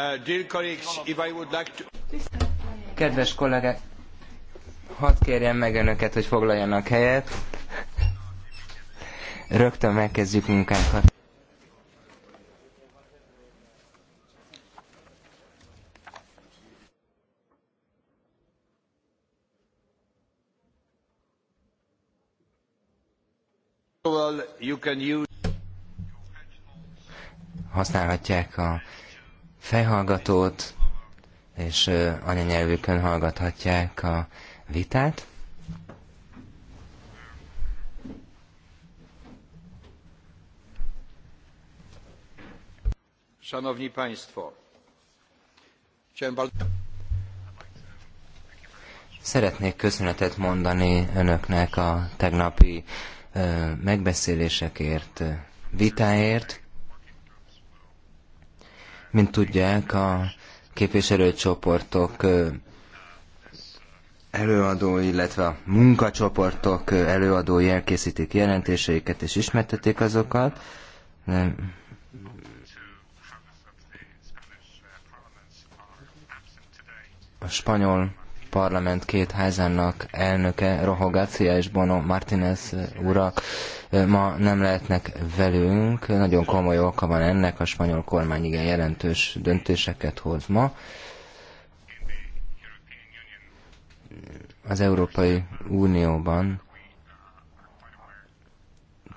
Uh, Kedves kollégák, hadd kérjem meg önöket, hogy foglaljanak helyet. Rögtön megkezdjük munkánkat. Használhatják a fejhallgatót, és anyanyelvükön hallgathatják a vitát. Szanowni Państwo, Szeretnék köszönetet mondani önöknek a tegnapi megbeszélésekért, vitáért. Mint tudják, a képviselőcsoportok előadói, illetve a munkacsoportok előadói elkészítik jelentéseiket és ismertetik azokat. De a spanyol parlament két házának elnöke, Rojo Garcia és Bono Martinez urak ma nem lehetnek velünk. Nagyon komoly oka van ennek, a spanyol kormány igen jelentős döntéseket hoz ma. Az Európai Unióban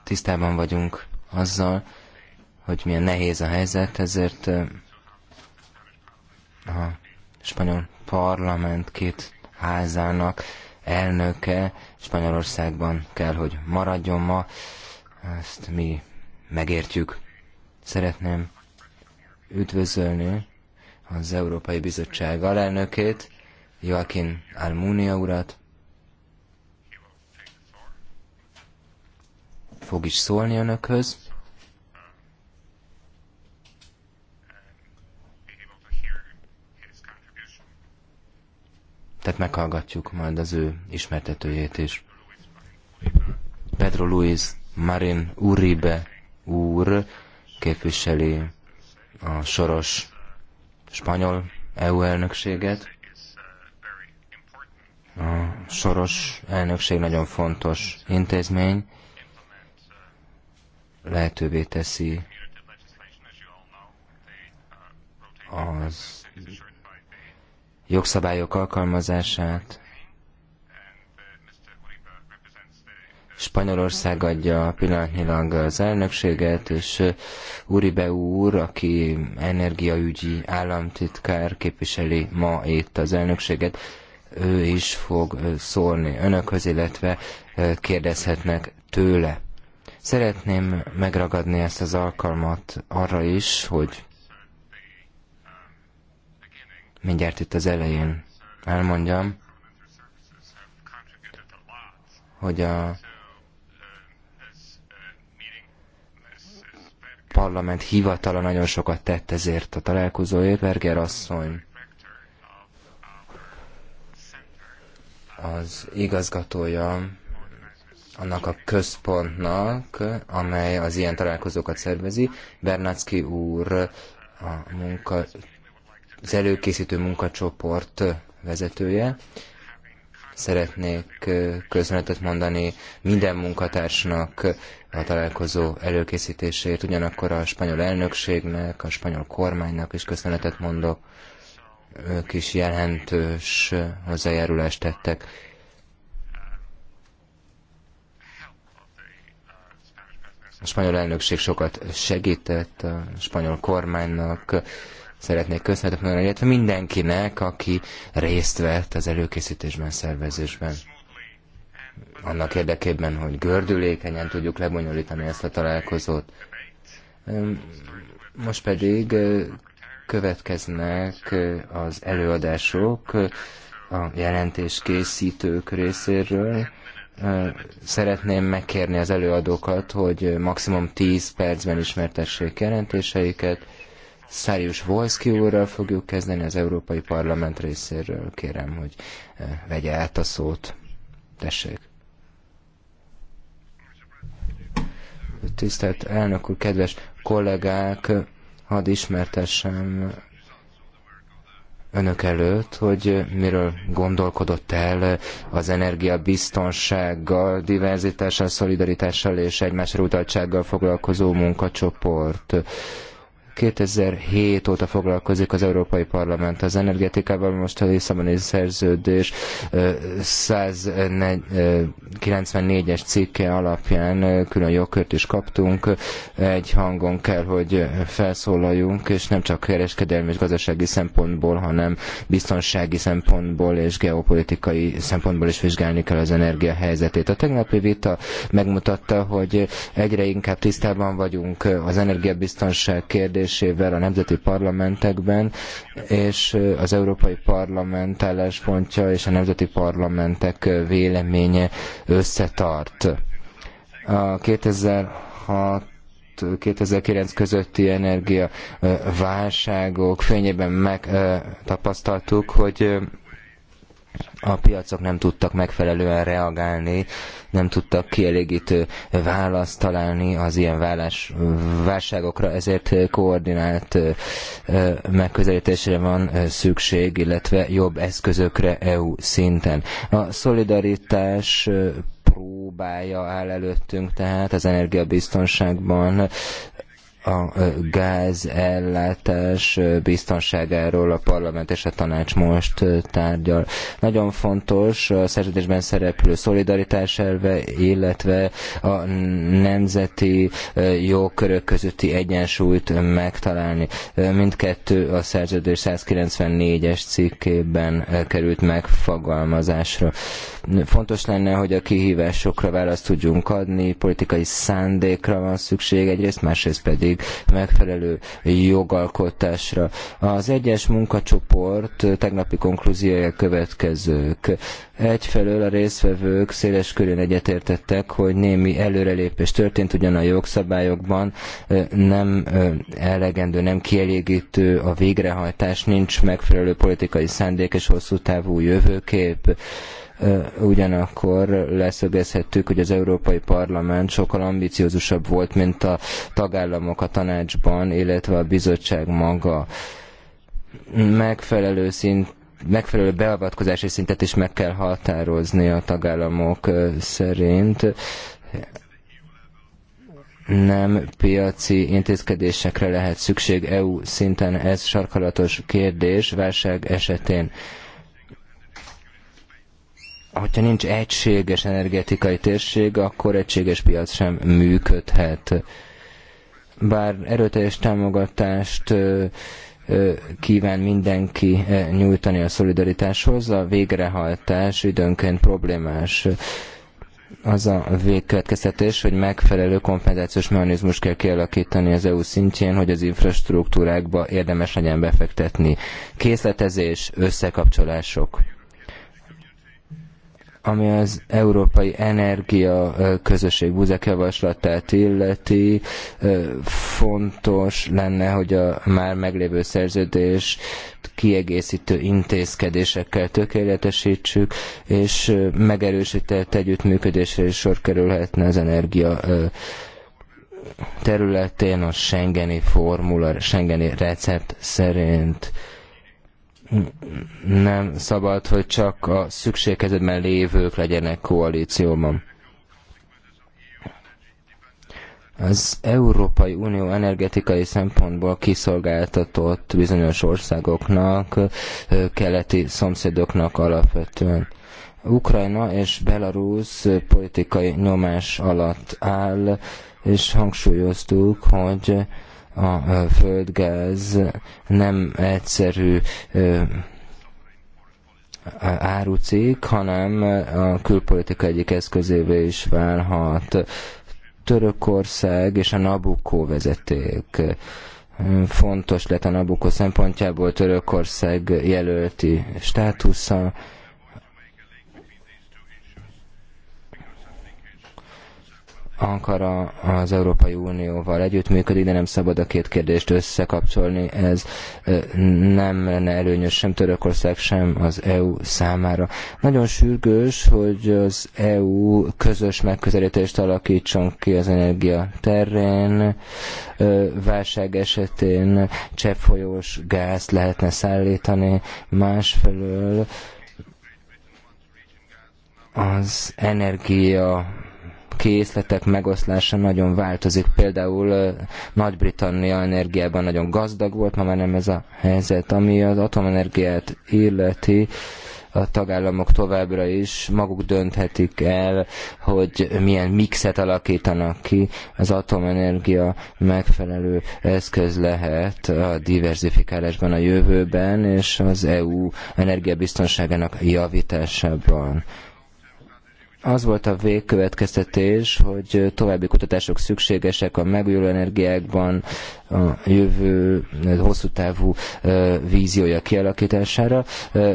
tisztában vagyunk azzal, hogy milyen nehéz a helyzet, ezért a spanyol parlament két házának elnöke Spanyolországban kell, hogy maradjon ma. Ezt mi megértjük. Szeretném üdvözölni az Európai Bizottság alelnökét, Joaquin Almunia urat. Fog is szólni önökhöz. Tehát meghallgatjuk majd az ő ismertetőjét is. Pedro Luis Marin Uribe úr képviseli a soros spanyol EU elnökséget. A soros elnökség nagyon fontos intézmény, lehetővé teszi az jogszabályok alkalmazását. Spanyolország adja pillanatnyilag az elnökséget, és Uribe úr, aki energiaügyi államtitkár képviseli ma itt az elnökséget, ő is fog szólni önökhöz, illetve kérdezhetnek tőle. Szeretném megragadni ezt az alkalmat arra is, hogy mindjárt itt az elején elmondjam, hogy a parlament hivatala nagyon sokat tett ezért a találkozóért. Berger asszony az igazgatója annak a központnak, amely az ilyen találkozókat szervezi. Bernacki úr a munka az előkészítő munkacsoport vezetője. Szeretnék köszönetet mondani minden munkatársnak a találkozó előkészítését, ugyanakkor a spanyol elnökségnek, a spanyol kormánynak is köszönetet mondok. Ők is jelentős hozzájárulást tettek. A spanyol elnökség sokat segített a spanyol kormánynak, szeretnék köszönetet mondani, illetve mindenkinek, aki részt vett az előkészítésben, szervezésben. Annak érdekében, hogy gördülékenyen tudjuk lebonyolítani ezt a találkozót. Most pedig következnek az előadások a jelentés készítők részéről. Szeretném megkérni az előadókat, hogy maximum 10 percben ismertessék jelentéseiket, Szárius Volszki úrral fogjuk kezdeni az Európai Parlament részéről. Kérem, hogy eh, vegye át a szót. Tessék. Tisztelt elnök úr, kedves kollégák, hadd ismertessem önök előtt, hogy miről gondolkodott el az energiabiztonsággal, diverzitással, szolidaritással és egymásra utaltsággal foglalkozó munkacsoport. 2007 óta foglalkozik az Európai Parlament az energetikával, most a Lisszaboni szerződés 194-es cikke alapján külön jogkört is kaptunk. Egy hangon kell, hogy felszólaljunk, és nem csak kereskedelmi és gazdasági szempontból, hanem biztonsági szempontból és geopolitikai szempontból is vizsgálni kell az energia helyzetét. A tegnapi vita megmutatta, hogy egyre inkább tisztában vagyunk az energiabiztonság kérdésében, működésével a nemzeti parlamentekben, és az Európai Parlament álláspontja és a nemzeti parlamentek véleménye összetart. A 2006 2009 közötti energiaválságok fényében megtapasztaltuk, hogy a piacok nem tudtak megfelelően reagálni, nem tudtak kielégítő választ találni az ilyen válás, válságokra, ezért koordinált megközelítésre van szükség, illetve jobb eszközökre EU szinten. A szolidaritás próbája áll előttünk, tehát az energiabiztonságban a gázellátás biztonságáról a parlament és a tanács most tárgyal. Nagyon fontos a szerződésben szereplő szolidaritás elve, illetve a nemzeti jogkörök közötti egyensúlyt megtalálni. Mindkettő a szerződés 194-es cikkében került megfogalmazásra. Fontos lenne, hogy a kihívásokra választ tudjunk adni, politikai szándékra van szükség egyrészt, másrészt pedig szükség megfelelő jogalkotásra. Az egyes munkacsoport tegnapi konklúziója következők. Egyfelől a résztvevők széles körűen egyetértettek, hogy némi előrelépés történt, ugyan a jogszabályokban nem elegendő, nem kielégítő a végrehajtás, nincs megfelelő politikai szándék és hosszú távú jövőkép. Ugyanakkor leszögezhettük, hogy az Európai Parlament sokkal ambiciózusabb volt, mint a tagállamok a tanácsban, illetve a bizottság maga. Megfelelő szint megfelelő beavatkozási szintet is meg kell határozni a tagállamok szerint nem piaci intézkedésekre lehet szükség EU szinten, ez sarkalatos kérdés válság esetén hogyha nincs egységes energetikai térség, akkor egységes piac sem működhet. Bár erőteljes támogatást kíván mindenki nyújtani a szolidaritáshoz, a végrehajtás időnként problémás az a végkövetkeztetés, hogy megfelelő kompenzációs mechanizmus kell kialakítani az EU szintjén, hogy az infrastruktúrákba érdemes legyen befektetni. Készletezés, összekapcsolások ami az Európai Energia Közösség Buzek javaslatát illeti, fontos lenne, hogy a már meglévő szerződés kiegészítő intézkedésekkel tökéletesítsük, és megerősített együttműködésre is sor kerülhetne az energia területén a Schengeni formula, Schengeni recept szerint nem szabad, hogy csak a szükségkezetben lévők legyenek koalícióban. Az Európai Unió energetikai szempontból kiszolgáltatott bizonyos országoknak, keleti szomszédoknak alapvetően. Ukrajna és Belarus politikai nyomás alatt áll, és hangsúlyoztuk, hogy a földgáz nem egyszerű árucikk, hanem a külpolitika egyik eszközévé is válhat. Törökország és a Nabukó vezeték fontos lett a Nabukó szempontjából Törökország jelölti státusza, Ankara az Európai Unióval együttműködik, de nem szabad a két kérdést összekapcsolni. Ez nem lenne előnyös sem Törökország, sem az EU számára. Nagyon sürgős, hogy az EU közös megközelítést alakítson ki az energia terén. Válság esetén cseppfolyós gáz lehetne szállítani, másfelől az energia készletek megoszlása nagyon változik. Például Nagy-Britannia energiában nagyon gazdag volt, ma már nem ez a helyzet. Ami az atomenergiát illeti, a tagállamok továbbra is maguk dönthetik el, hogy milyen mixet alakítanak ki. Az atomenergia megfelelő eszköz lehet a diversifikálásban a jövőben, és az EU energiabiztonságának javításában. Az volt a végkövetkeztetés, hogy további kutatások szükségesek a megújuló energiákban, a jövő hosszú távú víziója kialakítására.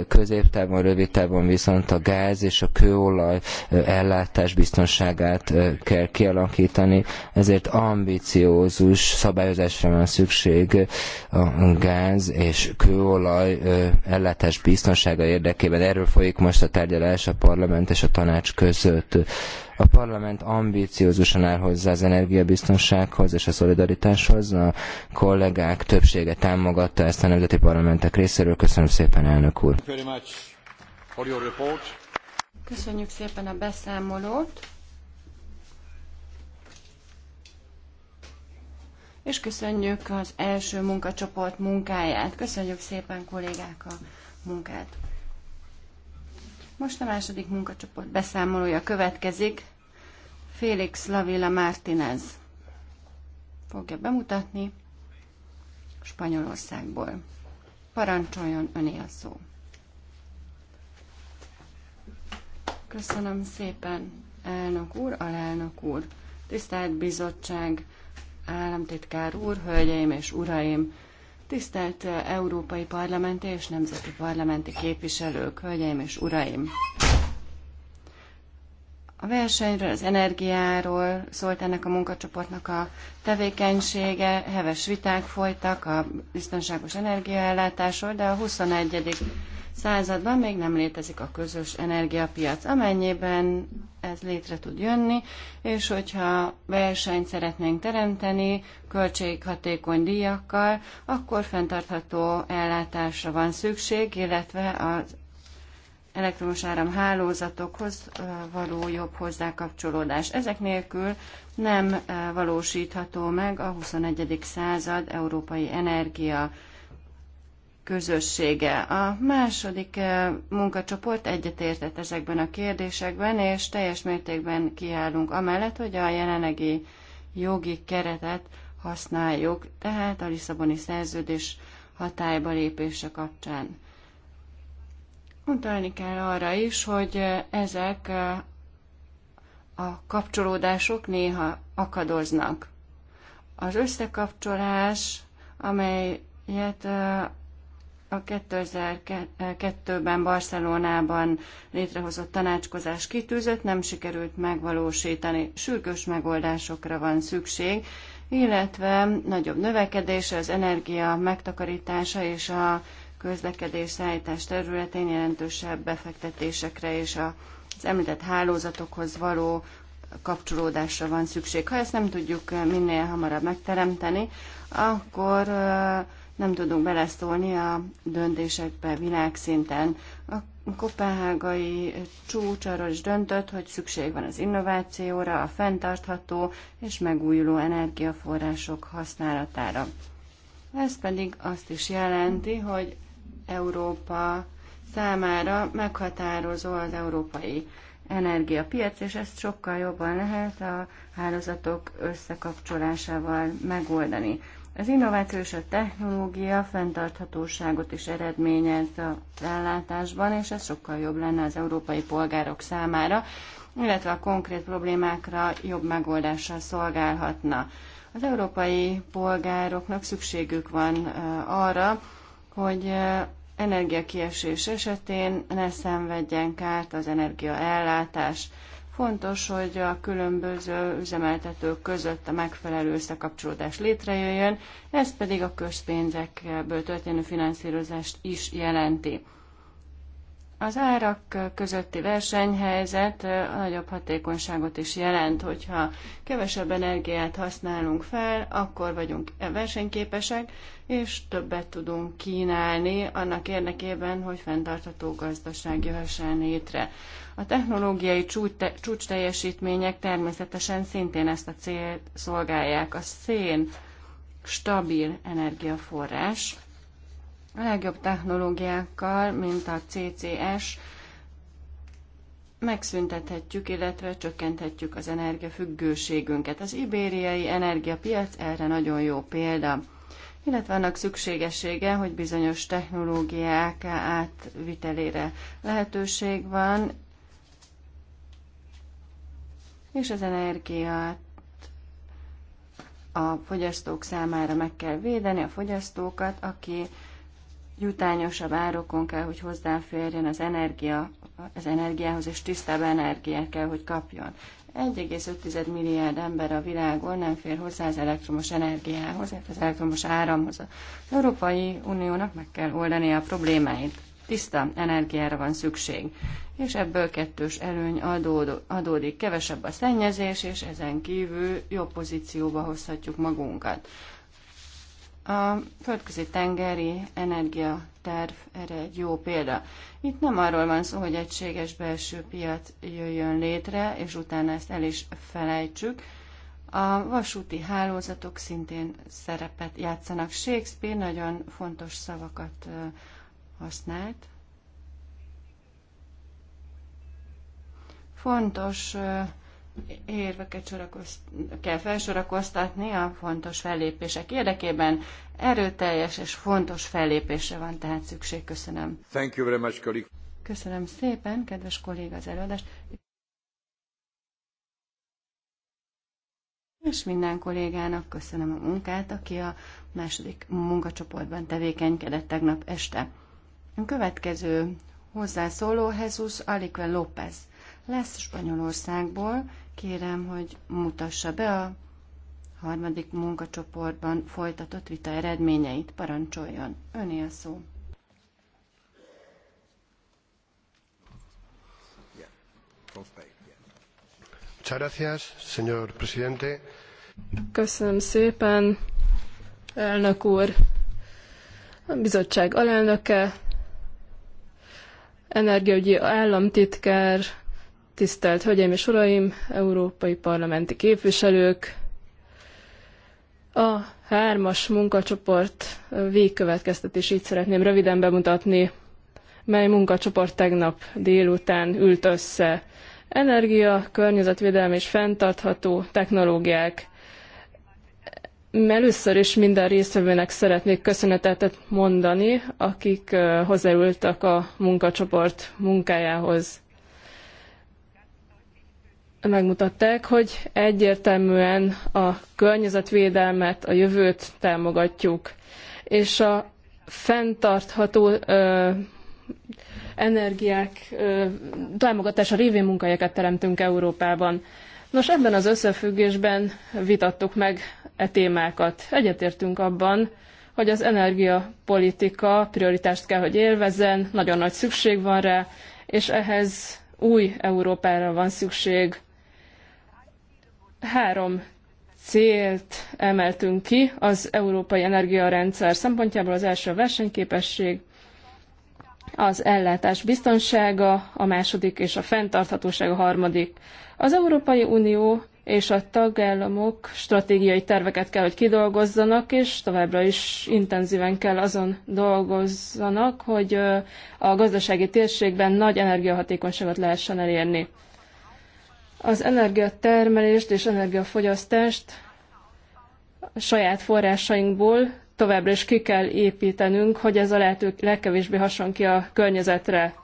Középtávon, rövid távon viszont a gáz és a kőolaj ellátás biztonságát kell kialakítani, ezért ambiciózus szabályozásra van szükség a gáz és kőolaj ellátás biztonsága érdekében. Erről folyik most a tárgyalás a parlament és a tanács között. A parlament ambíciózusan áll hozzá az energiabiztonsághoz és a szolidaritáshoz. A kollégák többsége támogatta ezt a nemzeti parlamentek részéről. Köszönöm szépen, elnök úr! Köszönjük szépen a beszámolót! és köszönjük az első munkacsoport munkáját. Köszönjük szépen kollégák a munkát. Most a második munkacsoport beszámolója következik. Félix Lavilla Martinez fogja bemutatni Spanyolországból. Parancsoljon öné a szó. Köszönöm szépen, elnök úr, alelnök úr, tisztelt bizottság, államtitkár úr, hölgyeim és uraim, Tisztelt eh, Európai Parlamenti és Nemzeti Parlamenti képviselők, hölgyeim és uraim! A versenyről, az energiáról szólt ennek a munkacsoportnak a tevékenysége, heves viták folytak a biztonságos energiaellátásról, de a 21 században még nem létezik a közös energiapiac, amennyiben ez létre tud jönni, és hogyha versenyt szeretnénk teremteni költséghatékony díjakkal, akkor fenntartható ellátásra van szükség, illetve az elektromos áram hálózatokhoz való jobb hozzákapcsolódás. Ezek nélkül nem valósítható meg a 21. század európai energia közössége. A második eh, munkacsoport egyetértett ezekben a kérdésekben, és teljes mértékben kiállunk amellett, hogy a jelenlegi jogi keretet használjuk, tehát a Lisszaboni szerződés hatályba lépése kapcsán. Utalni kell arra is, hogy ezek eh, a kapcsolódások néha akadoznak. Az összekapcsolás, amelyet eh, a 2002-ben Barcelonában létrehozott tanácskozás kitűzött, nem sikerült megvalósítani. Sürgős megoldásokra van szükség, illetve nagyobb növekedése, az energia megtakarítása és a közlekedés szállítás területén jelentősebb befektetésekre és az említett hálózatokhoz való kapcsolódásra van szükség. Ha ezt nem tudjuk minél hamarabb megteremteni, akkor nem tudunk beleszólni a döntésekbe világszinten. A kopenhágai csúcs arról is döntött, hogy szükség van az innovációra, a fenntartható és megújuló energiaforrások használatára. Ez pedig azt is jelenti, hogy Európa számára meghatározó az európai energiapiac, és ezt sokkal jobban lehet a hálózatok összekapcsolásával megoldani. Az innováció és a technológia fenntarthatóságot is eredményez a ellátásban, és ez sokkal jobb lenne az európai polgárok számára, illetve a konkrét problémákra jobb megoldással szolgálhatna. Az európai polgároknak szükségük van arra, hogy energiakiesés esetén ne szenvedjen kárt az energiaellátás. Fontos, hogy a különböző üzemeltetők között a megfelelő összekapcsolódás létrejöjjön, ez pedig a közpénzekből történő finanszírozást is jelenti. Az árak közötti versenyhelyzet nagyobb hatékonyságot is jelent, hogyha kevesebb energiát használunk fel, akkor vagyunk e versenyképesek, és többet tudunk kínálni annak érdekében, hogy fenntartható gazdaság jöhessen létre. A technológiai csúcs teljesítmények természetesen szintén ezt a célt szolgálják. A szén stabil energiaforrás, a legjobb technológiákkal, mint a CCS, megszüntethetjük, illetve csökkenthetjük az energiafüggőségünket. Az ibériai energiapiac erre nagyon jó példa, illetve annak szükségessége, hogy bizonyos technológiák átvitelére lehetőség van, és az energiát a fogyasztók számára meg kell védeni, a fogyasztókat, aki jutányosabb árokon kell, hogy hozzáférjen az energia, az energiához, és tisztább energiát kell, hogy kapjon. 1,5 milliárd ember a világon nem fér hozzá az elektromos energiához, az elektromos áramhoz. Az Európai Uniónak meg kell oldani a problémáit. Tiszta energiára van szükség, és ebből kettős előny adód, adódik. Kevesebb a szennyezés, és ezen kívül jobb pozícióba hozhatjuk magunkat. A földközi tengeri energiaterv erre egy jó példa. Itt nem arról van szó, hogy egységes belső piac jöjjön létre, és utána ezt el is felejtsük. A vasúti hálózatok szintén szerepet játszanak. Shakespeare nagyon fontos szavakat használt. Fontos érveket kell felsorakoztatni a fontos fellépések érdekében. Erőteljes és fontos fellépésre van tehát szükség. Köszönöm. Thank you very much, colleague. Köszönöm szépen, kedves kolléga az előadást. És minden kollégának köszönöm a munkát, aki a második munkacsoportban tevékenykedett tegnap este. A következő hozzászóló Jesus Aliquen López lesz Spanyolországból. Kérem, hogy mutassa be a harmadik munkacsoportban folytatott vita eredményeit. Parancsoljon, öné a szó. Köszönöm szépen, elnök úr, a bizottság alelnöke, energiaügyi államtitkár, Tisztelt Hölgyeim és Uraim, Európai Parlamenti Képviselők! A hármas munkacsoport végkövetkeztetését szeretném röviden bemutatni, mely munkacsoport tegnap délután ült össze. Energia, környezetvédelem és fenntartható technológiák. Először is minden résztvevőnek szeretnék köszönetet mondani, akik hozzáültek a munkacsoport munkájához megmutatták, hogy egyértelműen a környezetvédelmet, a jövőt támogatjuk, és a fenntartható ö, energiák ö, támogatása révén munkahelyeket teremtünk Európában. Nos, ebben az összefüggésben vitattuk meg e témákat. Egyetértünk abban, hogy az energiapolitika prioritást kell, hogy élvezzen, nagyon nagy szükség van rá, és ehhez új Európára van szükség, Három célt emeltünk ki az európai energiarendszer szempontjából. Az első a versenyképesség, az ellátás biztonsága, a második és a fenntarthatóság a harmadik. Az Európai Unió és a tagállamok stratégiai terveket kell, hogy kidolgozzanak, és továbbra is intenzíven kell azon dolgozzanak, hogy a gazdasági térségben nagy energiahatékonyságot lehessen elérni az energiatermelést és energiafogyasztást a saját forrásainkból továbbra is ki kell építenünk, hogy ez a lehető legkevésbé hasson ki a környezetre.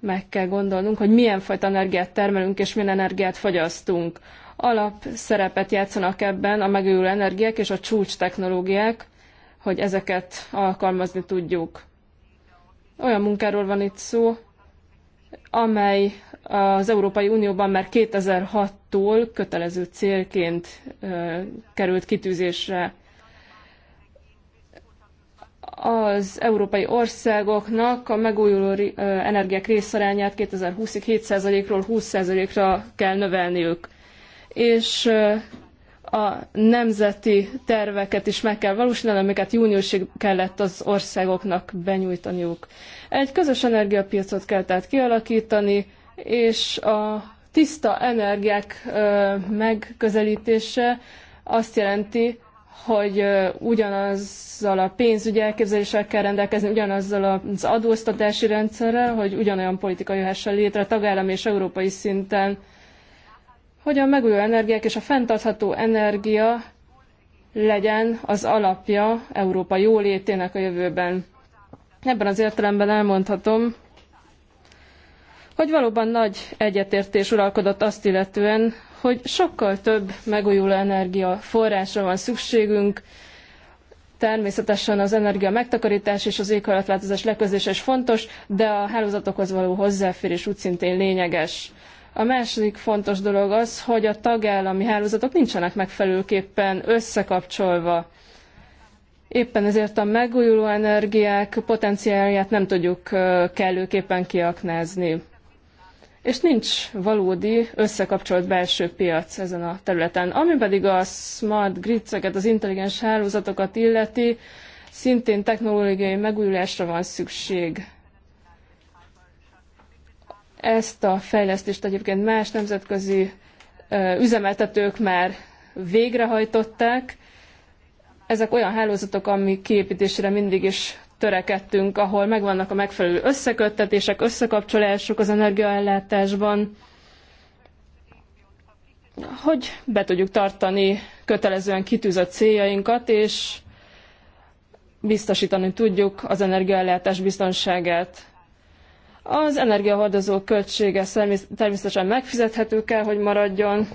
Meg kell gondolnunk, hogy milyen fajta energiát termelünk és milyen energiát fogyasztunk. Alap szerepet játszanak ebben a megújuló energiák és a csúcs technológiák, hogy ezeket alkalmazni tudjuk. Olyan munkáról van itt szó, amely az Európai Unióban már 2006-tól kötelező célként került kitűzésre az európai országoknak a megújuló energiák részarányát 2020-ig 7%-ról 20%-ra kell növelniük. És a nemzeti terveket is meg kell valósítani, amiket júniusig kellett az országoknak benyújtaniuk. Egy közös energiapiacot kell tehát kialakítani, és a tiszta energiák megközelítése azt jelenti, hogy ugyanazzal a pénzügyi elképzeléssel kell rendelkezni, ugyanazzal az adóztatási rendszerrel, hogy ugyanolyan politika jöhessen létre tagállami és európai szinten, hogy a megújuló energiák és a fenntartható energia legyen az alapja Európa jólétének a jövőben. Ebben az értelemben elmondhatom, hogy valóban nagy egyetértés uralkodott azt illetően, hogy sokkal több megújuló energia forrásra van szükségünk, Természetesen az energia megtakarítás és az éghajlatváltozás leközése is fontos, de a hálózatokhoz való hozzáférés úgy szintén lényeges. A második fontos dolog az, hogy a tagállami hálózatok nincsenek megfelelőképpen összekapcsolva. Éppen ezért a megújuló energiák potenciálját nem tudjuk kellőképpen kiaknázni és nincs valódi összekapcsolt belső piac ezen a területen. Ami pedig a smart grid-szeket, az intelligens hálózatokat illeti, szintén technológiai megújulásra van szükség. Ezt a fejlesztést egyébként más nemzetközi üzemeltetők már végrehajtották. Ezek olyan hálózatok, ami kiépítésére mindig is törekedtünk, ahol megvannak a megfelelő összeköttetések, összekapcsolások az energiaellátásban, hogy be tudjuk tartani kötelezően kitűzött céljainkat, és biztosítani tudjuk az energiaellátás biztonságát. Az energiahordozó költsége természetesen megfizethető kell, hogy maradjon.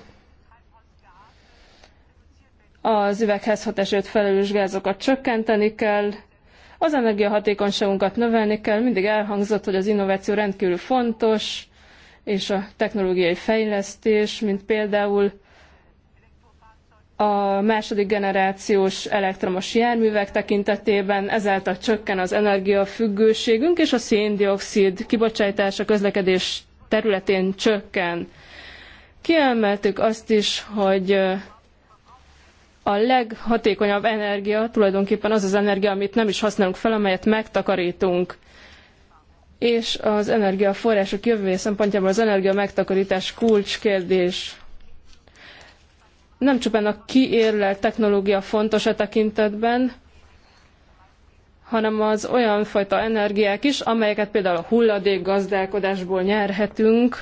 Az hatásért felelős gázokat csökkenteni kell, az energiahatékonyságunkat növelni kell, mindig elhangzott, hogy az innováció rendkívül fontos, és a technológiai fejlesztés, mint például a második generációs elektromos járművek tekintetében, ezáltal csökken az energiafüggőségünk, és a széndiokszid kibocsátás a közlekedés területén csökken. Kiemeltük azt is, hogy a leghatékonyabb energia tulajdonképpen az az energia, amit nem is használunk fel, amelyet megtakarítunk. És az energiaforrások jövője szempontjából az energia megtakarítás kulcskérdés. Nem csupán a kiérlelt technológia fontos a e tekintetben, hanem az olyan fajta energiák is, amelyeket például a hulladékgazdálkodásból nyerhetünk,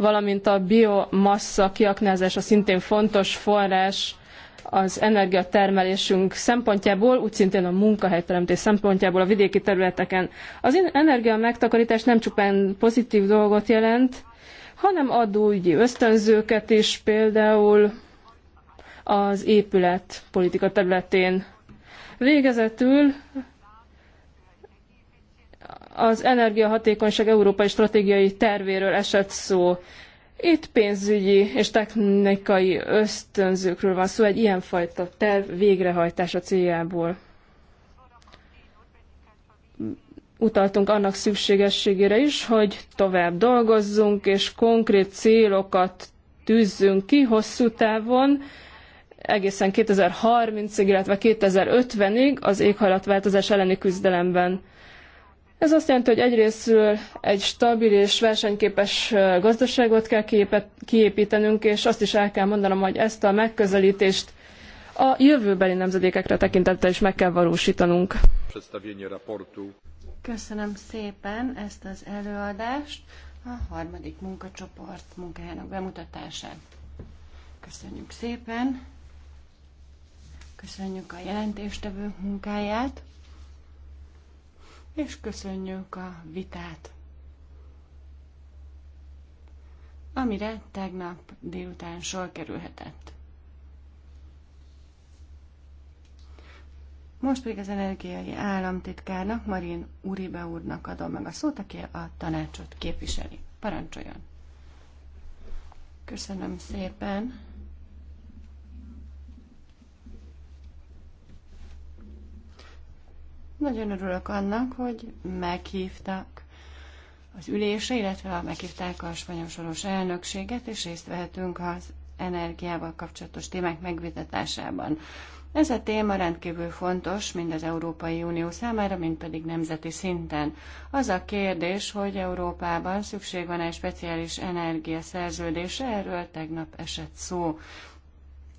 valamint a biomassa kiaknázása szintén fontos forrás az energiatermelésünk szempontjából, úgy szintén a munkahelyteremtés szempontjából a vidéki területeken. Az energia megtakarítás nem csupán pozitív dolgot jelent, hanem ad adóügyi ösztönzőket is, például az épület politika területén. Végezetül az energiahatékonyság európai stratégiai tervéről esett szó. Itt pénzügyi és technikai ösztönzőkről van szó, egy ilyenfajta terv végrehajtása céljából. Utaltunk annak szükségességére is, hogy tovább dolgozzunk, és konkrét célokat tűzzünk ki hosszú távon, egészen 2030-ig, illetve 2050-ig az éghajlatváltozás elleni küzdelemben. Ez azt jelenti, hogy egyrésztről egy stabil és versenyképes gazdaságot kell kiépítenünk, és azt is el kell mondanom, hogy ezt a megközelítést a jövőbeli nemzedékekre tekintettel is meg kell valósítanunk. Köszönöm szépen ezt az előadást, a harmadik munkacsoport munkájának bemutatását. Köszönjük szépen, köszönjük a jelentéstevő munkáját és köszönjük a vitát, amire tegnap délután sor kerülhetett. Most pedig az energiai államtitkárnak, Marin Uribe úrnak adom meg a szót, aki a tanácsot képviseli. Parancsoljon! Köszönöm szépen! Nagyon örülök annak, hogy meghívtak az ülése, illetve meghívták a spanyol soros elnökséget, és részt vehetünk az energiával kapcsolatos témák megvitatásában. Ez a téma rendkívül fontos, mind az Európai Unió számára, mind pedig nemzeti szinten. Az a kérdés, hogy Európában szükség van egy speciális energiaszerződésre, erről tegnap esett szó.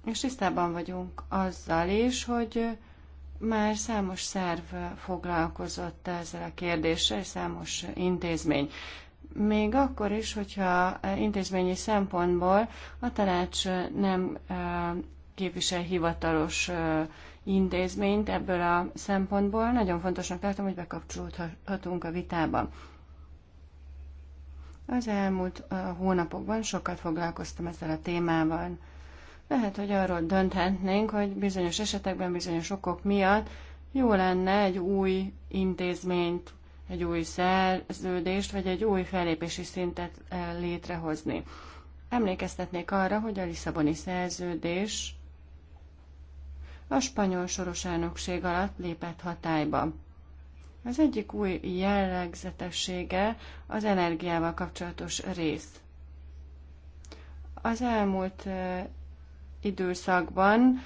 És tisztában vagyunk azzal is, hogy már számos szerv foglalkozott ezzel a kérdéssel, számos intézmény. Még akkor is, hogyha intézményi szempontból a tanács nem képvisel hivatalos intézményt ebből a szempontból, nagyon fontosnak tartom, hogy bekapcsolódhatunk a vitába. Az elmúlt hónapokban sokat foglalkoztam ezzel a témával. Lehet, hogy arról dönthetnénk, hogy bizonyos esetekben, bizonyos okok miatt jó lenne egy új intézményt, egy új szerződést, vagy egy új felépési szintet e, létrehozni. Emlékeztetnék arra, hogy a Lisszaboni szerződés a spanyol soros elnökség alatt lépett hatályba. Az egyik új jellegzetessége az energiával kapcsolatos rész. Az elmúlt e, időszakban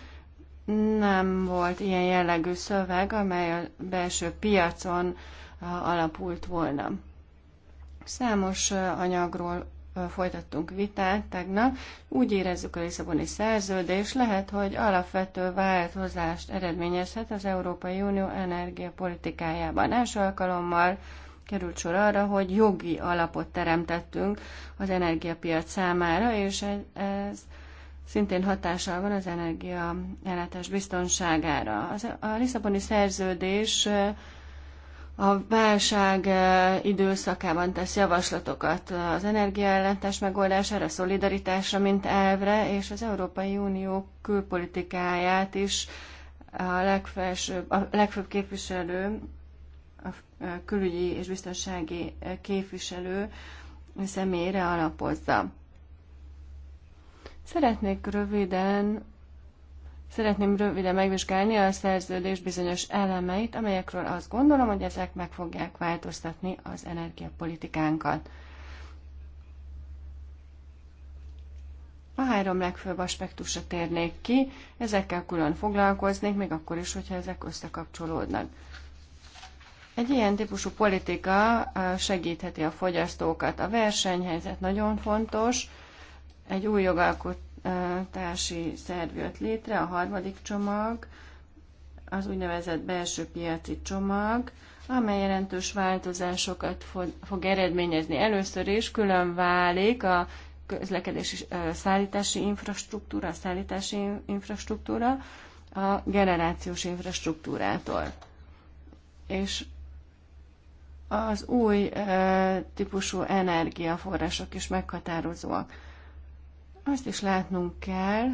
nem volt ilyen jellegű szöveg, amely a belső piacon alapult volna. Számos anyagról folytattunk vitát tegnap. Úgy érezzük a Lisszaboni szerződés, lehet, hogy alapvető változást eredményezhet az Európai Unió energiapolitikájában. Első alkalommal került sor arra, hogy jogi alapot teremtettünk az energiapiac számára, és ez, ez szintén hatással van az ellátás biztonságára. Az, a Lisszaboni szerződés a válság időszakában tesz javaslatokat az energiaellátás megoldására, a szolidaritásra, mint elvre, és az Európai Unió külpolitikáját is a, legfelsőbb, a legfőbb képviselő, a külügyi és biztonsági képviselő személyre alapozza. Szeretnék röviden Szeretném röviden megvizsgálni a szerződés bizonyos elemeit, amelyekről azt gondolom, hogy ezek meg fogják változtatni az energiapolitikánkat. A három legfőbb aspektusra térnék ki, ezekkel külön foglalkoznék, még akkor is, hogyha ezek összekapcsolódnak. Egy ilyen típusú politika segítheti a fogyasztókat. A versenyhelyzet nagyon fontos, egy új jogalkotási szerv jött létre, a harmadik csomag, az úgynevezett belső piaci csomag, amely jelentős változásokat fog eredményezni. Először is külön válik a közlekedési szállítási infrastruktúra, a szállítási infrastruktúra a generációs infrastruktúrától. És az új típusú energiaforrások is meghatározóak. Azt is látnunk kell,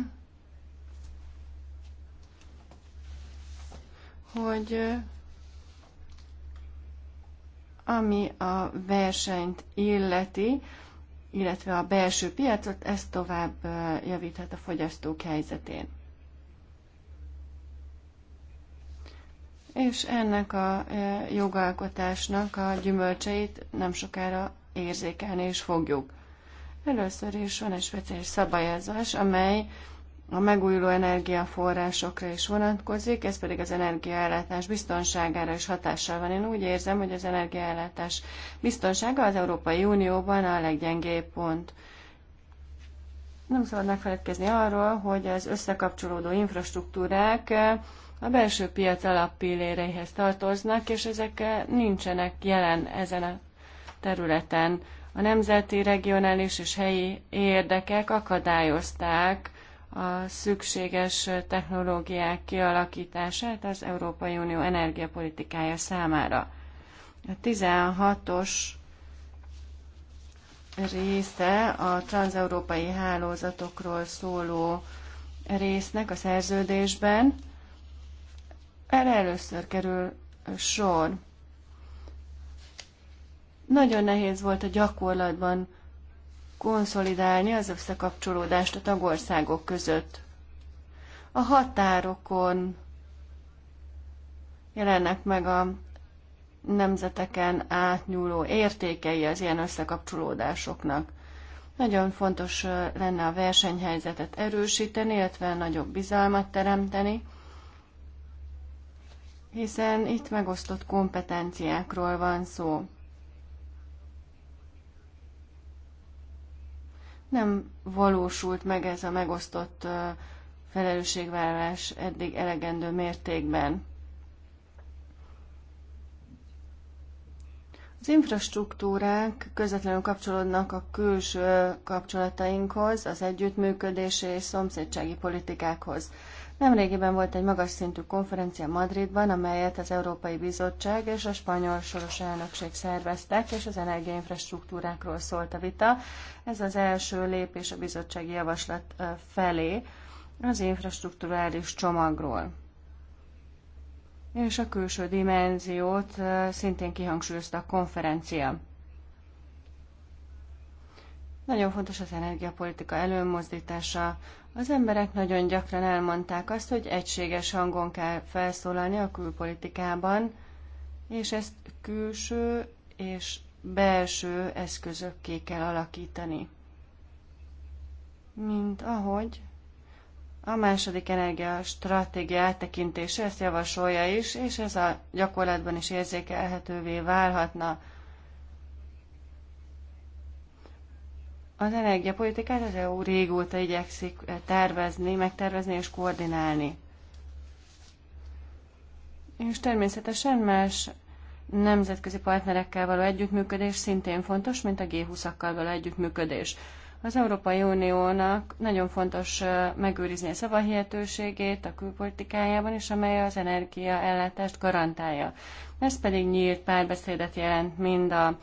hogy ami a versenyt illeti, illetve a belső piacot, ez tovább javíthat a fogyasztók helyzetén. És ennek a jogalkotásnak a gyümölcseit nem sokára érzékelni is fogjuk. Először is van egy speciális szabályozás, amely a megújuló energiaforrásokra is vonatkozik, ez pedig az energiaellátás biztonságára is hatással van. Én úgy érzem, hogy az energiaellátás biztonsága az Európai Unióban a leggyengébb pont. Nem szabad megfeledkezni arról, hogy az összekapcsolódó infrastruktúrák a belső piac alappilléreihez tartoznak, és ezek nincsenek jelen ezen a területen a nemzeti, regionális és helyi érdekek akadályozták a szükséges technológiák kialakítását az Európai Unió energiapolitikája számára. A 16-os része a transeurópai hálózatokról szóló résznek a szerződésben. Erre először kerül sor. Nagyon nehéz volt a gyakorlatban konszolidálni az összekapcsolódást a tagországok között. A határokon jelennek meg a nemzeteken átnyúló értékei az ilyen összekapcsolódásoknak. Nagyon fontos lenne a versenyhelyzetet erősíteni, illetve nagyobb bizalmat teremteni, hiszen itt megosztott kompetenciákról van szó. nem valósult meg ez a megosztott felelősségvállalás eddig elegendő mértékben. Az infrastruktúrák közvetlenül kapcsolódnak a külső kapcsolatainkhoz, az együttműködési és szomszédsági politikákhoz. Nemrégiben volt egy magas szintű konferencia Madridban, amelyet az Európai Bizottság és a spanyol soros elnökség szerveztek, és az energiainfrastruktúrákról szólt a vita. Ez az első lépés a bizottsági javaslat felé az infrastruktúrális csomagról. És a külső dimenziót szintén kihangsúlyozta a konferencia. Nagyon fontos az energiapolitika előmozdítása, az emberek nagyon gyakran elmondták azt, hogy egységes hangon kell felszólalni a külpolitikában, és ezt külső és belső eszközökké kell alakítani. Mint ahogy a második energia stratégia áttekintése ezt javasolja is, és ez a gyakorlatban is érzékelhetővé válhatna. Az energiapolitikát az EU régóta igyekszik eh, tervezni, megtervezni és koordinálni. És természetesen más nemzetközi partnerekkel való együttműködés szintén fontos, mint a G20-akkal való együttműködés. Az Európai Uniónak nagyon fontos eh, megőrizni a szavahihetőségét a külpolitikájában is, amely az energiaellátást garantálja. Ez pedig nyílt párbeszédet jelent mind a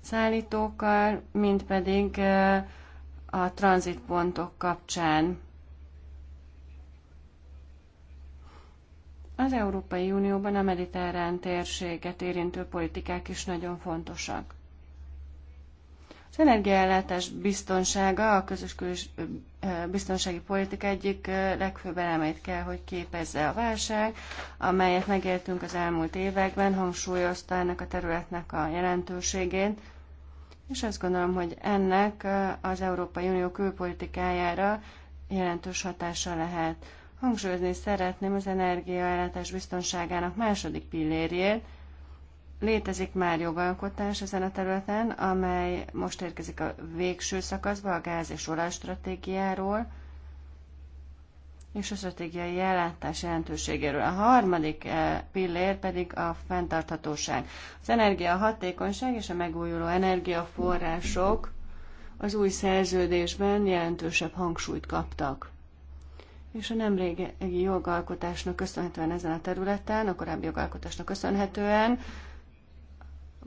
szállítókkal, mint pedig a tranzitpontok kapcsán. Az Európai Unióban a mediterrán térséget érintő politikák is nagyon fontosak. Az energiaellátás biztonsága a közös biztonsági politika egyik legfőbb elemét kell, hogy képezze a válság, amelyet megéltünk az elmúlt években, hangsúlyozta ennek a területnek a jelentőségét, és azt gondolom, hogy ennek az Európai Unió külpolitikájára jelentős hatása lehet. Hangsúlyozni szeretném az energiaellátás biztonságának második pillérjét, Létezik már jogalkotás ezen a területen, amely most érkezik a végső szakaszba a gáz és olaj stratégiáról, és a stratégiai ellátás jelentőségéről. A harmadik eh, pillér pedig a fenntarthatóság. Az energia hatékonyság és a megújuló energiaforrások az új szerződésben jelentősebb hangsúlyt kaptak. És a nemrégi jogalkotásnak köszönhetően ezen a területen, a korábbi jogalkotásnak köszönhetően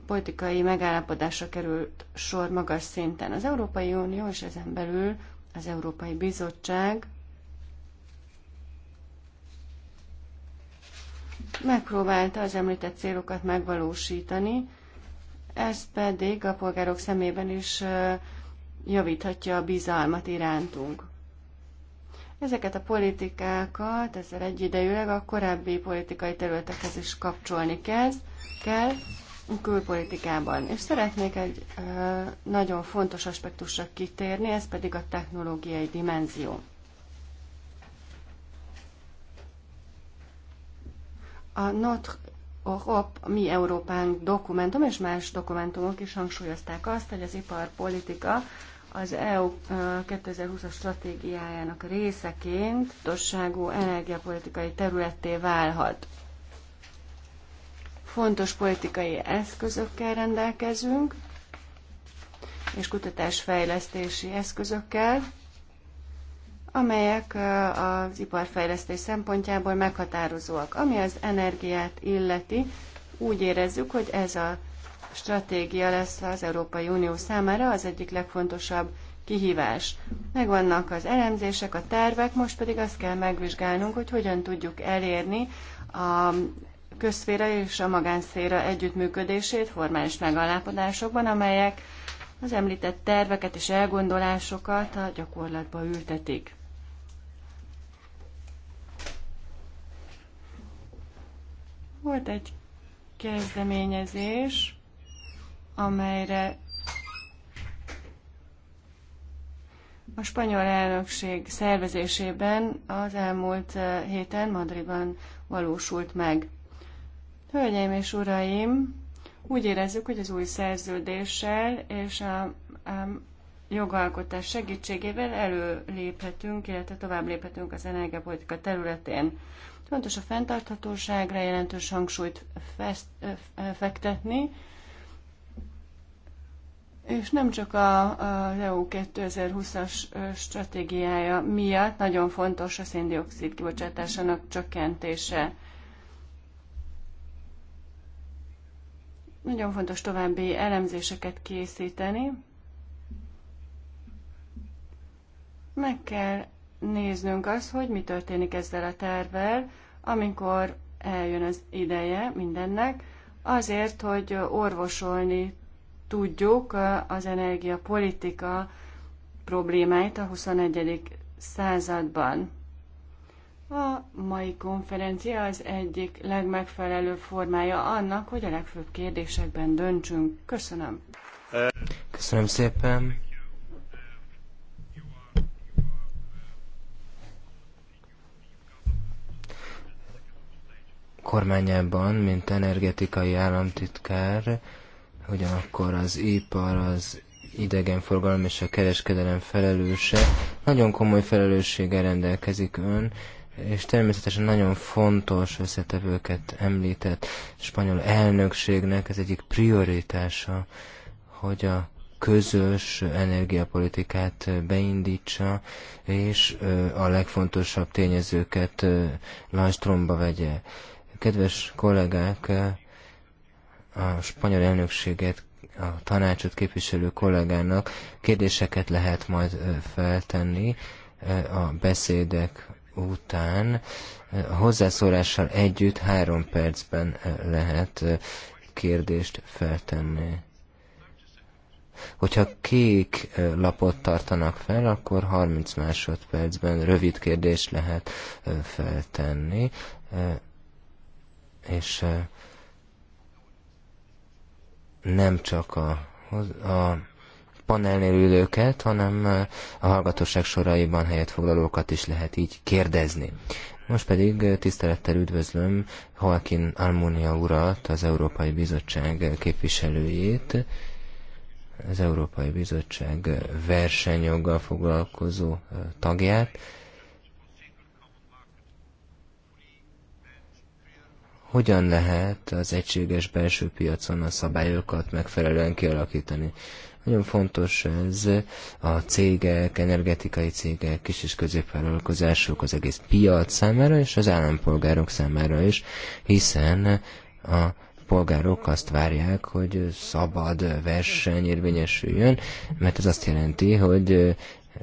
politikai megállapodásra került sor magas szinten. Az Európai Unió és ezen belül az Európai Bizottság megpróbálta az említett célokat megvalósítani, ez pedig a polgárok szemében is javíthatja a bizalmat irántunk. Ezeket a politikákat ezzel egyidejűleg a korábbi politikai területekhez is kapcsolni kell, kell külpolitikában. És szeretnék egy nagyon fontos aspektusra kitérni, ez pedig a technológiai dimenzió. A Notre Europe, mi Európán dokumentum és más dokumentumok is hangsúlyozták azt, hogy az iparpolitika az EU 2020-as stratégiájának részeként tosságú energiapolitikai területté válhat fontos politikai eszközökkel rendelkezünk, és kutatásfejlesztési eszközökkel, amelyek az iparfejlesztés szempontjából meghatározóak. Ami az energiát illeti, úgy érezzük, hogy ez a stratégia lesz az Európai Unió számára az egyik legfontosabb kihívás. Megvannak az elemzések, a tervek, most pedig azt kell megvizsgálnunk, hogy hogyan tudjuk elérni a közszféra és a magánszféra együttműködését formális megállapodásokban, amelyek az említett terveket és elgondolásokat a gyakorlatba ültetik. Volt egy kezdeményezés, amelyre a spanyol elnökség szervezésében az elmúlt héten Madridban valósult meg. Hölgyeim és uraim, úgy érezzük, hogy az új szerződéssel és a, a jogalkotás segítségével előléphetünk, illetve tovább léphetünk az energiapolitika területén. Fontos a fenntarthatóságra jelentős hangsúlyt fest, fektetni, és nem csak a, a EU 2020-as stratégiája miatt nagyon fontos a széndiokszid kibocsátásának csökkentése. Nagyon fontos további elemzéseket készíteni. Meg kell néznünk azt, hogy mi történik ezzel a tervvel, amikor eljön az ideje mindennek, azért, hogy orvosolni tudjuk az energiapolitika problémáit a 21. században. A mai konferencia az egyik legmegfelelőbb formája annak, hogy a legfőbb kérdésekben döntsünk. Köszönöm. Köszönöm szépen. Kormányában, mint energetikai államtitkár, ugyanakkor az ipar, az idegenforgalom és a kereskedelem felelőse. Nagyon komoly felelősséggel rendelkezik ön, és természetesen nagyon fontos összetevőket említett spanyol elnökségnek, ez egyik prioritása, hogy a közös energiapolitikát beindítsa, és a legfontosabb tényezőket lajstromba vegye. Kedves kollégák, a spanyol elnökséget, a tanácsot képviselő kollégának kérdéseket lehet majd feltenni a beszédek után hozzászólással együtt három percben lehet kérdést feltenni. Hogyha kék lapot tartanak fel, akkor 30 másodpercben rövid kérdést lehet feltenni, és nem csak a, a panelnél ülőket, hanem a hallgatóság soraiban helyet foglalókat is lehet így kérdezni. Most pedig tisztelettel üdvözlöm Joaquin Almunia urat, az Európai Bizottság képviselőjét, az Európai Bizottság versenyjoggal foglalkozó tagját. hogyan lehet az egységes belső piacon a szabályokat megfelelően kialakítani. Nagyon fontos ez a cégek, energetikai cégek, kis és középvállalkozások, az egész piac számára és az állampolgárok számára is, hiszen a polgárok azt várják, hogy szabad verseny érvényesüljön, mert ez azt jelenti, hogy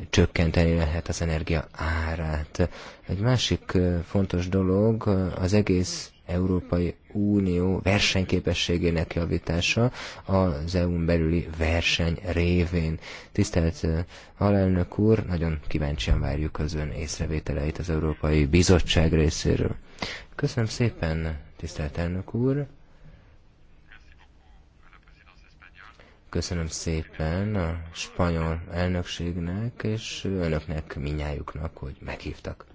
csökkenteni lehet az energia árát. Egy másik fontos dolog az egész Európai Unió versenyképességének javítása az EU-n belüli verseny révén. Tisztelt alelnök úr, nagyon kíváncsian várjuk az ön észrevételeit az Európai Bizottság részéről. Köszönöm szépen, tisztelt elnök úr! Köszönöm szépen a spanyol elnökségnek és önöknek minnyájuknak, hogy meghívtak.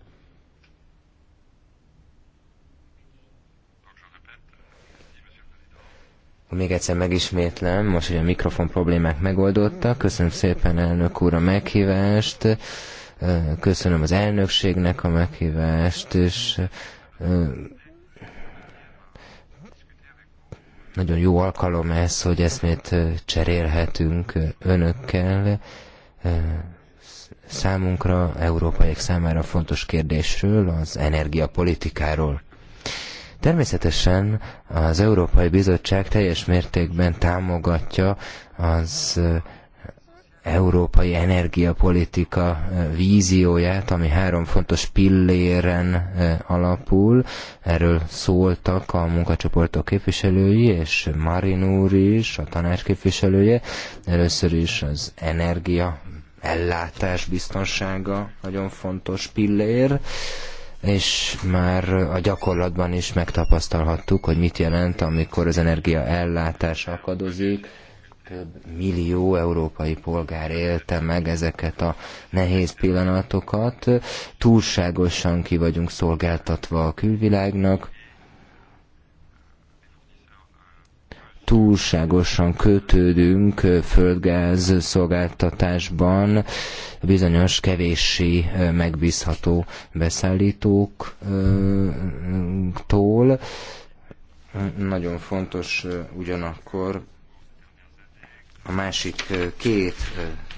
Még egyszer megismétlem, most, hogy a mikrofon problémák megoldottak. Köszönöm szépen elnök úr a meghívást, köszönöm az elnökségnek a meghívást, és nagyon jó alkalom ez, hogy eszmét cserélhetünk önökkel számunkra, európaiak számára fontos kérdésről, az energiapolitikáról. Természetesen az Európai Bizottság teljes mértékben támogatja az európai energiapolitika vízióját, ami három fontos pilléren alapul. Erről szóltak a munkacsoportok képviselői, és Marin úr is, a tanács képviselője. Először is az energia ellátás biztonsága nagyon fontos pillér és már a gyakorlatban is megtapasztalhattuk, hogy mit jelent, amikor az energia ellátás akadozik. Több millió európai polgár élte meg ezeket a nehéz pillanatokat. Túlságosan ki vagyunk szolgáltatva a külvilágnak, túlságosan kötődünk földgáz szolgáltatásban bizonyos kevéssé megbízható beszállítóktól. Nagyon fontos ugyanakkor a másik két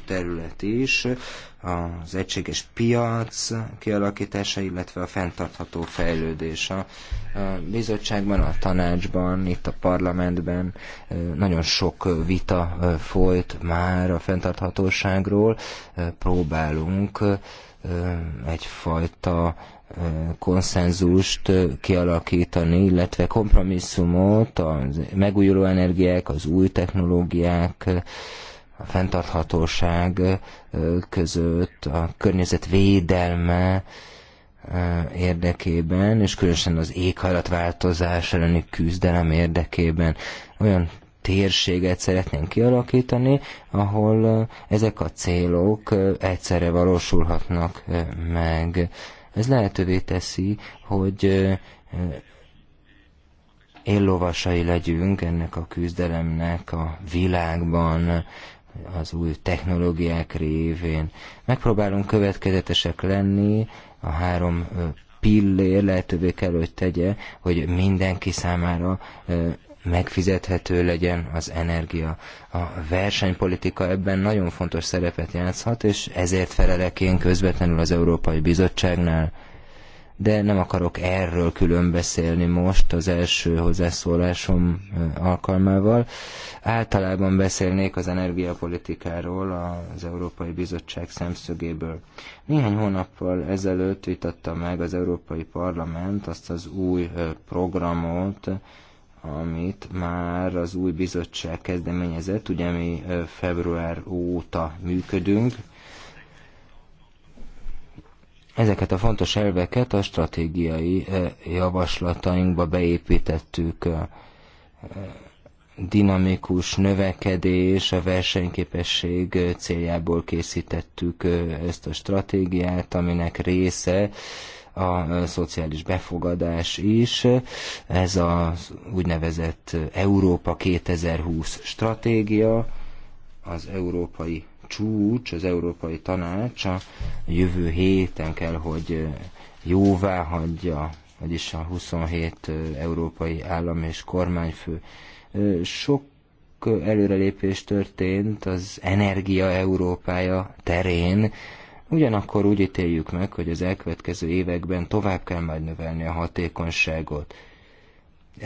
terület is, az egységes piac kialakítása, illetve a fenntartható fejlődés. A bizottságban, a tanácsban, itt a parlamentben nagyon sok vita folyt már a fenntarthatóságról. Próbálunk egyfajta konszenzust kialakítani, illetve kompromisszumot a megújuló energiák, az új technológiák a fenntarthatóság között, a környezet védelme érdekében, és különösen az éghajlatváltozás elleni küzdelem érdekében olyan térséget szeretnénk kialakítani, ahol ezek a célok egyszerre valósulhatnak meg. Ez lehetővé teszi, hogy éllovasai legyünk ennek a küzdelemnek a világban, az új technológiák révén. Megpróbálunk következetesek lenni, a három pillér lehetővé kell, hogy tegye, hogy mindenki számára megfizethető legyen az energia. A versenypolitika ebben nagyon fontos szerepet játszhat, és ezért felelek én közvetlenül az Európai Bizottságnál de nem akarok erről külön beszélni most az első hozzászólásom alkalmával. Általában beszélnék az energiapolitikáról az Európai Bizottság szemszögéből. Néhány hónappal ezelőtt vitatta meg az Európai Parlament azt az új programot, amit már az új bizottság kezdeményezett, ugye mi február óta működünk, Ezeket a fontos elveket a stratégiai eh, javaslatainkba beépítettük eh, eh, dinamikus növekedés, a versenyképesség céljából készítettük ezt a stratégiát, aminek része a szociális befogadás is. Ez az úgynevezett Európa 2020 stratégia, az európai csúcs, az Európai Tanács a jövő héten kell, hogy jóvá hagyja, vagyis a 27 európai állam és kormányfő. Sok előrelépés történt az energia Európája terén, ugyanakkor úgy ítéljük meg, hogy az elkövetkező években tovább kell majd növelni a hatékonyságot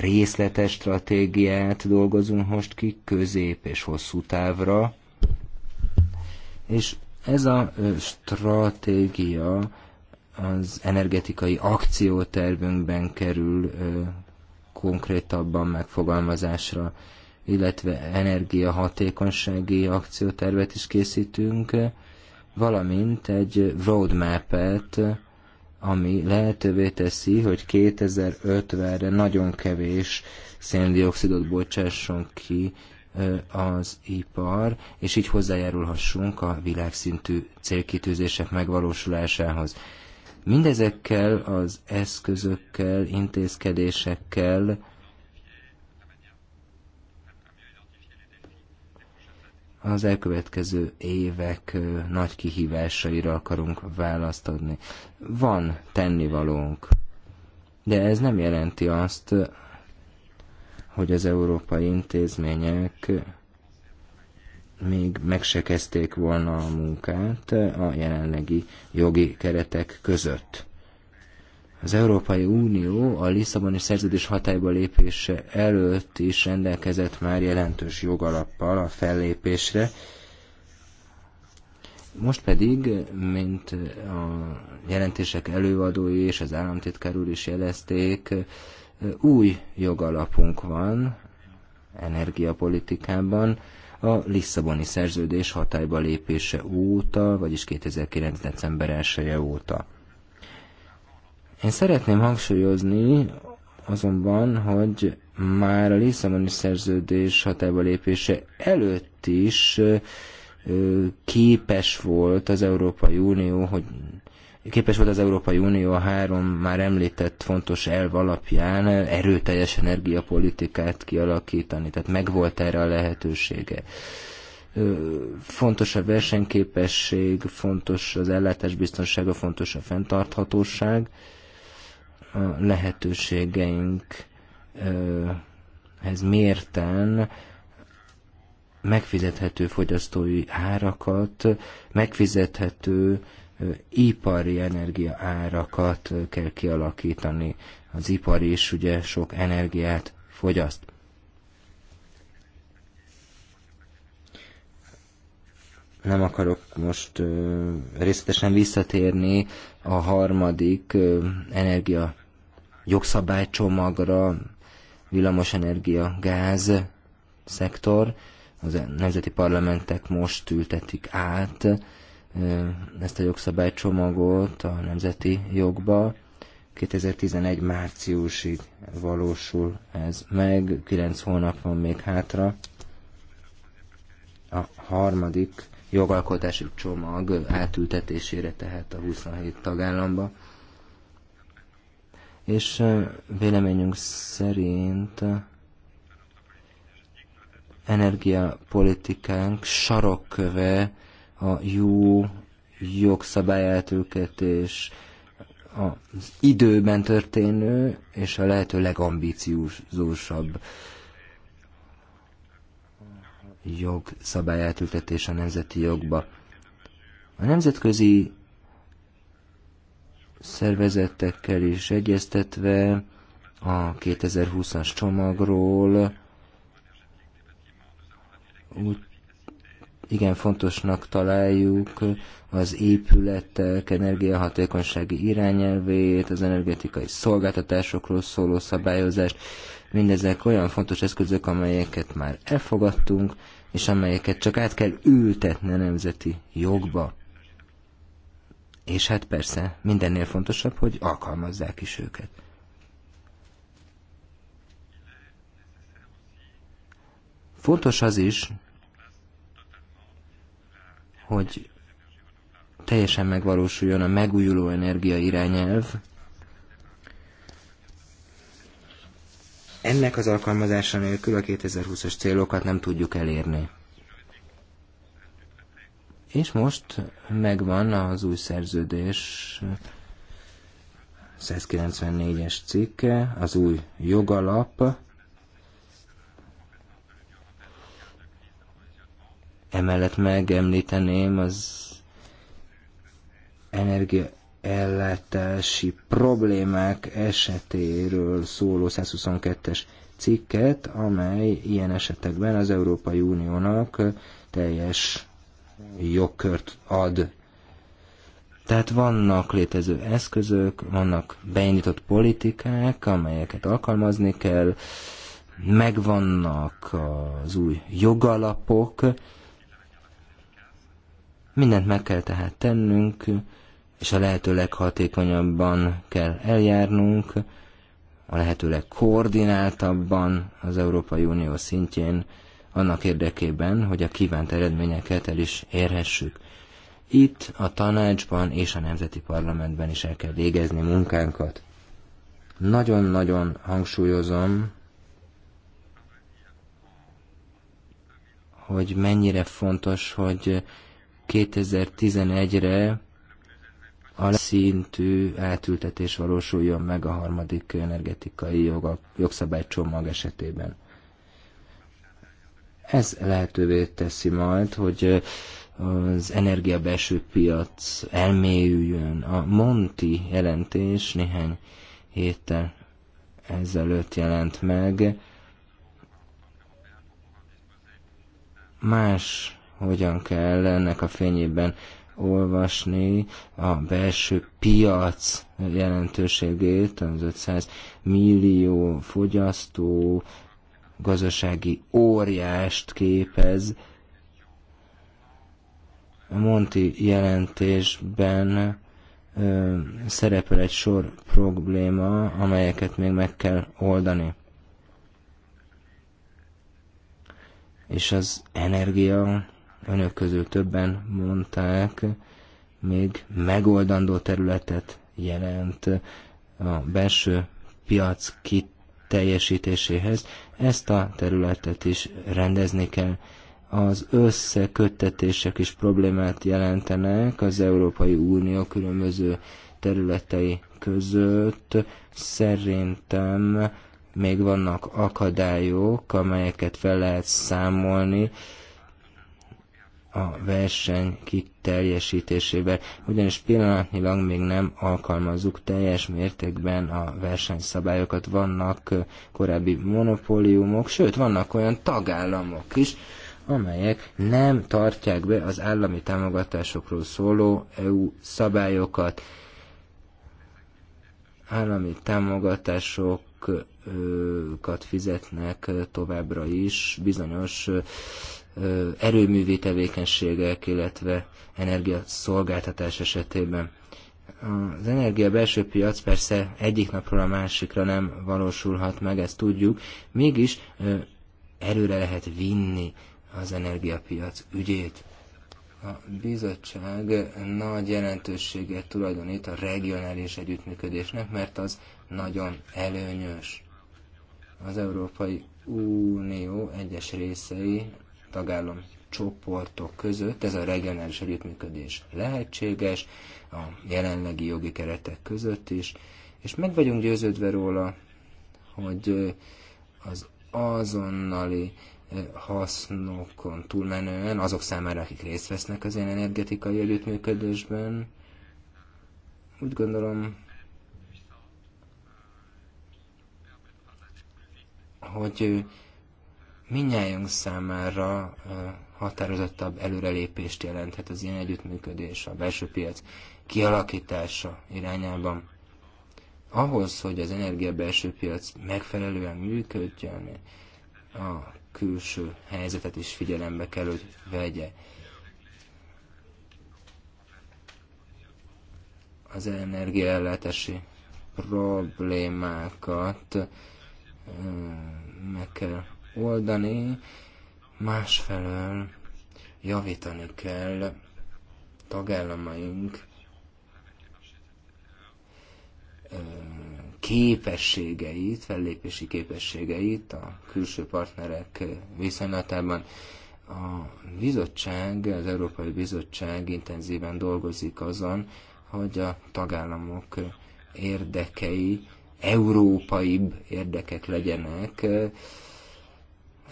részletes stratégiát dolgozunk most ki, közép és hosszú távra, és ez a stratégia az energetikai akciótervünkben kerül konkrétabban megfogalmazásra, illetve energiahatékonysági akciótervet is készítünk, valamint egy roadmap-et, ami lehetővé teszi, hogy 2050-re nagyon kevés széndiokszidot bocsásson ki az ipar, és így hozzájárulhassunk a világszintű célkitűzések megvalósulásához. Mindezekkel az eszközökkel, intézkedésekkel az elkövetkező évek nagy kihívásaira akarunk választ adni. Van tennivalónk, de ez nem jelenti azt, hogy az európai intézmények még meg se kezdték volna a munkát a jelenlegi jogi keretek között. Az Európai Unió a Lisszaboni szerződés hatályba lépése előtt is rendelkezett már jelentős jogalappal a fellépésre, most pedig, mint a jelentések előadói és az államtitkár úr is jelezték, új jogalapunk van energiapolitikában, a Lisszaboni szerződés hatályba lépése óta, vagyis 2009. december 1 -e óta. Én szeretném hangsúlyozni azonban, hogy már a Lisszaboni szerződés hatályba lépése előtt is képes volt az Európai Unió, hogy képes volt az Európai Unió a három már említett fontos elv alapján erőteljes energiapolitikát kialakítani, tehát megvolt erre a lehetősége fontos a versenyképesség, fontos az ellátás biztonsága, fontos a fenntarthatóság, a lehetőségeinkhez mérten megfizethető fogyasztói árakat, megfizethető ipari energia árakat kell kialakítani. Az ipar is ugye sok energiát fogyaszt. Nem akarok most részletesen visszatérni a harmadik energia jogszabálycsomagra, villamosenergia, gáz szektor. Az nemzeti parlamentek most ültetik át ezt a jogszabálycsomagot a nemzeti jogba. 2011 márciusig valósul ez meg, 9 hónap van még hátra. A harmadik jogalkotási csomag átültetésére tehet a 27 tagállamba. És véleményünk szerint energiapolitikánk sarokköve a jó jogszabályátőket és az időben történő és a lehető legambíciózósabb jogszabály a nemzeti jogba. A nemzetközi szervezetekkel is egyeztetve a 2020-as csomagról úgy igen fontosnak találjuk az épületek energiahatékonysági irányelvét, az energetikai szolgáltatásokról szóló szabályozást. Mindezek olyan fontos eszközök, amelyeket már elfogadtunk, és amelyeket csak át kell ültetni a nemzeti jogba. És hát persze, mindennél fontosabb, hogy alkalmazzák is őket. Fontos az is, hogy teljesen megvalósuljon a megújuló energia irányelv, ennek az alkalmazása nélkül a 2020-as célokat nem tudjuk elérni. És most megvan az új szerződés 194-es cikke, az új jogalap, Emellett megemlíteném az energiaellátási problémák esetéről szóló 122-es cikket, amely ilyen esetekben az Európai Uniónak teljes jogkört ad. Tehát vannak létező eszközök, vannak beindított politikák, amelyeket alkalmazni kell, megvannak az új jogalapok, Mindent meg kell tehát tennünk, és a lehető leghatékonyabban kell eljárnunk, a lehető legkoordináltabban az Európai Unió szintjén, annak érdekében, hogy a kívánt eredményeket el is érhessük. Itt, a tanácsban és a nemzeti parlamentben is el kell végezni munkánkat. Nagyon-nagyon hangsúlyozom, hogy mennyire fontos, hogy 2011-re a szintű átültetés valósuljon meg a harmadik energetikai joga, jogszabálycsomag esetében. Ez lehetővé teszi majd, hogy az energia belső piac elmélyüljön. A Monti jelentés néhány héttel ezelőtt jelent meg. Más hogyan kell ennek a fényében olvasni a belső piac jelentőségét, az 500 millió fogyasztó gazdasági óriást képez. A Monti jelentésben ö, szerepel egy sor probléma, amelyeket még meg kell oldani. És az energia önök közül többen mondták, még megoldandó területet jelent a belső piac kiteljesítéséhez. Ezt a területet is rendezni kell. Az összeköttetések is problémát jelentenek az Európai Unió különböző területei között. Szerintem még vannak akadályok, amelyeket fel lehet számolni a verseny kiterjesítésével, ugyanis pillanatnyilag még nem alkalmazzuk teljes mértékben a versenyszabályokat. Vannak korábbi monopóliumok, sőt, vannak olyan tagállamok is, amelyek nem tartják be az állami támogatásokról szóló EU szabályokat. Állami támogatásokat fizetnek továbbra is bizonyos erőművi tevékenységek, illetve energiaszolgáltatás esetében. Az energia belső piac persze egyik napról a másikra nem valósulhat meg, ezt tudjuk, mégis erőre lehet vinni az energiapiac ügyét. A bizottság nagy jelentőséget tulajdonít a regionális együttműködésnek, mert az nagyon előnyös. Az Európai Unió egyes részei tagállam csoportok között ez a regionális együttműködés lehetséges, a jelenlegi jogi keretek között is, és meg vagyunk győződve róla, hogy az azonnali hasznokon túlmenően azok számára, akik részt vesznek az ilyen energetikai együttműködésben, úgy gondolom, hogy minnyájunk számára határozottabb előrelépést jelenthet az ilyen együttműködés, a belső piac kialakítása irányában. Ahhoz, hogy az energia belső piac megfelelően működjön, a külső helyzetet is figyelembe kell, hogy vegye. Az energiaellátási problémákat meg kell oldani, másfelől javítani kell tagállamaink képességeit, fellépési képességeit a külső partnerek viszonylatában. A bizottság, az Európai Bizottság intenzíven dolgozik azon, hogy a tagállamok érdekei európaibb érdekek legyenek,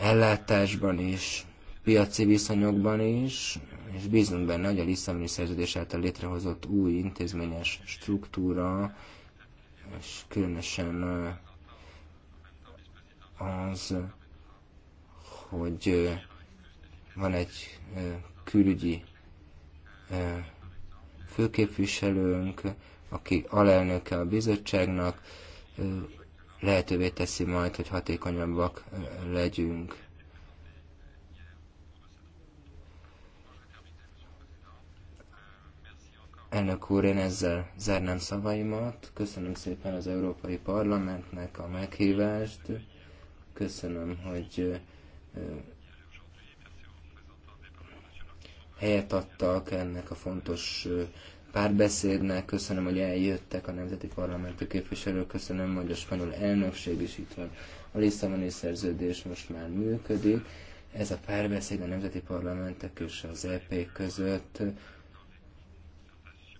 ellátásban is, piaci viszonyokban is, és bízunk benne, hogy a Lisszaboni szerződés által létrehozott új intézményes struktúra, és különösen az, hogy van egy külügyi főképviselőnk, aki alelnöke a bizottságnak, lehetővé teszi majd, hogy hatékonyabbak legyünk. Elnök úr, én ezzel zárnám szavaimat. Köszönöm szépen az Európai Parlamentnek a meghívást. Köszönöm, hogy helyet adtak ennek a fontos párbeszédnek, köszönöm, hogy eljöttek a nemzeti parlamenti képviselők, köszönöm, hogy a spanyol elnökség is itt van. A Lisszaboni szerződés most már működik. Ez a párbeszéd a nemzeti parlamentek és az EP között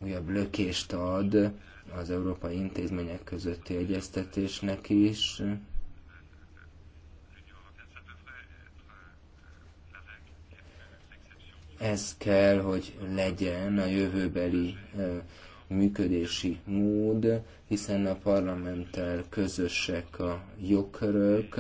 újabb lökést ad az európai intézmények közötti egyeztetésnek is. Ez kell, hogy legyen a jövőbeli működési mód, hiszen a parlamenttel közösek a jogkörök,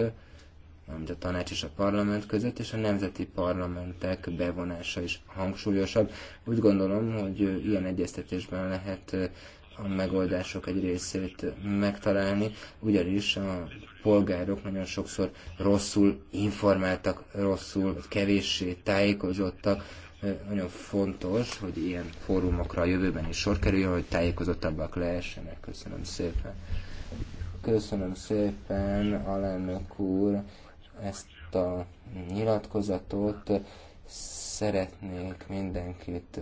amit a tanács és a parlament között, és a nemzeti parlamentek bevonása is hangsúlyosabb. Úgy gondolom, hogy ilyen egyeztetésben lehet a megoldások egy részét megtalálni, ugyanis a polgárok nagyon sokszor rosszul informáltak, rosszul, kevéssé tájékozottak nagyon fontos, hogy ilyen fórumokra a jövőben is sor kerüljön, hogy tájékozottabbak lehessenek. Köszönöm szépen. Köszönöm szépen, alelnök úr, ezt a nyilatkozatot. Szeretnék mindenkit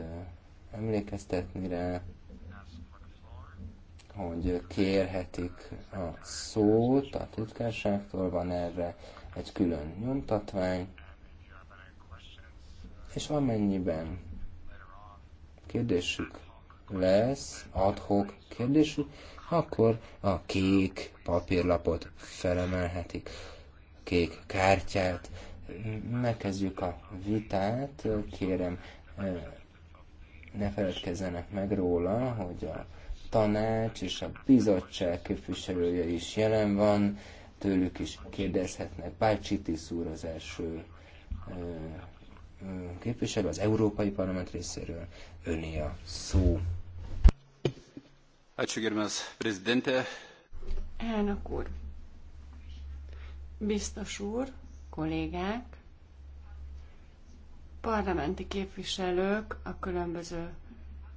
emlékeztetni rá, hogy kérhetik a szót a titkárságtól, van erre egy külön nyomtatvány és amennyiben kérdésük lesz, adhok kérdésük, akkor a kék papírlapot felemelhetik, a kék kártyát. Megkezdjük a vitát, kérem, eh, ne feledkezzenek meg róla, hogy a tanács és a bizottság képviselője is jelen van, tőlük is kérdezhetnek. Bácsitis úr az első eh, képviselő az Európai Parlament részéről. Öné a szó. Elnök úr, biztos úr, kollégák, parlamenti képviselők a különböző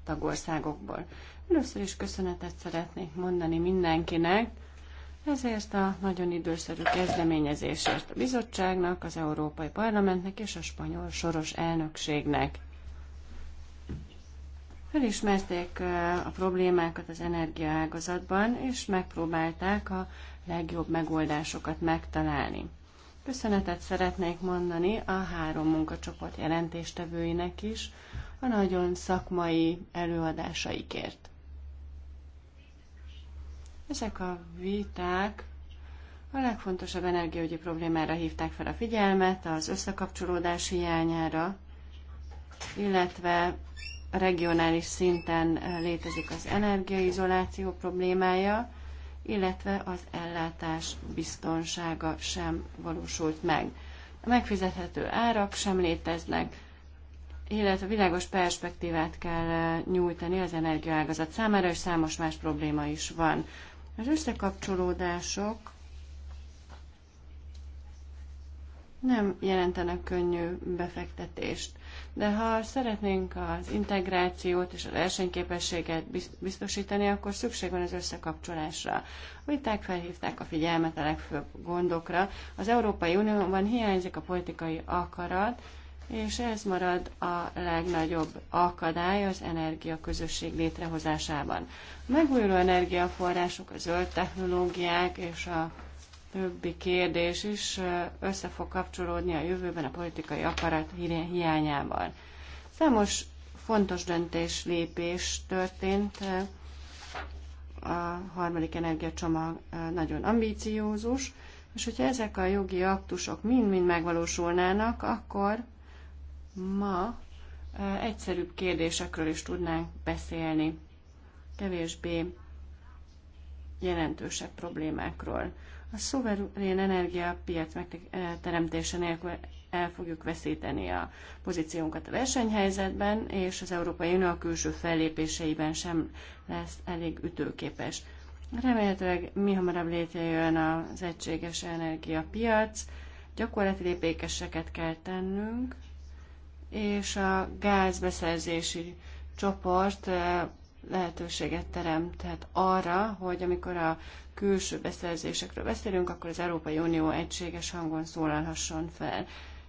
tagországokból. Először is köszönetet szeretnék mondani mindenkinek, ezért a nagyon időszerű kezdeményezésért a bizottságnak, az Európai Parlamentnek és a spanyol soros elnökségnek. Felismerték a problémákat az energiaágazatban, és megpróbálták a legjobb megoldásokat megtalálni. Köszönetet szeretnék mondani a három munkacsoport jelentéstevőinek is, a nagyon szakmai előadásaikért. Ezek a viták a legfontosabb energiaügyi problémára hívták fel a figyelmet, az összekapcsolódás hiányára, illetve regionális szinten eh, létezik az energiaizoláció problémája, illetve az ellátás biztonsága sem valósult meg. A megfizethető árak sem léteznek, illetve világos perspektívát kell eh, nyújtani az energiaágazat számára, és számos más probléma is van. Az összekapcsolódások nem jelentenek könnyű befektetést. De ha szeretnénk az integrációt és a versenyképességet biztosítani, akkor szükség van az összekapcsolásra. A viták felhívták a figyelmet a legfőbb gondokra. Az Európai Unióban hiányzik a politikai akarat, és ez marad a legnagyobb akadály az energiaközösség létrehozásában. A megújuló energiaforrások, a zöld technológiák és a többi kérdés is össze fog kapcsolódni a jövőben a politikai akarat hiányával. Számos fontos döntés, lépés történt. A harmadik energiacsomag nagyon ambíciózus, és hogyha ezek a jogi aktusok mind-mind megvalósulnának, akkor ma eh, egyszerűbb kérdésekről is tudnánk beszélni, kevésbé jelentősebb problémákról. A szuverén piac megteremtése eh, nélkül el fogjuk veszíteni a pozíciónkat a versenyhelyzetben, és az Európai Unió a külső fellépéseiben sem lesz elég ütőképes. Remélhetőleg mi hamarabb létrejön az egységes energiapiac, gyakorlati lépéseket kell tennünk, és a gázbeszerzési csoport eh, lehetőséget teremthet arra, hogy amikor a külső beszerzésekről beszélünk, akkor az Európai Unió egységes hangon szólalhasson fel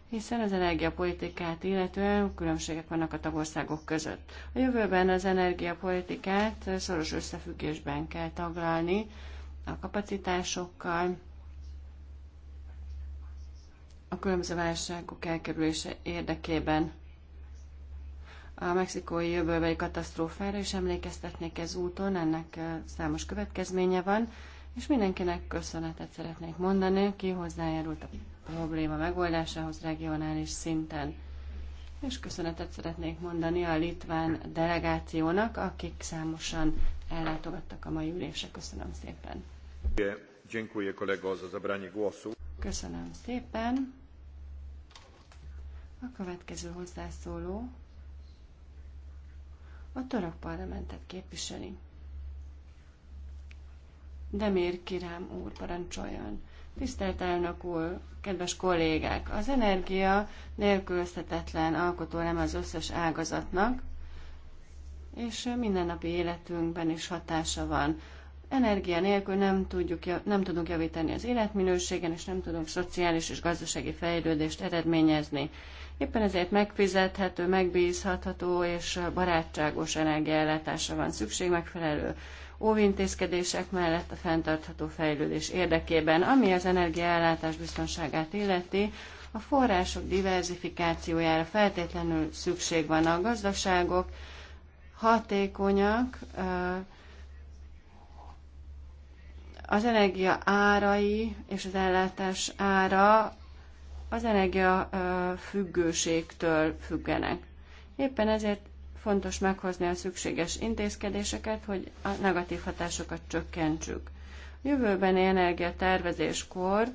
hiszen az energiapolitikát illetően különbségek vannak a tagországok között. A jövőben az energiapolitikát szoros összefüggésben kell taglalni a kapacitásokkal, a különböző válságok elkerülése érdekében. A mexikói jövőbeli katasztrófára is emlékeztetnék ez úton, ennek eh, számos következménye van, és mindenkinek köszönetet szeretnék mondani, ki hozzájárult a probléma megoldásához regionális szinten. És köszönetet szeretnék mondani a litván delegációnak, akik számosan ellátogattak a mai ülésre. Köszönöm szépen. Köszönöm szépen. A következő hozzászóló a török parlamentet képviseli. Demir Kirám úr parancsoljon. Tisztelt elnök úr, kedves kollégák! Az energia nélkülözhetetlen nem az összes ágazatnak, és mindennapi életünkben is hatása van. Energia nélkül nem, tudjuk, nem tudunk javítani az életminőségen, és nem tudunk szociális és gazdasági fejlődést eredményezni. Éppen ezért megfizethető, megbízható és barátságos energiállátásra van szükség megfelelő óvintézkedések mellett a fenntartható fejlődés érdekében, ami az energiaellátás biztonságát illeti, a források diverzifikációjára feltétlenül szükség van a gazdaságok, hatékonyak, az energia árai és az ellátás ára az energia függőségtől függenek. Éppen ezért fontos meghozni a szükséges intézkedéseket, hogy a negatív hatásokat csökkentsük. Jövőbeni tervezéskor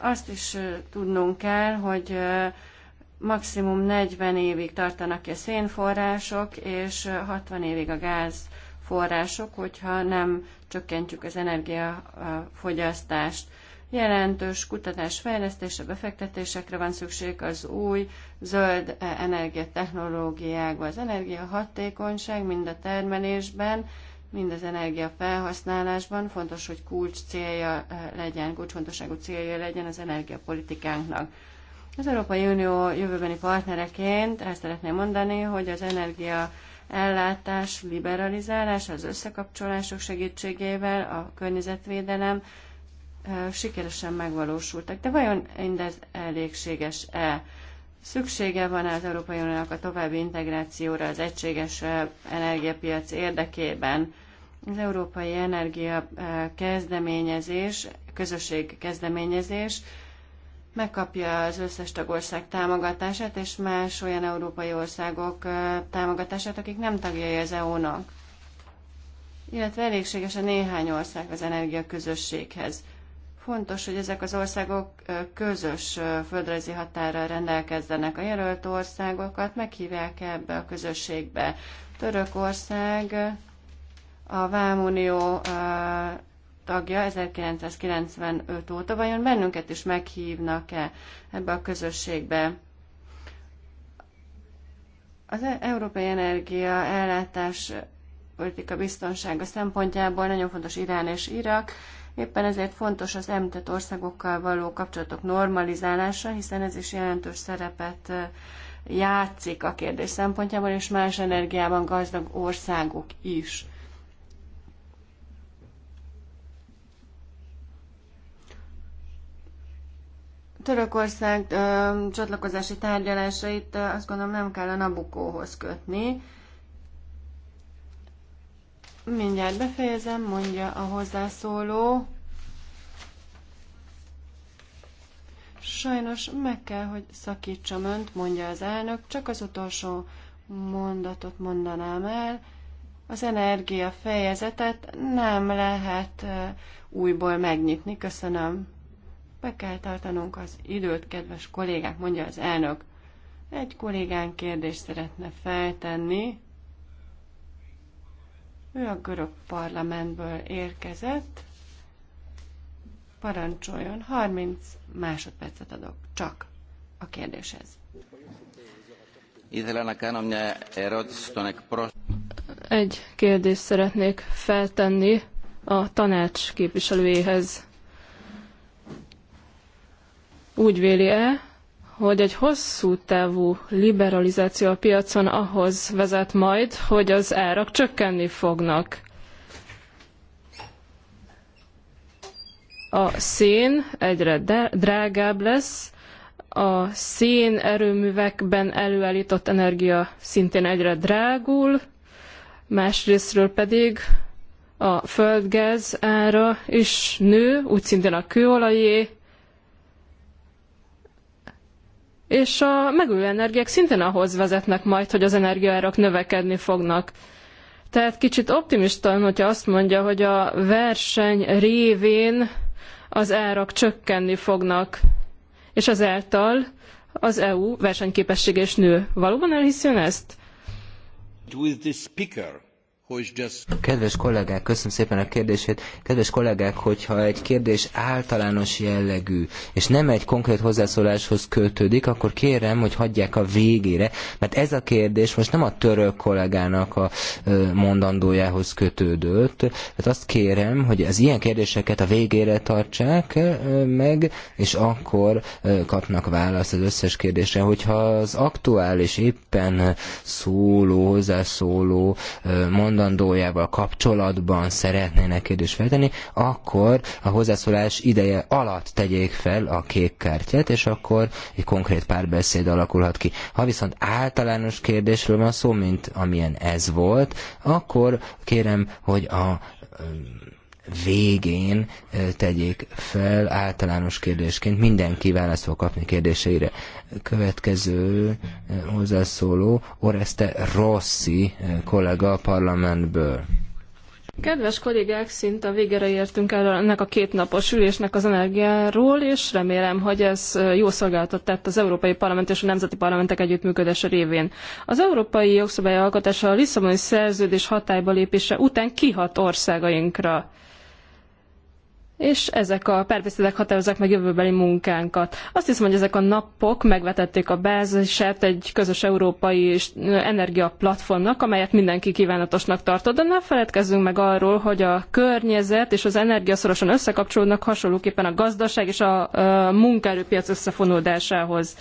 azt is tudnunk kell, hogy maximum 40 évig tartanak a szénforrások, és 60 évig a gázforrások, hogyha nem csökkentjük az energiafogyasztást. Jelentős kutatás fejlesztése, befektetésekre van szükség az új zöld energiatechnológiákba. Az energiahatékonyság mind a termelésben, mind az energia felhasználásban fontos, hogy kulcs célja eh, legyen, kulcsfontosságú célja legyen az energiapolitikánknak. Az Európai Unió jövőbeni partnereként el szeretném mondani, hogy az energia ellátás, liberalizálás, az összekapcsolások segítségével, a környezetvédelem, sikeresen megvalósultak. De vajon mindez elégséges-e? Szüksége van az Európai Uniónak a további integrációra az egységes energiapiac érdekében? Az Európai Energia kezdeményezés, közösség kezdeményezés megkapja az összes tagország támogatását, és más olyan európai országok támogatását, akik nem tagjai az EU-nak. Illetve elégséges a néhány ország az energiaközösséghez. Fontos, hogy ezek az országok közös földrajzi határral rendelkezzenek. A jelölt országokat meghívják ebbe a közösségbe. Törökország a Vámunió tagja 1995 óta, vajon bennünket is meghívnak-e ebbe a közösségbe? Az e- európai energia ellátás politika biztonsága szempontjából nagyon fontos Irán és Irak, Éppen ezért fontos az említett országokkal való kapcsolatok normalizálása, hiszen ez is jelentős szerepet játszik a kérdés szempontjából, és más energiában gazdag országok is. Törökország ö, csatlakozási tárgyalásait ö, azt gondolom nem kell a Nabukóhoz kötni, Mindjárt befejezem, mondja a hozzászóló. Sajnos meg kell, hogy szakítsam önt, mondja az elnök, csak az utolsó mondatot mondanám el. Az energia fejezetet nem lehet újból megnyitni, köszönöm. Be kell tartanunk az időt, kedves kollégák, mondja az elnök. Egy kollégán kérdést szeretne feltenni. Ő a görög parlamentből érkezett. Parancsoljon, 30 másodpercet adok csak a kérdéshez. Egy kérdést szeretnék feltenni a tanács képviselőjéhez. Úgy véli-e, hogy egy hosszú távú liberalizáció a piacon ahhoz vezet majd, hogy az árak csökkenni fognak. A szén egyre drágább lesz, a szén erőművekben előállított energia szintén egyre drágul, másrésztről pedig a földgáz ára is nő, úgy szintén a kőolajé, és a megújuló energiák szintén ahhoz vezetnek majd, hogy az energiaárak növekedni fognak. Tehát kicsit optimista, hogyha azt mondja, hogy a verseny révén az árak csökkenni fognak, és ezáltal az EU versenyképessége is nő. Valóban elhiszi ezt? Kedves kollégák, köszönöm szépen a kérdését. Kedves kollégák, hogyha egy kérdés általános jellegű, és nem egy konkrét hozzászóláshoz kötődik, akkor kérem, hogy hagyják a végére, mert ez a kérdés most nem a török kollégának a mondandójához kötődött. Tehát azt kérem, hogy az ilyen kérdéseket a végére tartsák meg, és akkor kapnak választ az összes kérdésre. Hogyha az aktuális éppen szóló, hozzászóló mondandó, mondandójával kapcsolatban szeretnének kérdést feltenni, akkor a hozzászólás ideje alatt tegyék fel a kék kártyát, és akkor egy konkrét párbeszéd alakulhat ki. Ha viszont általános kérdésről van szó, mint amilyen ez volt, akkor kérem, hogy a végén tegyék fel általános kérdésként. Mindenki választ fog kapni kérdéseire. Következő hozzászóló Oreste Rossi kollega a parlamentből. Kedves kollégák, szinte a végére értünk el ennek a kétnapos ülésnek az energiáról, és remélem, hogy ez jó szolgálatot tett az Európai Parlament és a Nemzeti Parlamentek együttműködése révén. Az Európai Jogszabály alkotása a Lisszaboni Szerződés hatályba lépése után kihat országainkra és ezek a párbeszédek határozzák meg jövőbeli munkánkat. Azt hiszem, hogy ezek a napok megvetették a bázisát egy közös európai és energiaplatformnak, amelyet mindenki kívánatosnak tartott, de ne feledkezzünk meg arról, hogy a környezet és az energia szorosan összekapcsolódnak hasonlóképpen a gazdaság és a, a munkaerőpiac összefonódásához.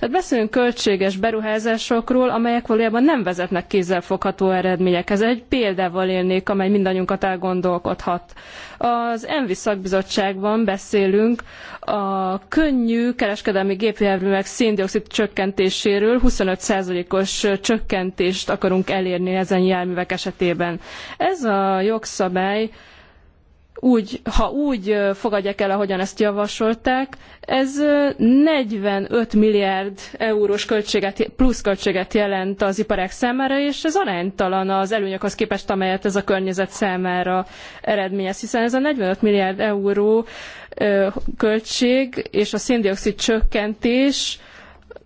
Tehát beszélünk költséges beruházásokról, amelyek valójában nem vezetnek kézzelfogható eredményekhez. Egy példával élnék, amely mindannyiunkat elgondolkodhat. Az ENVI szakbizottságban beszélünk a könnyű kereskedelmi gépjárművek széndiokszid csökkentéséről 25%-os csökkentést akarunk elérni ezen járművek esetében. Ez a jogszabály úgy, ha úgy fogadják el, ahogyan ezt javasolták, ez 45 milliárd eurós költséget, plusz költséget jelent az iparák számára, és ez aránytalan az előnyökhöz képest, amelyet ez a környezet számára eredményez, hiszen ez a 45 milliárd euró költség és a szén-dioxid csökkentés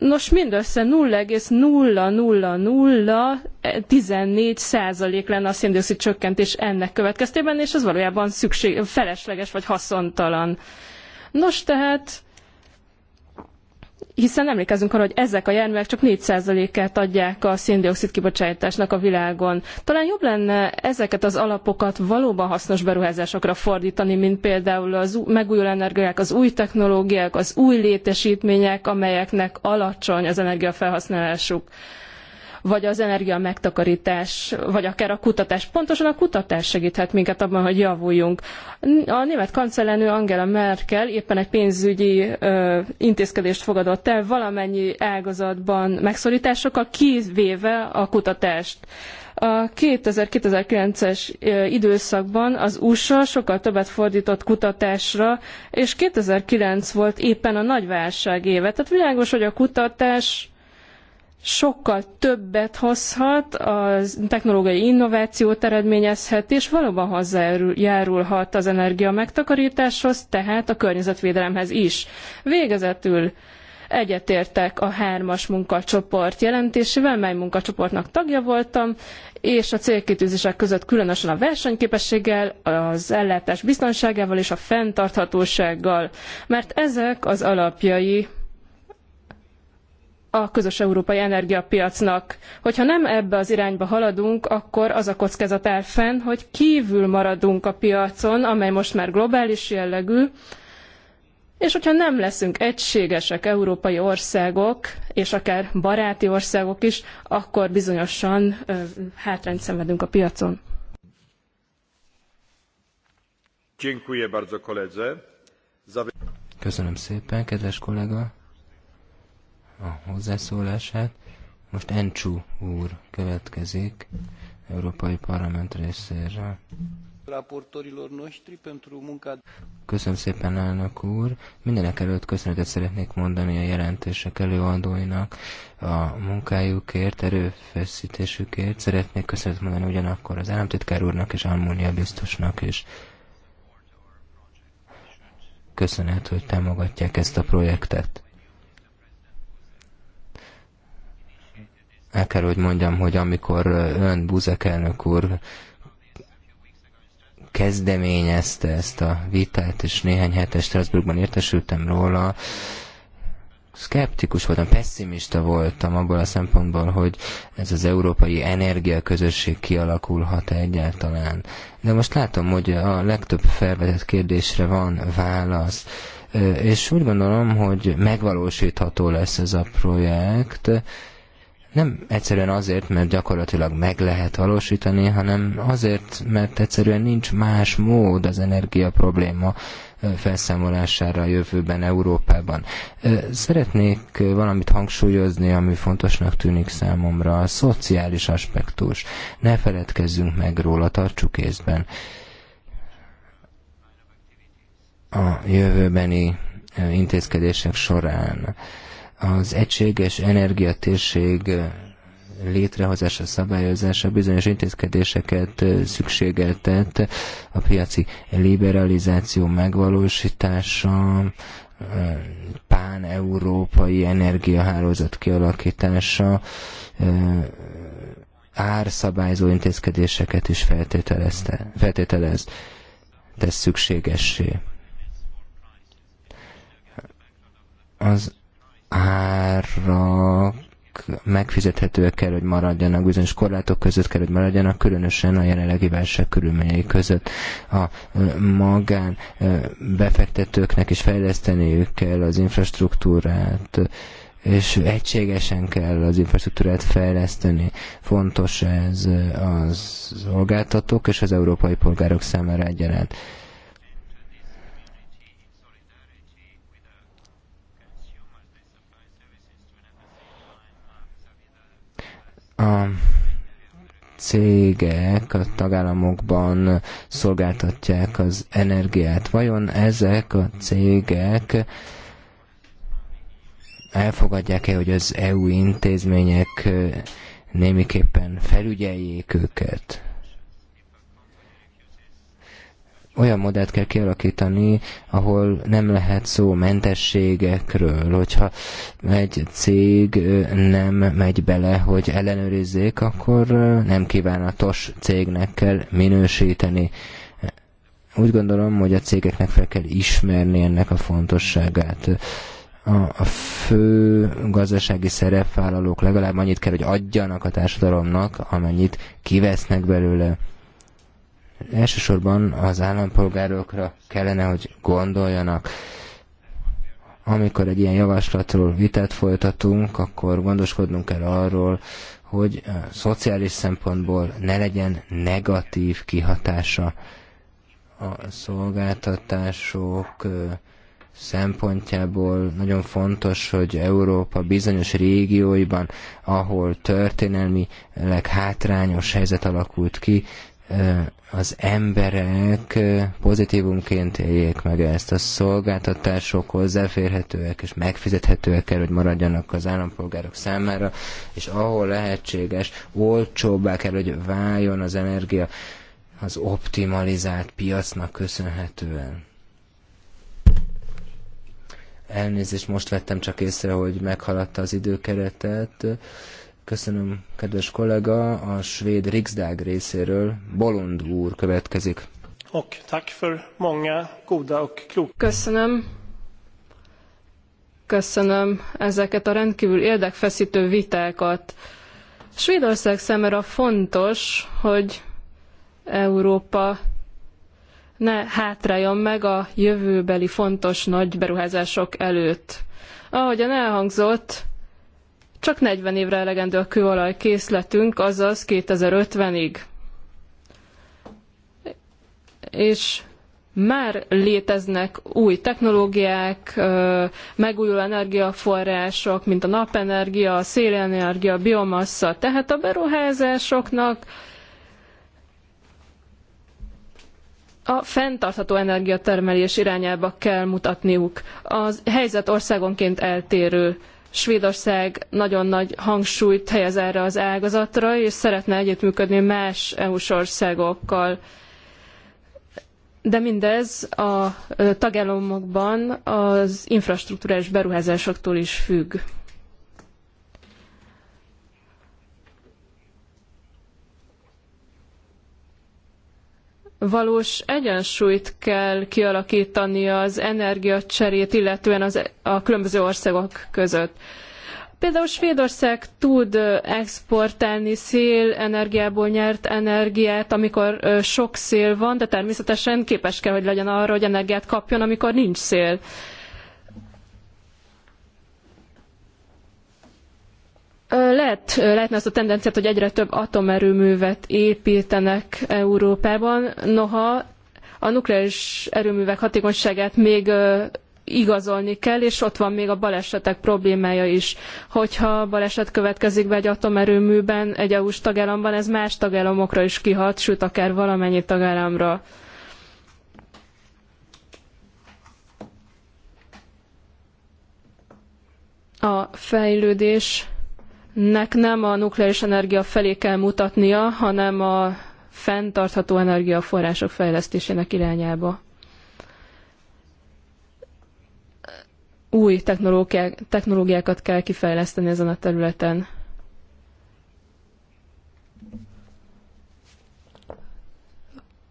Nos, mindössze 0,0014 százalék lenne a széndiokszid csökkentés ennek következtében, és ez valójában szükség, felesleges vagy haszontalan. Nos, tehát hiszen emlékezünk arra, hogy ezek a járművek csak 4%-át adják a széndiokszid kibocsátásnak a világon. Talán jobb lenne ezeket az alapokat valóban hasznos beruházásokra fordítani, mint például az megújuló energiák, az új technológiák, az új létesítmények, amelyeknek alacsony az energiafelhasználásuk vagy az energia megtakarítás, vagy akár a kutatás. Pontosan a kutatás segíthet minket abban, hogy javuljunk. A német kancellárnő Angela Merkel éppen egy pénzügyi ö, intézkedést fogadott el valamennyi ágazatban megszorításokkal, kivéve a kutatást. A 2009 es időszakban az USA sokkal többet fordított kutatásra, és 2009 volt éppen a nagy válság éve. Tehát világos, hogy a kutatás sokkal többet hozhat, a technológiai innovációt eredményezhet, és valóban hozzájárulhat az energia megtakarításhoz, tehát a környezetvédelemhez is. Végezetül egyetértek a hármas munkacsoport jelentésével, mely munkacsoportnak tagja voltam, és a célkitűzések között különösen a versenyképességgel, az ellátás biztonságával és a fenntarthatósággal, mert ezek az alapjai a közös európai energiapiacnak. Hogyha nem ebbe az irányba haladunk, akkor az a kockázat áll fenn, hogy kívül maradunk a piacon, amely most már globális jellegű, és hogyha nem leszünk egységesek európai országok, és akár baráti országok is, akkor bizonyosan ö, hátrányt szenvedünk a piacon. Köszönöm szépen, kedves kollega! a hozzászólását. Most Encsú úr következik, Európai Parlament részéről. Köszönöm szépen, elnök úr. Mindenek előtt köszönetet szeretnék mondani a jelentések előadóinak a munkájukért, erőfeszítésükért. Szeretnék köszönetet mondani ugyanakkor az államtitkár úrnak és Almónia biztosnak is. Köszönet, hogy támogatják ezt a projektet. el kell, hogy mondjam, hogy amikor ön, Buzek elnök úr kezdeményezte ezt a vitát, és néhány hete Strasbourgban értesültem róla, szkeptikus voltam, pessimista voltam abból a szempontból, hogy ez az európai energiaközösség kialakulhat -e egyáltalán. De most látom, hogy a legtöbb felvetett kérdésre van válasz, és úgy gondolom, hogy megvalósítható lesz ez a projekt, nem egyszerűen azért, mert gyakorlatilag meg lehet valósítani, hanem azért, mert egyszerűen nincs más mód az energia probléma felszámolására a jövőben Európában. Szeretnék valamit hangsúlyozni, ami fontosnak tűnik számomra, a szociális aspektus. Ne feledkezzünk meg róla, tartsuk észben. A jövőbeni intézkedések során az egységes energiatérség eh, létrehozása, szabályozása bizonyos intézkedéseket eh, szükségeltet, a piaci liberalizáció megvalósítása, eh, pán-európai energiahálózat kialakítása, árszabályzó intézkedéseket is feltételezte, feltételez, tesz szükségessé. Az ára megfizethetőek kell, hogy maradjanak, bizonyos korlátok között kell, hogy maradjanak, különösen a jelenlegi válság körülményei között a magán befektetőknek is fejleszteniük kell az infrastruktúrát, és egységesen kell az infrastruktúrát fejleszteni. Fontos ez az szolgáltatók és az európai polgárok számára egyaránt. a cégek a tagállamokban szolgáltatják az energiát. Vajon ezek a cégek elfogadják-e, hogy az EU intézmények némiképpen felügyeljék őket? olyan modellt kell kialakítani, ahol nem lehet szó mentességekről. Hogyha egy cég nem megy bele, hogy ellenőrizzék, akkor nem kívánatos cégnek kell minősíteni. Úgy gondolom, hogy a cégeknek fel kell ismerni ennek a fontosságát a, fő gazdasági szerepvállalók legalább annyit kell, hogy adjanak a társadalomnak, amennyit kivesznek belőle elsősorban az állampolgárokra kellene, hogy gondoljanak. Amikor egy ilyen javaslatról vitát folytatunk, akkor gondoskodnunk kell arról, hogy a szociális szempontból ne legyen negatív kihatása a szolgáltatások szempontjából nagyon fontos, hogy Európa bizonyos régióiban, ahol történelmileg hátrányos helyzet alakult ki, az emberek pozitívumként éljék meg ezt. A szolgáltatások hozzáférhetőek és megfizethetőek kell, hogy maradjanak az állampolgárok számára, és ahol lehetséges, olcsóbbá kell, hogy váljon az energia az optimalizált piacnak köszönhetően. Elnézést, most vettem csak észre, hogy meghaladta az időkeretet. Köszönöm, kedves kollega, a svéd Riksdag részéről Bolond úr következik. Och tack för många goda och kloka... Köszönöm. Köszönöm ezeket a rendkívül érdekfeszítő vitákat. Svédország számára fontos, hogy Európa ne hátráljon meg a jövőbeli fontos nagy beruházások előtt. Ahogyan elhangzott, csak 40 évre elegendő a kőolaj készletünk, azaz 2050-ig. És már léteznek új technológiák, megújuló energiaforrások, mint a napenergia, a szélenergia, a biomassa. Tehát a beruházásoknak a fenntartható energiatermelés irányába kell mutatniuk. A helyzet országonként eltérő. Svédország nagyon nagy hangsúlyt helyez erre az ágazatra, és szeretne együttműködni más EU-s országokkal. De mindez a tagállamokban az infrastrukturális beruházásoktól is függ. valós egyensúlyt kell kialakítani az energiacserét, illetően az, a különböző országok között. Például Svédország tud exportálni szélenergiából nyert energiát, amikor sok szél van, de természetesen képes kell, hogy legyen arra, hogy energiát kapjon, amikor nincs szél. lehet, lehetne azt a tendenciát, hogy egyre több atomerőművet építenek Európában, noha a nukleáris erőművek hatékonyságát még igazolni kell, és ott van még a balesetek problémája is. Hogyha baleset következik be egy atomerőműben, egy EU-s tagállamban, ez más tagállamokra is kihat, sőt akár valamennyi tagállamra. A fejlődés nek nem a nukleáris energia felé kell mutatnia, hanem a fenntartható energiaforrások fejlesztésének irányába. Új technológiákat kell kifejleszteni ezen a területen.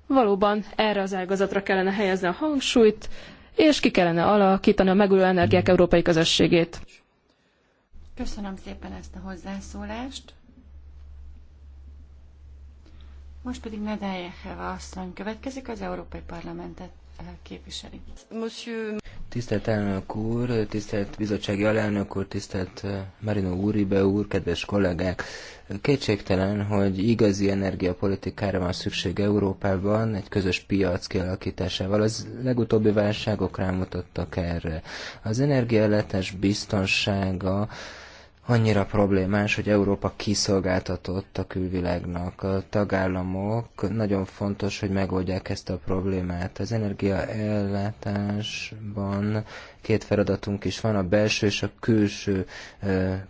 Valóban erre az ágazatra kellene helyezni a hangsúlyt, és ki kellene alakítani a megújuló energiák európai közösségét. Köszönöm szépen ezt a hozzászólást. Most pedig Heva asszony következik, az Európai Parlamentet eh, képviseli. Monsieur... Tisztelt elnök úr, tisztelt bizottsági alelnök úr, tisztelt eh, Marino Uribe úr, kedves kollégák! Kétségtelen, hogy igazi energiapolitikára van szükség Európában, egy közös piac kialakításával. Az legutóbbi válságok rámutattak erre. Az energiaellátás biztonsága annyira problémás, hogy Európa kiszolgáltatott a külvilágnak. A tagállamok nagyon fontos, hogy megoldják ezt a problémát. Az energiaellátásban Két feladatunk is van, a belső és a külső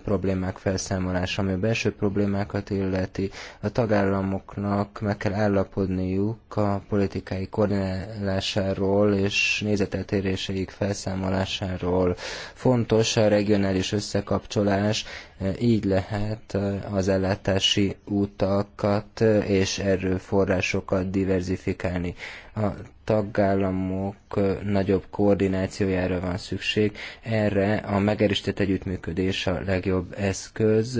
problémák felszámolása, ami a belső problémákat illeti. A tagállamoknak meg kell állapodniuk a politikai koordinálásáról és nézeteltéréseik felszámolásáról. Fontos a regionális összekapcsolás, így lehet az ellátási utakat és erőforrásokat diverzifikálni a tagállamok nagyobb koordinációjára van szükség. Erre a megerősített együttműködés a legjobb eszköz,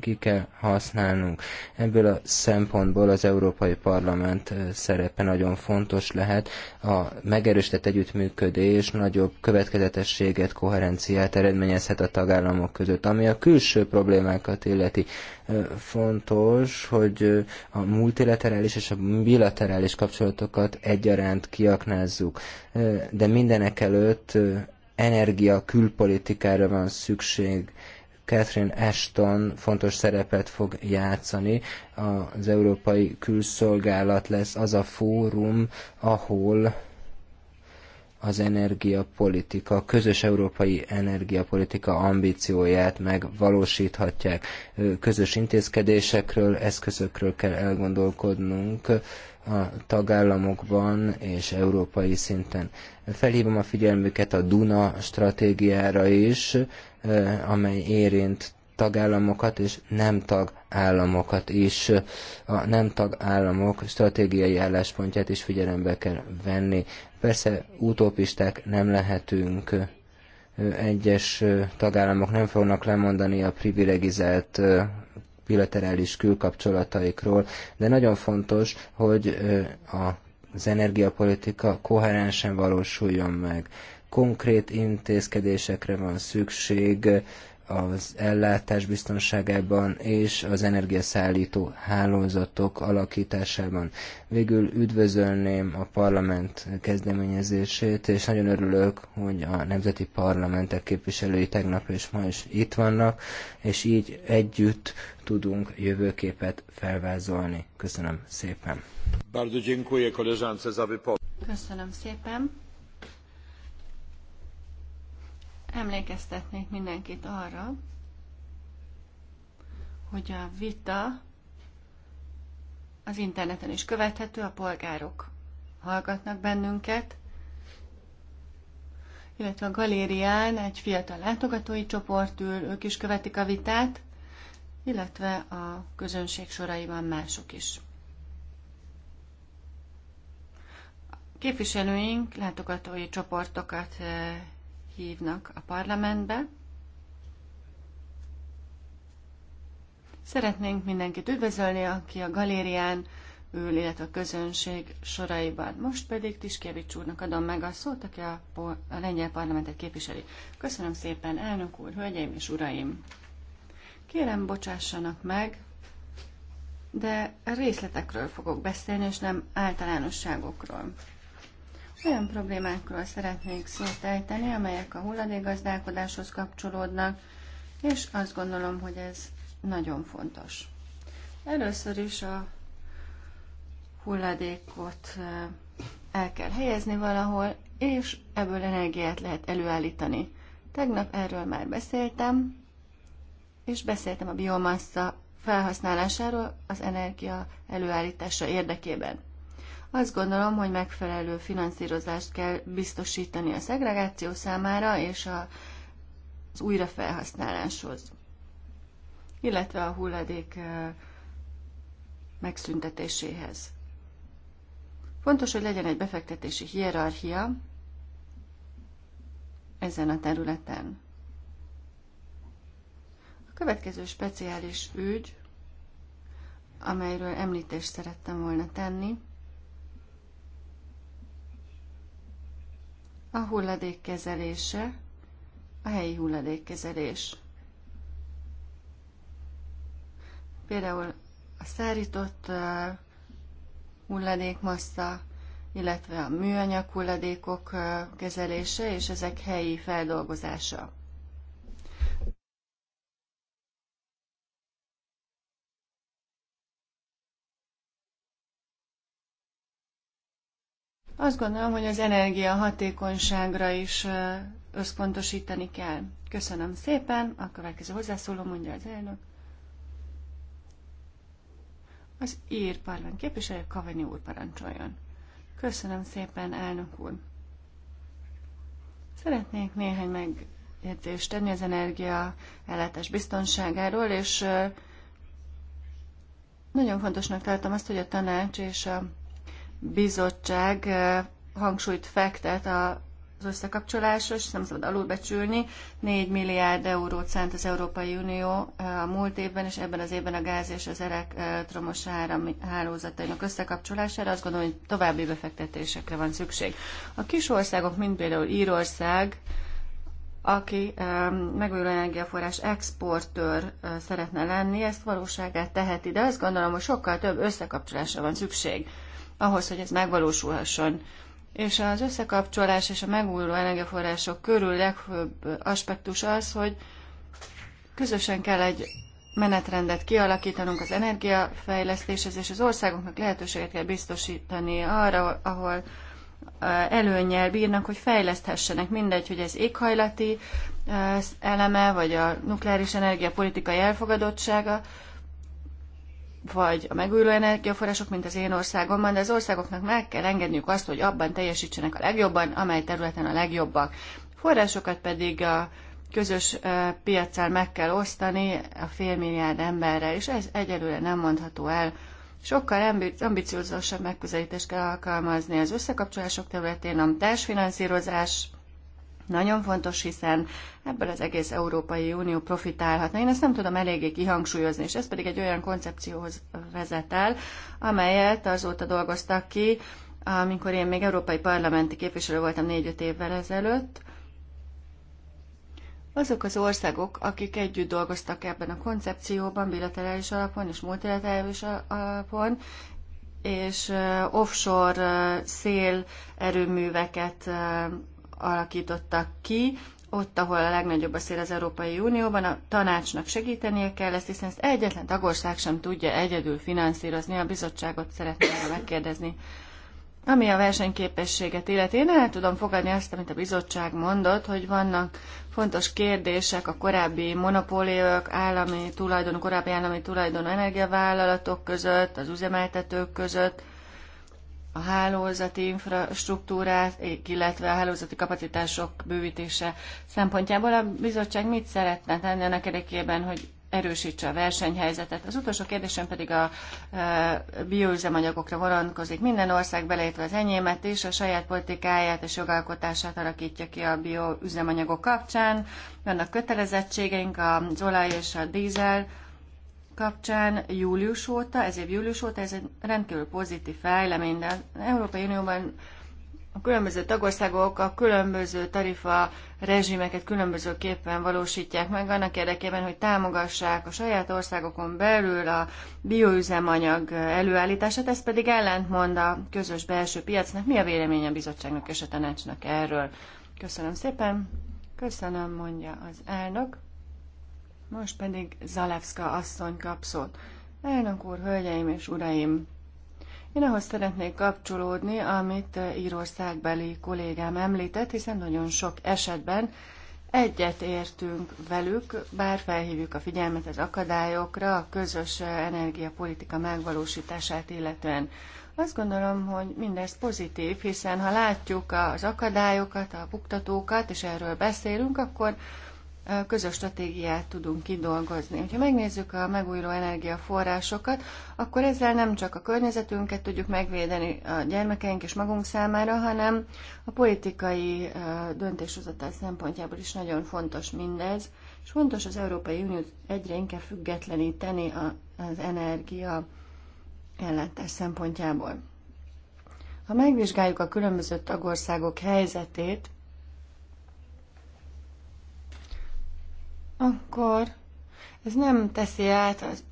ki kell használnunk. Ebből a szempontból az Európai Parlament szerepe nagyon fontos lehet. A megerősített együttműködés nagyobb következetességet, koherenciát eredményezhet a tagállamok között. Ami a külső problémákat illeti, fontos, hogy a multilaterális és a bilaterális kapcsolatokat egyaránt kiaknázzuk. De mindenek előtt energia külpolitikára van szükség Catherine Ashton fontos szerepet fog játszani. Az Európai Külszolgálat lesz az a fórum, ahol az energiapolitika, közös európai energiapolitika ambícióját megvalósíthatják. Közös intézkedésekről, eszközökről kell elgondolkodnunk a tagállamokban és európai szinten. Felhívom a figyelmüket a Duna stratégiára is, amely érint tagállamokat és nem tagállamokat is. A nem tagállamok stratégiai álláspontját is figyelembe kell venni. Persze utópisták nem lehetünk. Egyes tagállamok nem fognak lemondani a privilegizált bilaterális külkapcsolataikról, de nagyon fontos, hogy a az energiapolitika koherensen valósuljon meg konkrét intézkedésekre van szükség az ellátás biztonságában és az energiaszállító hálózatok alakításában. Végül üdvözölném a parlament kezdeményezését, és nagyon örülök, hogy a nemzeti parlamentek képviselői tegnap és ma is itt vannak, és így együtt tudunk jövőképet felvázolni. Köszönöm szépen! Köszönöm szépen! Emlékeztetnék mindenkit arra, hogy a vita az interneten is követhető, a polgárok hallgatnak bennünket, illetve a galérián egy fiatal látogatói csoport ül, ők is követik a vitát, illetve a közönség soraiban mások is. Képviselőink látogatói csoportokat eh, hívnak a parlamentbe. Szeretnénk mindenkit üdvözölni, aki a galérián ül, illetve a közönség soraiban. Most pedig Tiskevics úrnak adom meg a szót, aki a, a lengyel parlamentet képviseli. Köszönöm szépen, elnök úr, hölgyeim és uraim! Kérem, bocsássanak meg, de részletekről fogok beszélni, és nem általánosságokról. Olyan problémákról szeretnék szót ejteni, amelyek a hulladékgazdálkodáshoz kapcsolódnak, és azt gondolom, hogy ez nagyon fontos. Először is a hulladékot el kell helyezni valahol, és ebből energiát lehet előállítani. Tegnap erről már beszéltem, és beszéltem a biomassa felhasználásáról az energia előállítása érdekében. Azt gondolom, hogy megfelelő finanszírozást kell biztosítani a szegregáció számára és a, az újrafelhasználáshoz, illetve a hulladék megszüntetéséhez. Fontos, hogy legyen egy befektetési hierarchia ezen a területen. A következő speciális ügy, amelyről említést szerettem volna tenni, a hulladék kezelése, a helyi hulladékkezelés. Például a szárított hulladékmassa, illetve a műanyag hulladékok kezelése és ezek helyi feldolgozása. Azt gondolom, hogy az energia hatékonyságra is összpontosítani kell. Köszönöm szépen. A következő hozzászóló mondja az elnök. Az ír parlament képviselő Kavani úr parancsoljon. Köszönöm szépen, elnök úr. Szeretnék néhány megjegyzést tenni az energia ellátás biztonságáról, és nagyon fontosnak tartom azt, hogy a tanács és a bizottság hangsúlyt fektet a az összekapcsolásra, és nem szabad alulbecsülni. 4 milliárd eurót szánt az Európai Unió a múlt évben, és ebben az évben a gáz és az elektromos áram hálózatainak összekapcsolására. Azt gondolom, hogy további befektetésekre van szükség. A kis országok, mint például Írország, aki megújuló energiaforrás exportőr szeretne lenni, ezt valóságát teheti, de azt gondolom, hogy sokkal több összekapcsolásra van szükség ahhoz, hogy ez megvalósulhasson. És az összekapcsolás és a megújuló energiaforrások körül legfőbb aspektus az, hogy közösen kell egy menetrendet kialakítanunk az energiafejlesztéshez, és az országoknak lehetőséget kell biztosítani arra, ahol eh, előnyel bírnak, hogy fejleszthessenek. Mindegy, hogy ez éghajlati eh, eleme, vagy a nukleáris energia politikai elfogadottsága, vagy a megújuló energiaforrások, mint az én országomban, de az országoknak meg kell engedniük azt, hogy abban teljesítsenek a legjobban, amely területen a legjobbak. Forrásokat pedig a közös piaccal meg kell osztani a félmilliárd emberre, és ez egyelőre nem mondható el. Sokkal ambiciózusabb megközelítést kell alkalmazni az összekapcsolások területén, a társfinanszírozás nagyon fontos, hiszen ebből az egész Európai Unió profitálhatna. Én ezt nem tudom eléggé kihangsúlyozni, és ez pedig egy olyan koncepcióhoz vezet el, amelyet azóta dolgoztak ki, amikor én még európai parlamenti képviselő voltam 4-5 évvel ezelőtt, azok az országok, akik együtt dolgoztak ebben a koncepcióban, bilaterális alapon és multilaterális alapon, és offshore szélerőműveket alakítottak ki, ott, ahol a legnagyobb a szél az Európai Unióban, a tanácsnak segítenie kell ezt, hiszen ezt egyetlen tagország sem tudja egyedül finanszírozni, a bizottságot szeretném megkérdezni. Ami a versenyképességet illeti, én el tudom fogadni azt, amit a bizottság mondott, hogy vannak fontos kérdések, a korábbi monopóliók, állami tulajdon, korábbi állami tulajdon energiavállalatok között, az üzemeltetők között, a hálózati infrastruktúrát, illetve a hálózati kapacitások bővítése szempontjából a bizottság mit szeretne tenni annak érdekében, hogy erősítse a versenyhelyzetet. Az utolsó kérdésem pedig a e, bioüzemanyagokra vonatkozik. Minden ország beleértve az enyémet is, a saját politikáját és jogalkotását alakítja ki a bioüzemanyagok kapcsán. Vannak kötelezettségeink az olaj és a dízel kapcsán július óta, ez év július óta, ez egy rendkívül pozitív fejlemény, de az Európai Unióban a különböző tagországok a különböző tarifa rezsimeket különbözőképpen valósítják meg annak érdekében, hogy támogassák a saját országokon belül a bioüzemanyag előállítását, ez pedig ellentmond a közös belső piacnak. Mi a vélemény a bizottságnak és a tanácsnak erről? Köszönöm szépen. Köszönöm, mondja az elnök. Most pedig Zalewska asszony kap szót. Elnök úr, hölgyeim és uraim! Én ahhoz szeretnék kapcsolódni, amit írországbeli kollégám említett, hiszen nagyon sok esetben egyet értünk velük, bár felhívjuk a figyelmet az akadályokra, a közös energiapolitika megvalósítását illetően. Azt gondolom, hogy mindez pozitív, hiszen ha látjuk az akadályokat, a buktatókat, és erről beszélünk, akkor közös stratégiát tudunk kidolgozni. Ha megnézzük a megújuló energiaforrásokat, akkor ezzel nem csak a környezetünket tudjuk megvédeni a gyermekeink és magunk számára, hanem a politikai döntéshozatal szempontjából is nagyon fontos mindez, és fontos az Európai Uniót egyre inkább függetleníteni az energia ellátás szempontjából. Ha megvizsgáljuk a különböző tagországok helyzetét, akkor ez nem teszi át az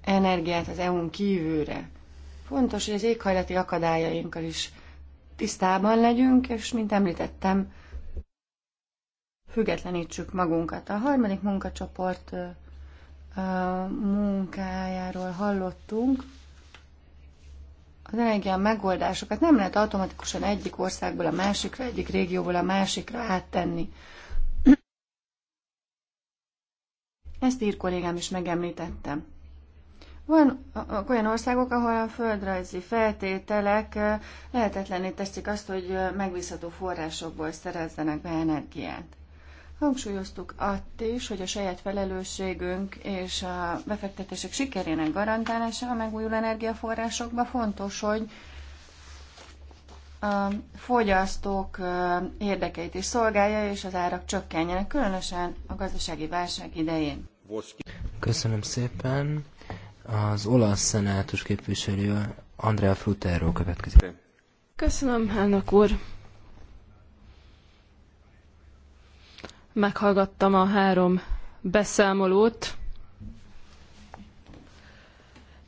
energiát az EU-n kívülre. Fontos, hogy az éghajlati akadályainkkal is tisztában legyünk, és mint említettem, függetlenítsük magunkat. A harmadik munkacsoport munkájáról hallottunk. Az energia megoldásokat nem lehet automatikusan egyik országból a másikra, egyik régióból a másikra áttenni. Ezt ír kollégám is megemlítette. Van olyan országok, ahol a földrajzi feltételek lehetetlené teszik azt, hogy megbízható forrásokból szerezzenek be energiát. Hangsúlyoztuk azt is, hogy a saját felelősségünk és a befektetések sikerének garantálása a megújuló energiaforrásokba fontos, hogy a fogyasztók érdekeit is szolgálja, és az árak csökkenjenek, különösen a gazdasági válság idején. Köszönöm szépen. Az olasz szenátus képviselő Andrea Frutero következik. Köszönöm, elnök úr. Meghallgattam a három beszámolót,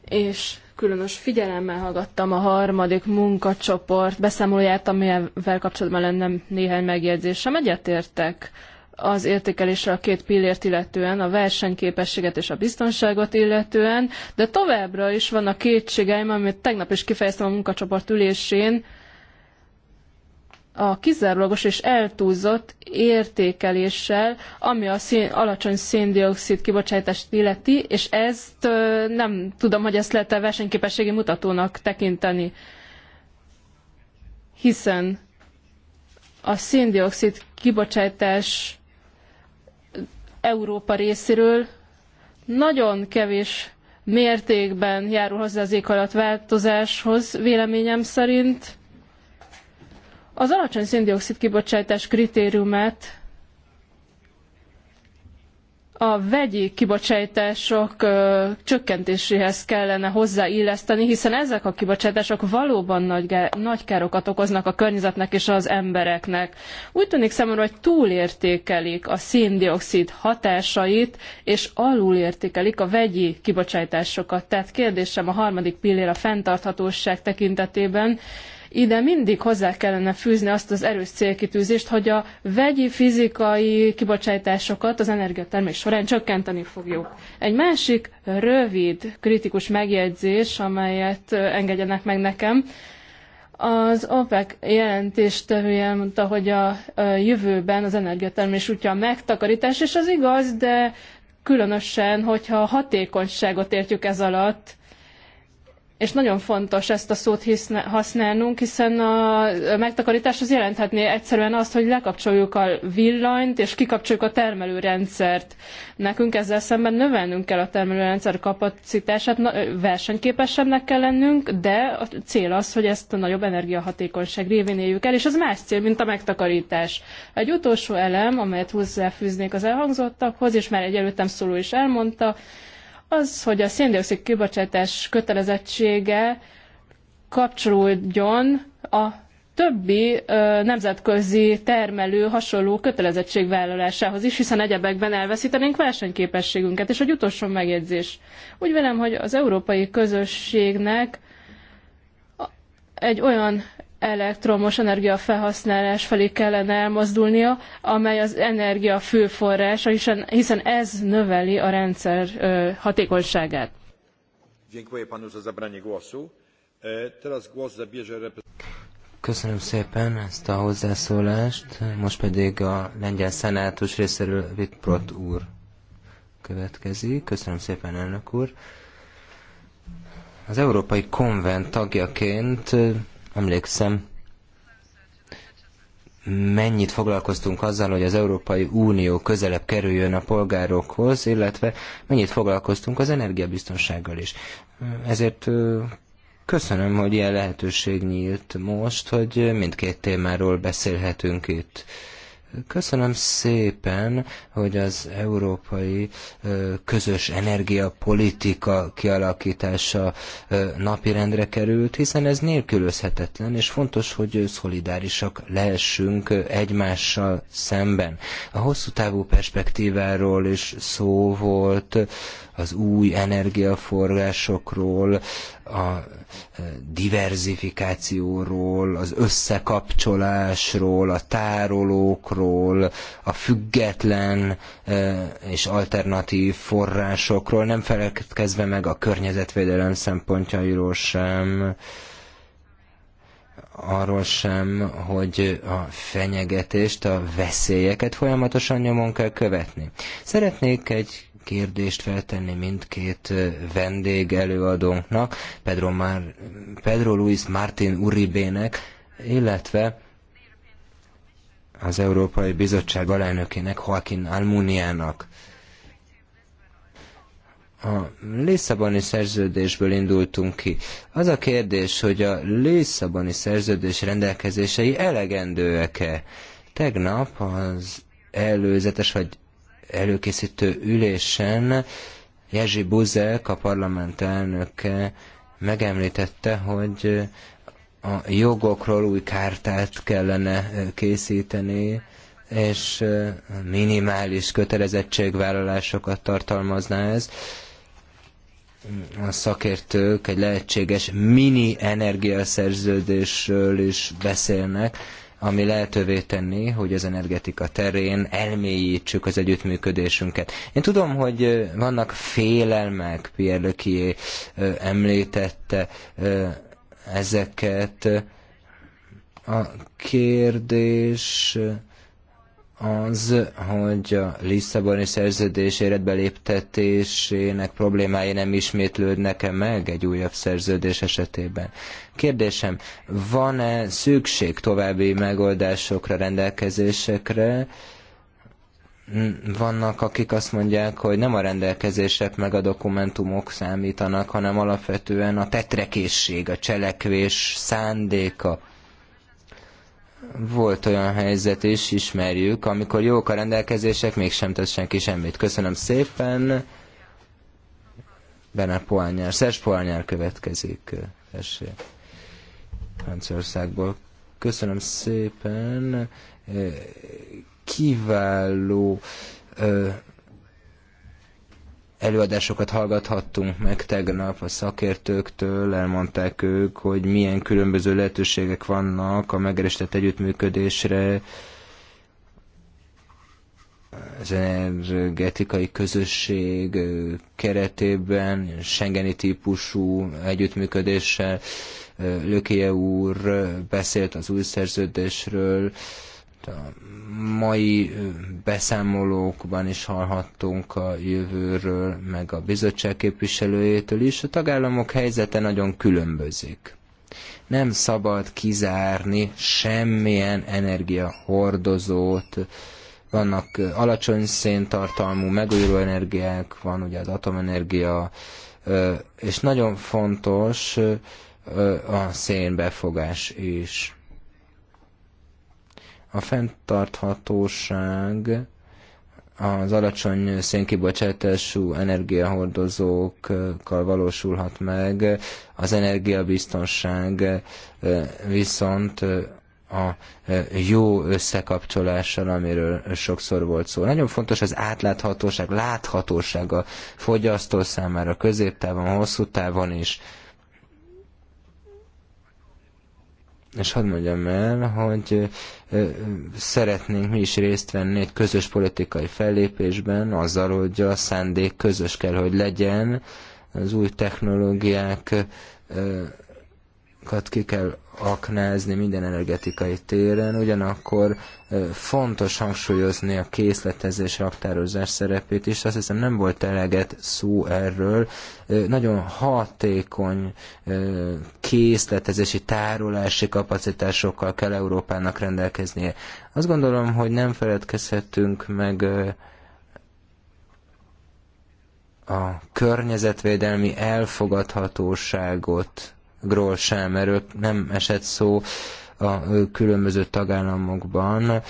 és különös figyelemmel hallgattam a harmadik munkacsoport beszámolóját, amivel kapcsolatban lenne néhány megjegyzésem. Egyetértek az értékelésre a két pillért illetően, a versenyképességet és a biztonságot illetően, de továbbra is vannak kétségeim, amit tegnap is kifejeztem a munkacsoport ülésén, a kizárólagos és eltúlzott értékeléssel, ami a szín, alacsony széndiokszid kibocsátást illeti, és ezt nem tudom, hogy ezt lehet-e versenyképességi mutatónak tekinteni, hiszen a széndiokszid kibocsátás Európa részéről nagyon kevés mértékben járul hozzá az éghajlatváltozáshoz, véleményem szerint az alacsony széndiokszid kibocsátás kritériumát a vegyi kibocsátások csökkentéséhez kellene hozzáilleszteni, hiszen ezek a kibocsátások valóban nagy, nagy károkat okoznak a környezetnek és az embereknek. Úgy tűnik számomra, hogy túlértékelik a széndiokszid hatásait, és alulértékelik a vegyi kibocsátásokat. Tehát kérdésem a harmadik pillér a fenntarthatóság tekintetében, ide mindig hozzá kellene fűzni azt az erős célkitűzést, hogy a vegyi fizikai kibocsátásokat az energiatermés során csökkenteni fogjuk. Egy másik rövid kritikus megjegyzés, amelyet engedjenek meg nekem, az OPEC jelentéstevője mondta, hogy a, jövőben az energiatermés útja a megtakarítás, és az igaz, de különösen, hogyha a hatékonyságot értjük ez alatt, és nagyon fontos ezt a szót használnunk, hiszen a megtakarítás az jelenthetné egyszerűen azt, hogy lekapcsoljuk a villanyt, és kikapcsoljuk a termelőrendszert. Nekünk ezzel szemben növelnünk kell a termelőrendszer kapacitását, versenyképesebbnek kell lennünk, de a cél az, hogy ezt a nagyobb energiahatékonyság révén éljük el, és ez más cél, mint a megtakarítás. Egy utolsó elem, amelyet hozzáfűznék az elhangzottakhoz, és már egy előttem szóló is elmondta, az, hogy a széndiokszid kibocsátás kötelezettsége kapcsolódjon a többi ö, nemzetközi termelő hasonló kötelezettségvállalásához is, hiszen egyebekben elveszítenénk versenyképességünket. És egy utolsó megjegyzés. Úgy vélem, hogy az európai közösségnek egy olyan elektromos energiafelhasználás felé kellene elmozdulnia, amely az energia fő forrása, hiszen, hiszen ez növeli a rendszer hatékonyságát. E, Köszönöm szépen ezt a hozzászólást, most pedig a lengyel szenátus részéről Vitprot úr következik. Köszönöm szépen, elnök úr. Az Európai Konvent tagjaként emlékszem, mennyit foglalkoztunk azzal, hogy az Európai Unió közelebb kerüljön a polgárokhoz, illetve mennyit foglalkoztunk az energiabiztonsággal is. Ezért köszönöm, hogy ilyen lehetőség nyílt most, hogy mindkét témáról beszélhetünk itt. Köszönöm szépen, hogy az európai közös energiapolitika kialakítása napirendre került, hiszen ez nélkülözhetetlen, és fontos, hogy szolidárisak lehessünk egymással szemben. A hosszú távú perspektíváról is szó volt, az új energiaforrásokról, a eh, diverzifikációról, az összekapcsolásról, a tárolókról, a független eh, és alternatív forrásokról, nem feledkezve meg a környezetvédelem szempontjairól sem, arról sem, hogy a fenyegetést, a veszélyeket folyamatosan nyomon kell követni. Szeretnék egy kérdést feltenni mindkét vendég előadónknak, Pedro, Mar- Pedro Luis Martin Uribének, illetve az Európai Bizottság alelnökének, Joaquin Almuniának. A Lisszaboni szerződésből indultunk ki. Az a kérdés, hogy a Lisszaboni szerződés rendelkezései elegendőek-e? Tegnap az előzetes vagy előkészítő ülésen Jerzy Buzek, a parlament elnöke megemlítette, hogy a jogokról új kártát kellene készíteni, és minimális kötelezettségvállalásokat tartalmazná ez. A szakértők egy lehetséges mini energiaszerződésről is beszélnek, ami lehetővé tenni, hogy az energetika terén elmélyítsük az együttműködésünket. Én tudom, hogy vannak félelmek, Pierre Lequier említette ezeket. A kérdés az, hogy a Lisszaboni szerződés életbeléptetésének problémái nem ismétlődnek-e meg egy újabb szerződés esetében. Kérdésem, van-e szükség további megoldásokra, rendelkezésekre? Vannak, akik azt mondják, hogy nem a rendelkezések meg a dokumentumok számítanak, hanem alapvetően a tetrekészség, a cselekvés szándéka volt olyan helyzet is, ismerjük, amikor jók a rendelkezések, mégsem tesz senki semmit. Köszönöm szépen. Bernard Poányár, Szerzs Poányár következik. Tessék. Franciaországból. Köszönöm szépen. Kiváló Előadásokat hallgathattunk meg tegnap a szakértőktől, elmondták ők, hogy milyen különböző lehetőségek vannak a megerestett együttműködésre, az energetikai közösség keretében, Schengeni típusú együttműködéssel. Lökéje úr beszélt az új szerződésről, a mai beszámolókban is hallhattunk a jövőről, meg a bizottság képviselőjétől is. A tagállamok helyzete nagyon különbözik. Nem szabad kizárni semmilyen energiahordozót, vannak alacsony széntartalmú megújuló energiák, van ugye az atomenergia, és nagyon fontos a szénbefogás is. A fenntarthatóság az alacsony szénkibocsátású energiahordozókkal valósulhat meg, az energiabiztonság viszont a jó összekapcsolással, amiről sokszor volt szó. Nagyon fontos az átláthatóság, láthatóság a fogyasztó számára középtávon, hosszú távon is. És hadd mondjam el, hogy szeretnénk mi is részt venni egy közös politikai fellépésben, azzal, hogy a szándék közös kell, hogy legyen, az új technológiák ki kell aknázni minden energetikai téren, ugyanakkor fontos hangsúlyozni a készletezés, raktározás szerepét is. Azt hiszem nem volt eleget szó erről. Nagyon hatékony készletezési, tárolási kapacitásokkal kell Európának rendelkeznie. Azt gondolom, hogy nem feledkezhetünk meg a környezetvédelmi elfogadhatóságot gról sem, erről nem esett szó a különböző tagállamokban,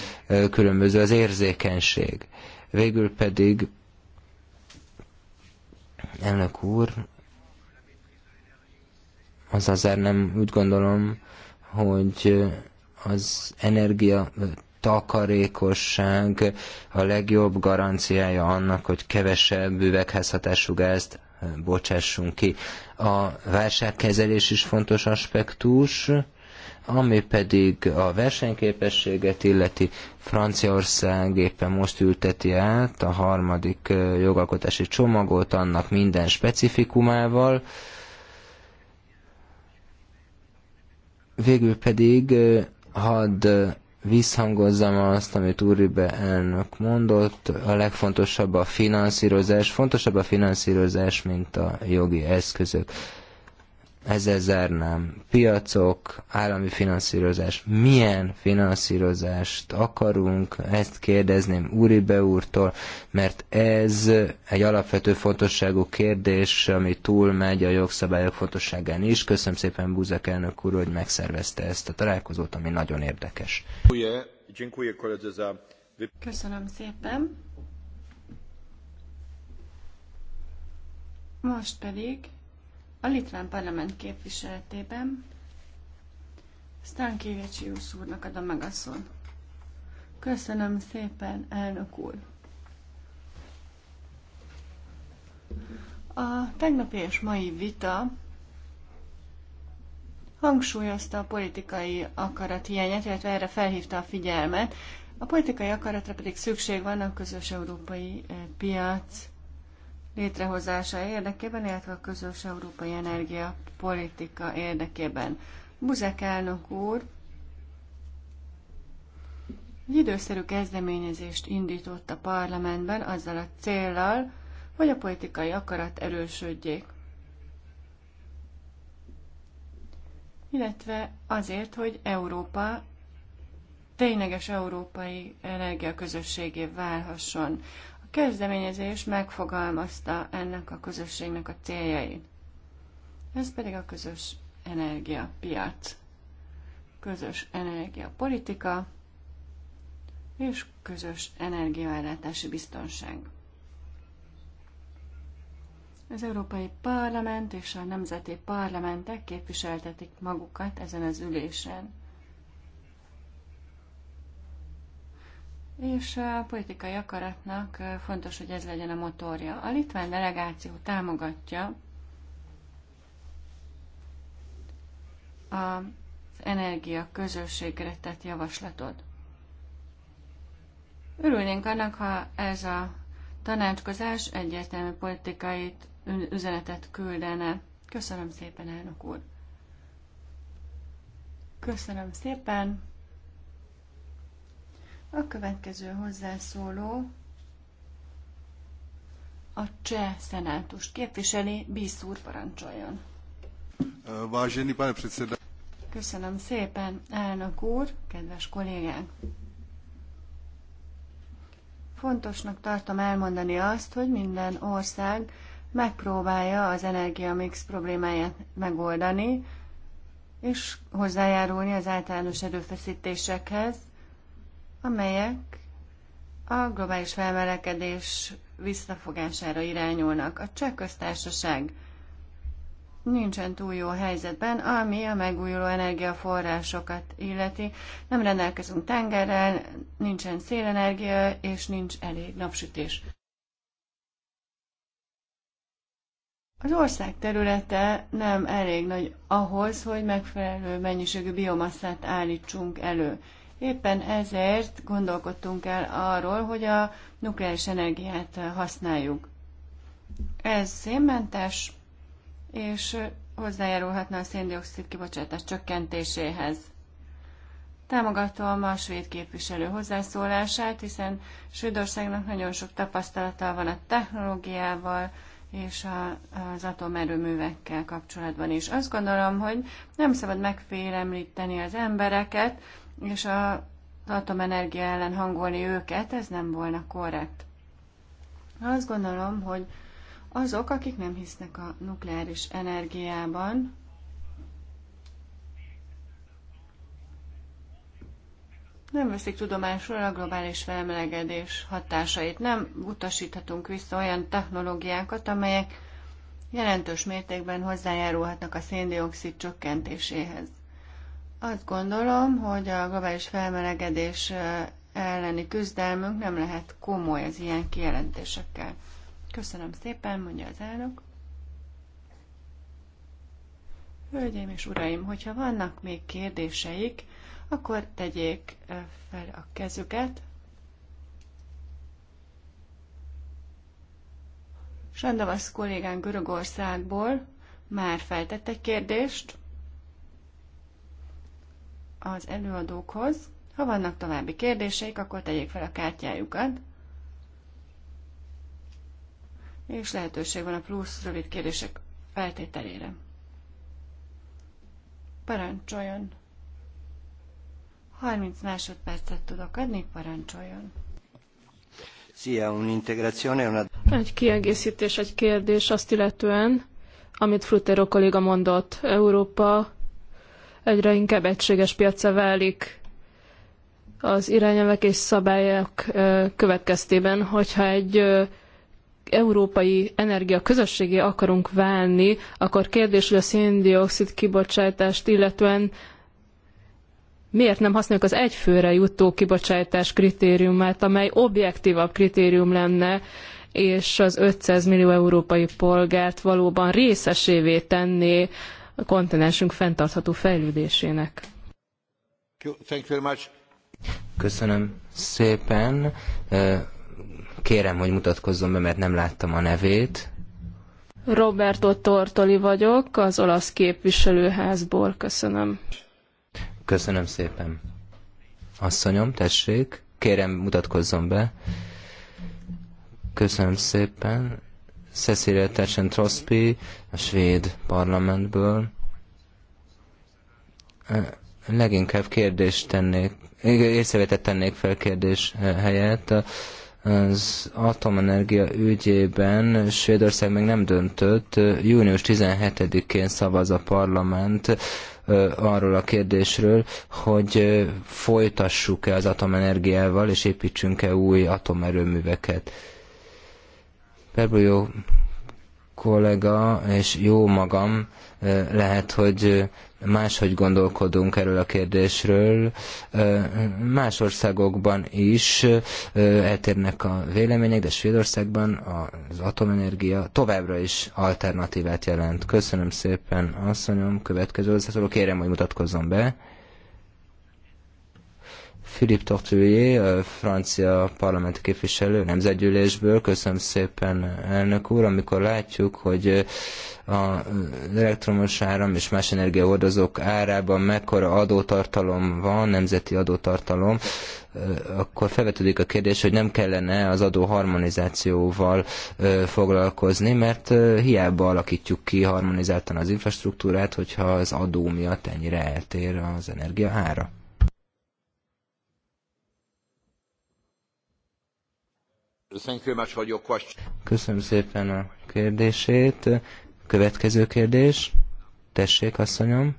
különböző az érzékenység. Végül pedig, elnök úr, az azért nem úgy gondolom, hogy az energia takarékosság a legjobb garanciája annak, hogy kevesebb üvegházhatású gázt bocsássunk ki. A válságkezelés is fontos aspektus, ami pedig a versenyképességet illeti Franciaország éppen most ülteti át a harmadik jogalkotási csomagot annak minden specifikumával, végül pedig hadd visszhangozzam azt, amit Uribe elnök mondott, a legfontosabb a finanszírozás, fontosabb a finanszírozás, mint a jogi eszközök. Ezzel zárnám. Piacok, állami finanszírozás. Milyen finanszírozást akarunk? Ezt kérdezném Uribe úrtól, mert ez egy alapvető fontosságú kérdés, ami túlmegy a jogszabályok fontosságán is. Köszönöm szépen Búzak elnök úr, hogy megszervezte ezt a találkozót, ami nagyon érdekes. Köszönöm szépen. Most pedig a litván parlament képviseletében Stankévicsius úrnak adom meg a szót. Köszönöm szépen, elnök úr! A tegnapi és mai vita hangsúlyozta a politikai akarat hiányát, illetve erre felhívta a figyelmet. A politikai akaratra pedig szükség van a közös európai eh, piac létrehozása érdekében, illetve a közös európai energiapolitika érdekében. Buzek elnök úr egy időszerű kezdeményezést indított a parlamentben azzal a céllal, hogy a politikai akarat erősödjék. Illetve azért, hogy Európa tényleges európai energiaközösségé válhasson kezdeményezés megfogalmazta ennek a közösségnek a céljait. Ez pedig a közös energiapiac, közös energiapolitika és közös energiaellátási biztonság. Az Európai Parlament és a nemzeti parlamentek képviseltetik magukat ezen az ülésen. és a politikai akaratnak fontos, hogy ez legyen a motorja. A litván delegáció támogatja az energia közösségre tett javaslatot. Örülnénk annak, ha ez a tanácskozás egyértelmű politikai üzenetet küldene. Köszönöm szépen, elnök úr! Köszönöm szépen! A következő hozzászóló a cseh szenátust képviseli, Bísz úr parancsoljon. Vážený pane předseda. Köszönöm szépen, elnök úr, kedves kollégánk. Fontosnak tartom elmondani azt, hogy minden ország megpróbálja az energiamix problémáját megoldani, és hozzájárulni az általános erőfeszítésekhez, amelyek a globális felmelegedés visszafogására irányulnak. A cseh köztársaság nincsen túl jó helyzetben, ami a megújuló energiaforrásokat illeti. Nem rendelkezünk tengerrel, nincsen szélenergia, és nincs elég napsütés. Az ország területe nem elég nagy ahhoz, hogy megfelelő mennyiségű biomasszát állítsunk elő. Éppen ezért gondolkodtunk el arról, hogy a nukleáris energiát használjuk. Ez szénmentes, és hozzájárulhatna a széndiokszid kibocsátás csökkentéséhez. Támogatom a svéd képviselő hozzászólását, hiszen Svédországnak nagyon sok tapasztalata van a technológiával és a, az atomerőművekkel kapcsolatban is. Azt gondolom, hogy nem szabad megfélemlíteni az embereket, és a atomenergia ellen hangolni őket, ez nem volna korrekt. Azt gondolom, hogy azok, akik nem hisznek a nukleáris energiában, nem veszik tudomásul a globális felmelegedés hatásait. Nem utasíthatunk vissza olyan technológiákat, amelyek jelentős mértékben hozzájárulhatnak a széndiokszid csökkentéséhez. Azt gondolom, hogy a globális felmelegedés elleni küzdelmünk nem lehet komoly az ilyen kijelentésekkel. Köszönöm szépen, mondja az elnök. Hölgyeim és uraim, hogyha vannak még kérdéseik, akkor tegyék fel a kezüket. Sandavasz kollégán Görögországból már feltett egy kérdést az előadókhoz. Ha vannak további kérdéseik, akkor tegyék fel a kártyájukat. És lehetőség van a plusz rövid kérdések feltételére. Parancsoljon! 30 másodpercet tudok adni, parancsoljon! Szia, un'integrazione, una... Egy kiegészítés, egy kérdés azt illetően, amit Frutero kolléga mondott. Európa egyre inkább egységes piacra válik az irányelvek és szabályok következtében, hogyha egy európai energia közösségé akarunk válni, akkor kérdés, hogy a széndiokszid kibocsátást illetően miért nem használjuk az egyfőre jutó kibocsátás kritériumát, amely objektívabb kritérium lenne, és az 500 millió európai polgárt valóban részesévé tenné a kontinensünk fenntartható fejlődésének. Köszönöm szépen. Kérem, hogy mutatkozzon be, mert nem láttam a nevét. Roberto Tortoli vagyok, az olasz képviselőházból. Köszönöm. Köszönöm szépen. Asszonyom, tessék, kérem mutatkozzon be. Köszönöm szépen. Cecilia Tersen Trospi a svéd parlamentből. Leginkább kérdést tennék, észrevetett tennék fel kérdés helyett. Az atomenergia ügyében Svédország még nem döntött. Június 17-én szavaz a parlament arról a kérdésről, hogy folytassuk-e az atomenergiával, és építsünk-e új atomerőműveket. Perbolyó kollega és jó magam lehet, hogy máshogy gondolkodunk erről a kérdésről. Más országokban is eltérnek a vélemények, de Svédországban az atomenergia továbbra is alternatívát jelent. Köszönöm szépen, asszonyom, következő hozzászóló, kérem, hogy mutatkozzon be. Philippe Torturier, francia parlamenti képviselő, nemzetgyűlésből. Köszönöm szépen, elnök úr, amikor látjuk, hogy az elektromos áram és más energiahordozók árában mekkora adótartalom van, nemzeti adótartalom, akkor felvetődik a kérdés, hogy nem kellene az adó harmonizációval foglalkozni, mert hiába alakítjuk ki harmonizáltan az infrastruktúrát, hogyha az adó miatt ennyire eltér az energia ára. Köszönöm szépen a kérdését. Következő kérdés. Tessék, asszonyom.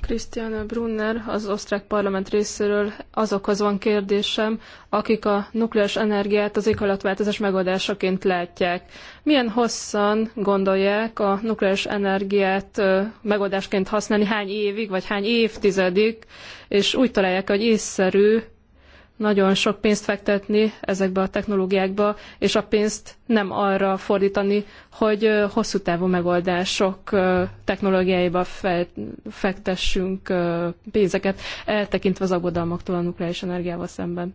Christiane Brunner az osztrák parlament részéről azokhoz van kérdésem, akik a nukleáris energiát az éghajlatváltozás megoldásaként látják. Milyen hosszan gondolják a nukleáris energiát megoldásként használni, hány évig vagy hány évtizedig, és úgy találják, hogy észszerű nagyon sok pénzt fektetni ezekbe a technológiákba, és a pénzt nem arra fordítani, hogy hosszú távú megoldások technológiáiba fe, fektessünk pénzeket, eltekintve az aggodalmaktól a nukleáris energiával szemben.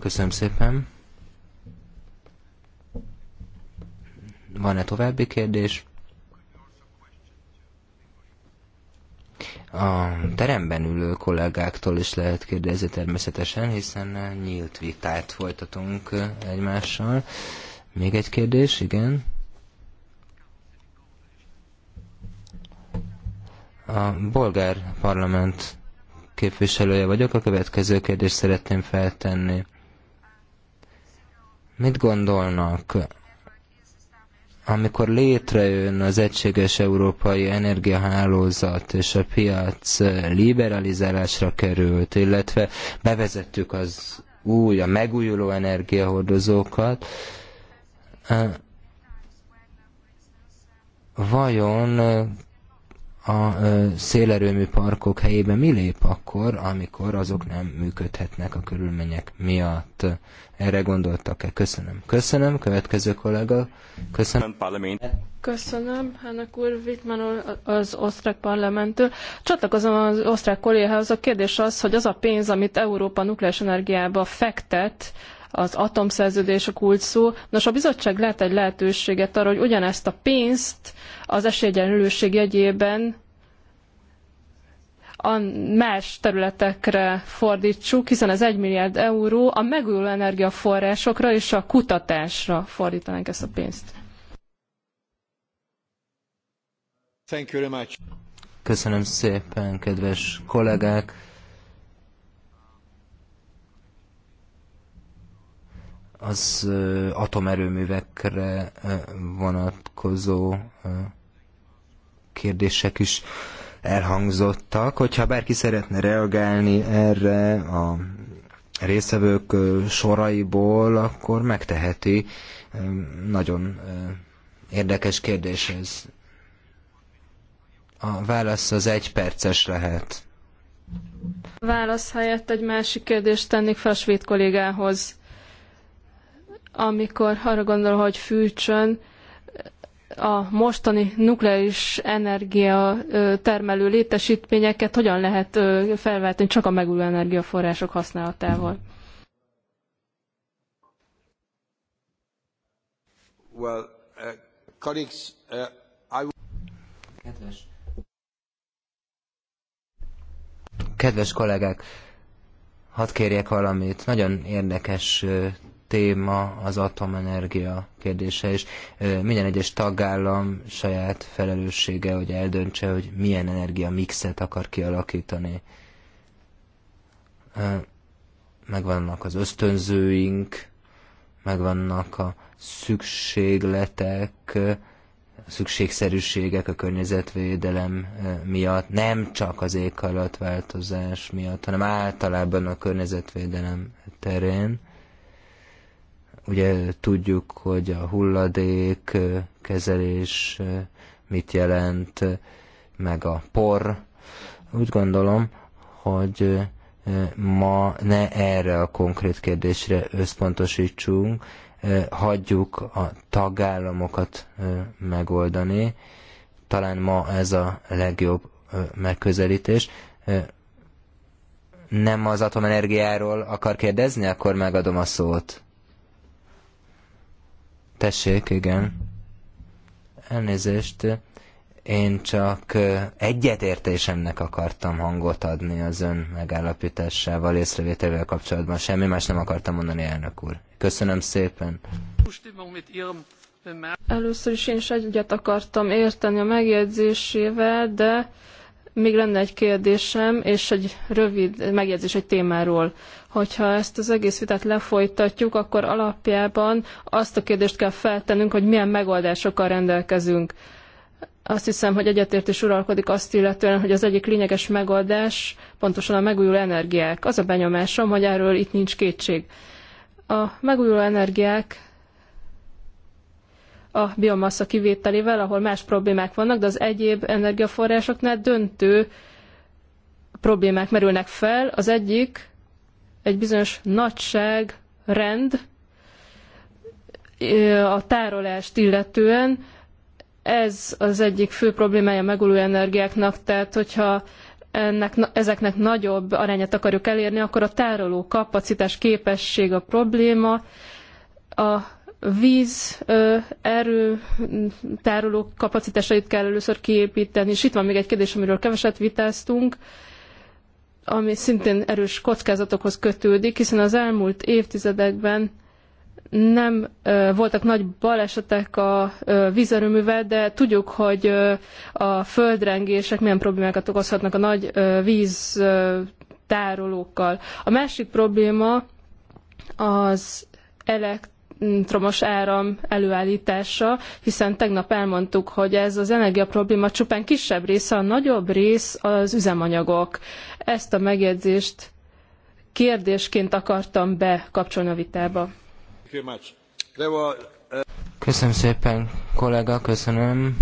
Köszönöm szépen. Van-e további kérdés? A teremben ülő kollégáktól is lehet kérdezni természetesen, hiszen nyílt vitát folytatunk egymással. Még egy kérdés, igen? A bolgár parlament képviselője vagyok, a következő kérdést szeretném feltenni. Mit gondolnak amikor létrejön az egységes európai energiahálózat és a piac liberalizálásra került, illetve bevezettük az új, a megújuló energiahordozókat, eh, vajon eh, a szélerőmű parkok helyébe mi lép akkor, amikor azok nem működhetnek a körülmények miatt? Erre gondoltak-e? Köszönöm. Köszönöm, következő kollega. Köszönöm. Köszönöm, Hának úr, Wittmann úr, az osztrák parlamenttől. Csatlakozom az osztrák kollégához. A kérdés az, hogy az a pénz, amit Európa nukleáris energiába fektet, az atomszerződés a kulcs szó. Nos, a bizottság lehet egy lehetőséget arra, hogy ugyanezt a pénzt az esélyegyenlőség jegyében a más területekre fordítsuk, hiszen az 1 milliárd euró a megújuló energiaforrásokra és a kutatásra fordítanánk ezt a pénzt. Köszönöm szépen, kedves kollégák! az atomerőművekre vonatkozó kérdések is elhangzottak. Hogyha bárki szeretne reagálni erre a részvevők soraiból, akkor megteheti. Nagyon érdekes kérdés ez. A válasz az egy perces lehet. Válasz helyett egy másik kérdést tennék fel a svéd kollégához amikor arra gondol, hogy fűtsön, a mostani nukleáris energia termelő létesítményeket hogyan lehet felváltani csak a megújuló energiaforrások használatával? Well, uh, colleagues, uh, I... Kedves. Kedves kollégák, hadd kérjek valamit. Nagyon érdekes téma az atomenergia kérdése, és minden egyes tagállam saját felelőssége, hogy eldöntse, hogy milyen energia mixet akar kialakítani. Megvannak az ösztönzőink, megvannak a szükségletek, a szükségszerűségek a környezetvédelem miatt, nem csak az éghajlatváltozás miatt, hanem általában a környezetvédelem terén. Ugye tudjuk, hogy a hulladék kezelés mit jelent, meg a por. Úgy gondolom, hogy ma ne erre a konkrét kérdésre összpontosítsunk, hagyjuk a tagállamokat megoldani. Talán ma ez a legjobb megközelítés. Nem az atomenergiáról akar kérdezni, akkor megadom a szót. Tessék, igen. Elnézést. Én csak egyetértésemnek akartam hangot adni az ön megállapításával, észrevételével kapcsolatban. Semmi más nem akartam mondani, elnök úr. Köszönöm szépen. Először is én is egyet akartam érteni a megjegyzésével, de még lenne egy kérdésem, és egy rövid megjegyzés egy témáról. Hogyha ezt az egész vitát lefolytatjuk, akkor alapjában azt a kérdést kell feltennünk, hogy milyen megoldásokkal rendelkezünk. Azt hiszem, hogy egyetértés uralkodik azt illetően, hogy az egyik lényeges megoldás pontosan a megújuló energiák. Az a benyomásom, hogy erről itt nincs kétség. A megújuló energiák a biomassa kivételével, ahol más problémák vannak, de az egyéb energiaforrásoknál döntő problémák merülnek fel. Az egyik egy bizonyos nagyságrend eh, a tárolást illetően, ez az egyik fő problémája megújuló energiáknak, tehát hogyha ennek, ezeknek nagyobb arányát akarjuk elérni, akkor a tároló kapacitás képesség a probléma, a víz, erő, tároló kapacitásait kell először kiépíteni, és itt van még egy kérdés, amiről keveset vitáztunk, ami szintén erős kockázatokhoz kötődik, hiszen az elmúlt évtizedekben nem voltak nagy balesetek a ö, vízerőművel, de tudjuk, hogy a földrengések milyen problémákat okozhatnak a nagy ö, víztárolókkal. A másik probléma az elekt elektromos áram előállítása, hiszen tegnap elmondtuk, hogy ez az energia probléma csupán kisebb része, a nagyobb rész az üzemanyagok. Ezt a megjegyzést kérdésként akartam bekapcsolni a vitába. Köszönöm szépen, kollega, köszönöm.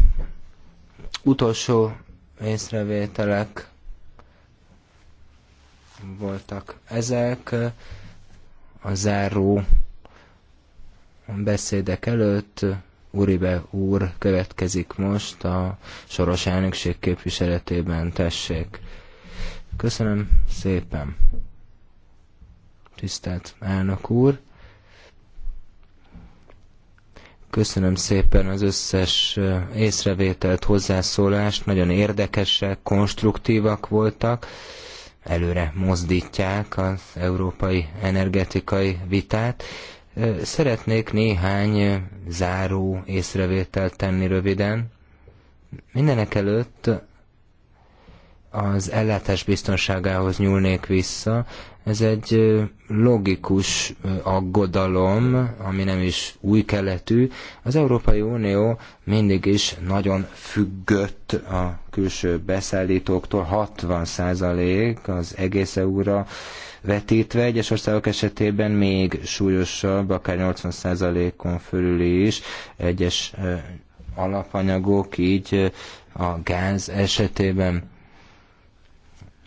Utolsó észrevételek voltak ezek a záró beszédek előtt Uribe úr következik most a soros elnökség képviseletében. Tessék! Köszönöm szépen! Tisztelt elnök úr! Köszönöm szépen az összes észrevételt, hozzászólást, nagyon érdekesek, konstruktívak voltak, előre mozdítják az európai energetikai vitát, Szeretnék néhány záró észrevételt tenni röviden. Mindenek előtt az ellátás biztonságához nyúlnék vissza. Ez egy logikus aggodalom, ami nem is új keletű. Az Európai Unió mindig is nagyon függött a külső beszállítóktól, 60% az egész eu vetítve, egyes országok esetében még súlyosabb, akár 80%-on fölül is egyes alapanyagok, így a gáz esetében.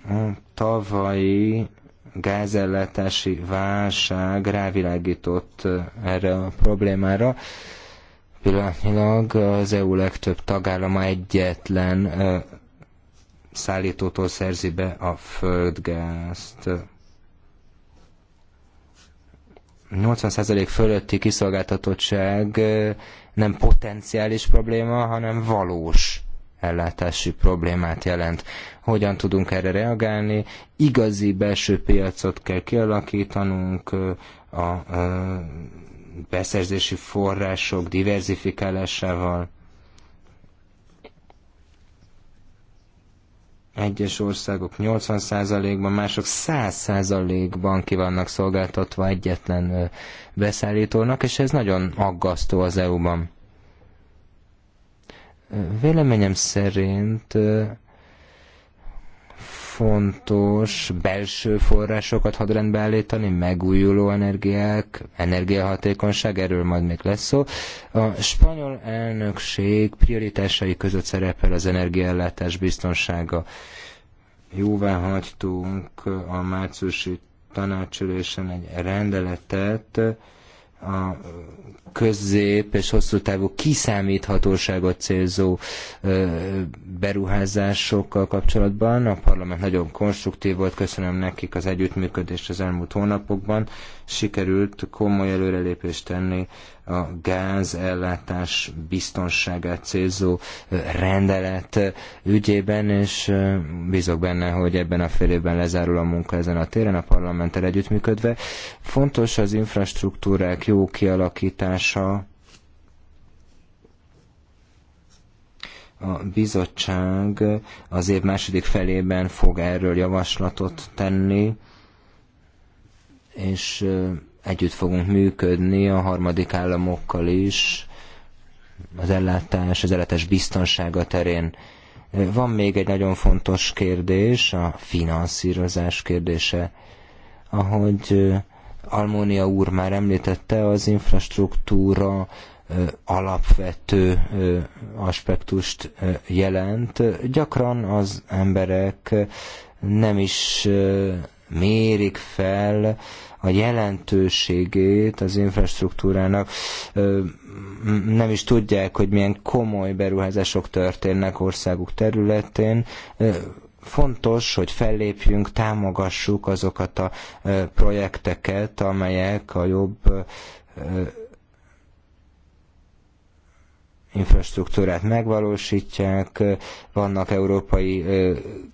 A tavalyi gázellátási válság rávilágított erre a problémára. Pillanatnyilag az EU legtöbb tagállama egyetlen szállítótól szerzi be a földgázt. 80% fölötti kiszolgáltatottság nem potenciális probléma, hanem valós ellátási problémát jelent. Hogyan tudunk erre reagálni? Igazi belső piacot kell kialakítanunk, a beszerzési források diverzifikálásával. Egyes országok 80%-ban, mások 100%-ban ki vannak szolgáltatva egyetlen beszállítónak, és ez nagyon aggasztó az EU-ban. Véleményem szerint fontos belső forrásokat hadrendbe állítani, megújuló energiák, energiahatékonyság, erről majd még lesz szó. A spanyol elnökség prioritásai között szerepel az energiaellátás biztonsága. Jóvá hagytunk a márciusi tanácsülésen egy rendeletet, a közép és hosszú távú kiszámíthatóságot célzó beruházásokkal kapcsolatban. A parlament nagyon konstruktív volt, köszönöm nekik az együttműködést az elmúlt hónapokban. Sikerült komoly előrelépést tenni a gázellátás biztonságát célzó rendelet ügyében, és bízok benne, hogy ebben a fél évben lezárul a munka ezen a téren a parlamenttel együttműködve. Fontos az infrastruktúrák jó kialakítása, a bizottság az év második felében fog erről javaslatot tenni, és együtt fogunk működni a harmadik államokkal is, az ellátás, az ellátás biztonsága terén. Van még egy nagyon fontos kérdés, a finanszírozás kérdése. Ahogy Almónia úr már említette, az infrastruktúra alapvető aspektust jelent. Gyakran az emberek nem is mérik fel a jelentőségét az infrastruktúrának nem is tudják, hogy milyen komoly beruházások történnek országuk területén. Fontos, hogy fellépjünk, támogassuk azokat a projekteket, amelyek a jobb infrastruktúrát megvalósítják, vannak európai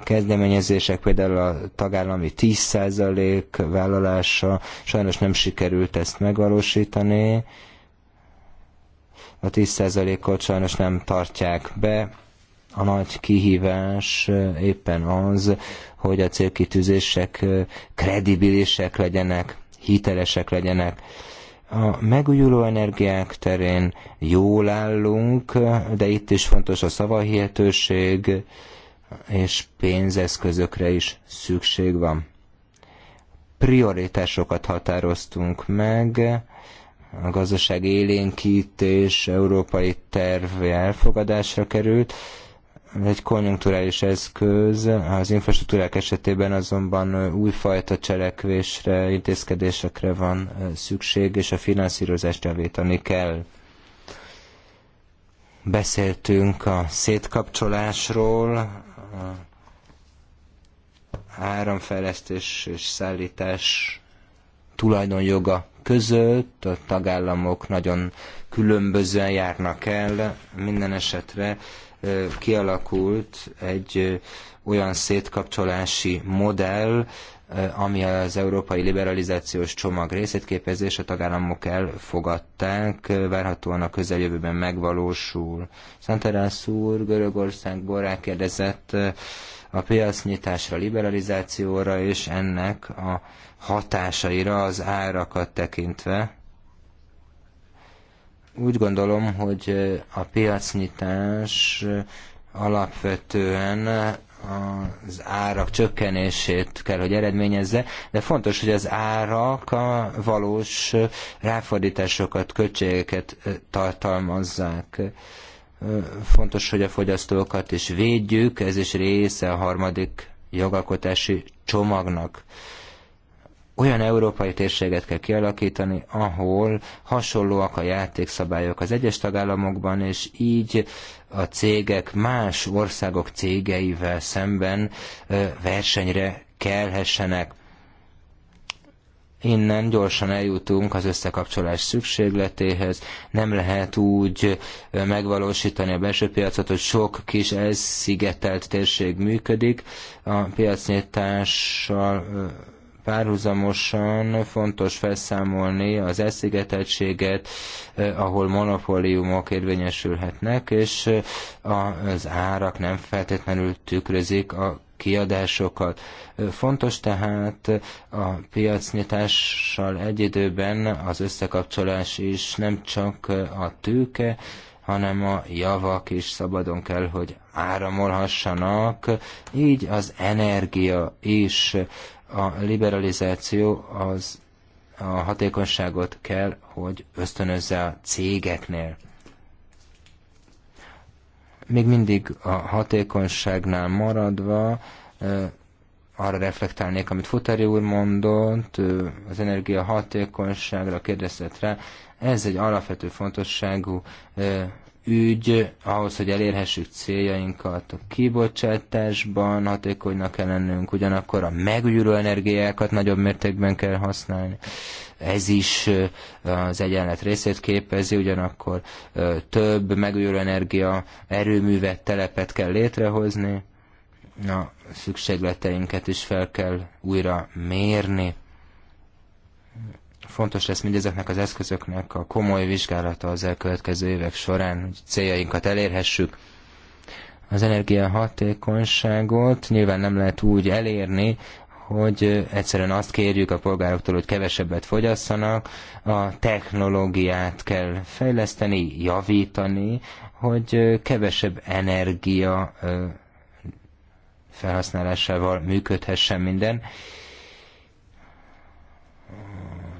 kezdeményezések, például a tagállami 10% vállalása, sajnos nem sikerült ezt megvalósítani, a 10%-ot sajnos nem tartják be, a nagy kihívás éppen az, hogy a célkitűzések kredibilisek legyenek, hitelesek legyenek. A megújuló energiák terén jól állunk, de itt is fontos a szavahihetőség, és pénzeszközökre is szükség van. Prioritásokat határoztunk meg, a gazdaság élénkítés európai terv elfogadásra került, egy konjunkturális eszköz, az infrastruktúrák esetében azonban újfajta cselekvésre, intézkedésekre van szükség, és a finanszírozást javítani kell. Beszéltünk a szétkapcsolásról, a áramfejlesztés és szállítás tulajdonjoga között, a tagállamok nagyon különbözően járnak el, minden esetre kialakult egy olyan szétkapcsolási modell, ami az európai liberalizációs csomag részét képezi, és a tagállamok elfogadták, várhatóan a közeljövőben megvalósul. Szenterász úr Görögországból rákérdezett a piacnyitásra, liberalizációra és ennek a hatásaira az árakat tekintve. Úgy gondolom, hogy a piacnyitás alapvetően az árak csökkenését kell, hogy eredményezze, de fontos, hogy az árak a valós ráfordításokat, költségeket tartalmazzák. Fontos, hogy a fogyasztókat is védjük, ez is része a harmadik jogalkotási csomagnak olyan európai térséget kell kialakítani, ahol hasonlóak a játékszabályok az egyes tagállamokban, és így a cégek más országok cégeivel szemben versenyre kelhessenek. Innen gyorsan eljutunk az összekapcsolás szükségletéhez. Nem lehet úgy megvalósítani a belső piacot, hogy sok kis elszigetelt térség működik. A piacnyitással párhuzamosan fontos felszámolni az elszigeteltséget, eh, ahol monopóliumok érvényesülhetnek, és eh, az árak nem feltétlenül tükrözik a kiadásokat. Eh, fontos tehát a piacnyitással egy időben az összekapcsolás is nem csak a tőke, hanem a javak is szabadon kell, hogy áramolhassanak, így az energia is a liberalizáció az a hatékonyságot kell, hogy ösztönözze a cégeknél. Még mindig a hatékonyságnál maradva arra reflektálnék, amit Futari úr mondott, az energia hatékonyságra kérdezett rá. Ez egy alapvető fontosságú ügy ahhoz, hogy elérhessük céljainkat a kibocsátásban, hatékonynak kell lennünk, ugyanakkor a megújuló energiákat nagyobb mértékben kell használni. Ez is az egyenlet részét képezi, ugyanakkor több megújuló energia erőművet, telepet kell létrehozni, a szükségleteinket is fel kell újra mérni Fontos lesz mindezeknek az eszközöknek a komoly vizsgálata az elkövetkező évek során, hogy céljainkat elérhessük. Az energiahatékonyságot nyilván nem lehet úgy elérni, hogy egyszerűen azt kérjük a polgároktól, hogy kevesebbet fogyasszanak, a technológiát kell fejleszteni, javítani, hogy kevesebb energia felhasználásával működhessen minden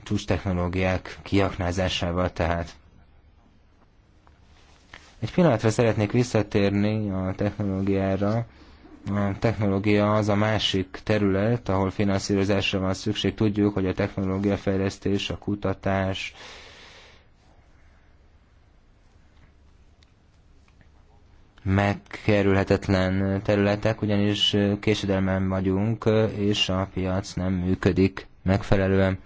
csúcs technológiák kiaknázásával tehát. Egy pillanatra szeretnék visszatérni a technológiára. A technológia az a másik terület, ahol finanszírozásra van szükség. Tudjuk, hogy a technológiafejlesztés, a kutatás, megkerülhetetlen területek, ugyanis késedelmen vagyunk, és a piac nem működik megfelelően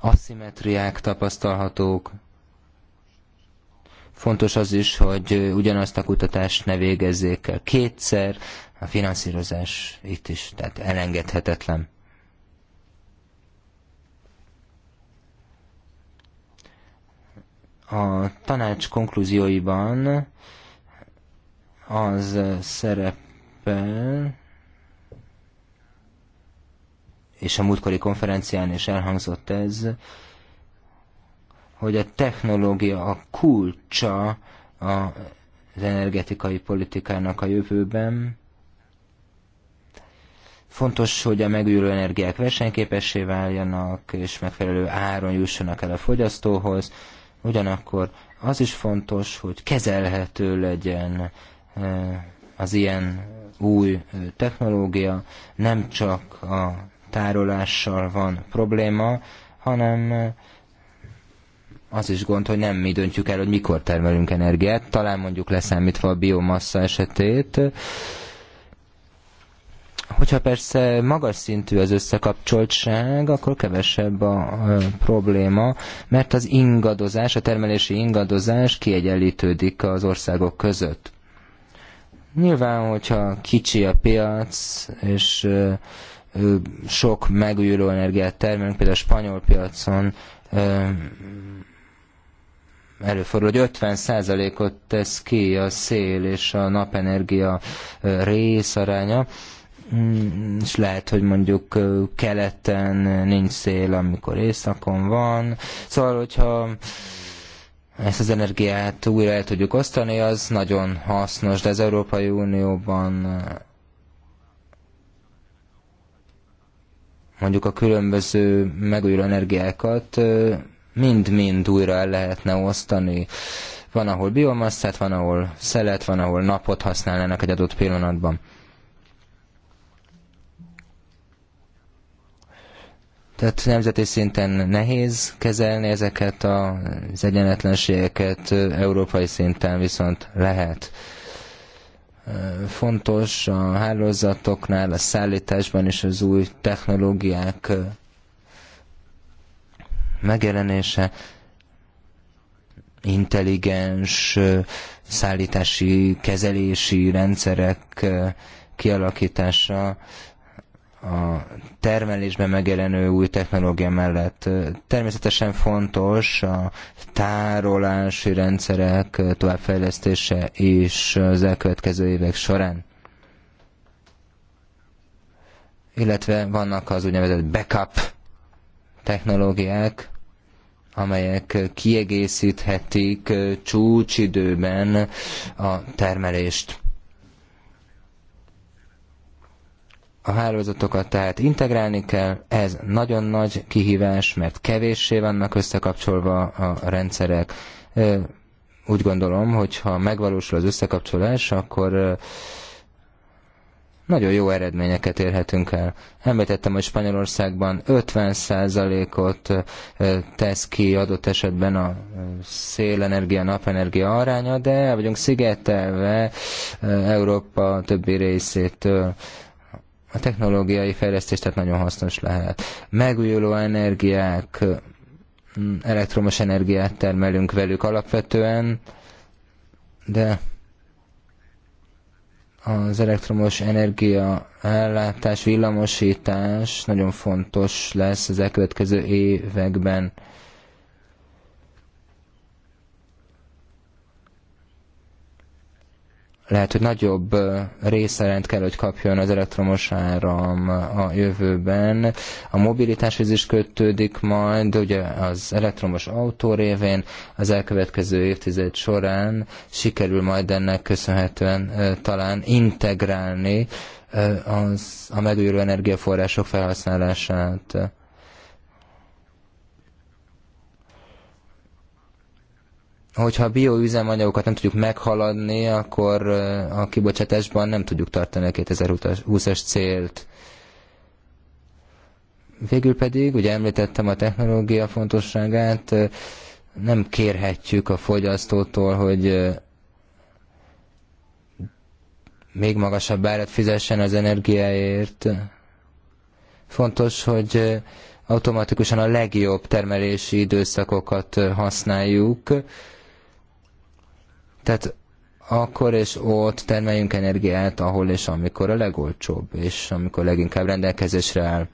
aszimetriák tapasztalhatók. Fontos az is, hogy ugyanazt a kutatást ne végezzék el kétszer. A finanszírozás itt is, tehát elengedhetetlen. a tanács konklúzióiban az szerepel, és a múltkori konferencián is elhangzott ez, hogy a technológia a kulcsa az energetikai politikának a jövőben. Fontos, hogy a megújuló energiák versenyképessé váljanak, és megfelelő áron jussanak el a fogyasztóhoz. Ugyanakkor az is fontos, hogy kezelhető legyen eh, az ilyen új eh, technológia, nem csak a tárolással van probléma, hanem az is gond, hogy nem mi döntjük el, hogy mikor termelünk energiát, talán mondjuk leszámítva a biomassa esetét. Hogyha persze magas szintű az összekapcsoltság, akkor kevesebb a probléma, mert az ingadozás, a termelési ingadozás kiegyenlítődik az országok között. Nyilván, hogyha kicsi a piac, és sok megújuló energiát termelünk, például a spanyol piacon előfordul, hogy 50%-ot tesz ki a szél és a napenergia részaránya, mm, és lehet, hogy mondjuk keleten nincs szél, amikor éjszakon van. Szóval, hogyha ezt az energiát újra el tudjuk osztani, az nagyon hasznos, de az Európai Unióban mondjuk a különböző megújuló energiákat mind-mind újra el lehetne osztani. Van, ahol biomasszát, van, ahol szelet, van, ahol napot használnának egy adott pillanatban. Tehát nemzeti szinten nehéz kezelni ezeket az egyenetlenségeket, európai szinten viszont lehet fontos a hálózatoknál, a szállításban és az új technológiák megjelenése, intelligens szállítási, kezelési rendszerek kialakítása a termelésben megjelenő új technológia mellett. Természetesen fontos a tárolási rendszerek továbbfejlesztése is az elkövetkező évek során. Illetve vannak az úgynevezett backup technológiák, amelyek kiegészíthetik csúcsidőben a termelést. a hálózatokat tehát integrálni kell, ez nagyon nagy kihívás, mert kevéssé vannak összekapcsolva a rendszerek. Úgy gondolom, hogy ha megvalósul az összekapcsolás, akkor nagyon jó eredményeket érhetünk el. Említettem, hogy Spanyolországban 50%-ot tesz ki adott esetben a szélenergia, napenergia aránya, de el vagyunk szigetelve Európa többi részétől a technológiai fejlesztés tehát nagyon hasznos lehet. Megújuló energiák, mm, elektromos energiát termelünk velük alapvetően, de az elektromos energia ellátás, villamosítás nagyon fontos lesz az elkövetkező években. lehet, hogy nagyobb részarányt kell, hogy kapjon az elektromos áram a jövőben. A mobilitáshoz is kötődik majd, ugye az elektromos autó révén az elkövetkező évtized során sikerül majd ennek köszönhetően talán integrálni az, a megújuló energiaforrások felhasználását hogyha a bioüzemanyagokat nem tudjuk meghaladni, akkor a kibocsátásban nem tudjuk tartani a 2020-as célt. Végül pedig, ugye említettem a technológia fontosságát, nem kérhetjük a fogyasztótól, hogy még magasabb árat fizessen az energiáért. Fontos, hogy automatikusan a legjobb termelési időszakokat használjuk, tehát akkor és ott termeljünk energiát, ahol és amikor a legolcsóbb, és amikor leginkább rendelkezésre áll.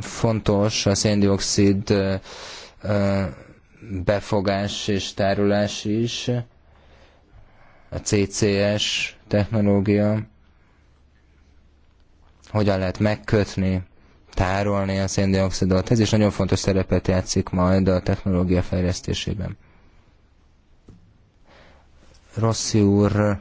Fontos a széndiokszid befogás és tárolás is, a CCS technológia, hogyan lehet megkötni, tárolni a széndiokszidot. Ez is nagyon fontos szerepet játszik majd a technológia fejlesztésében. Rossi úr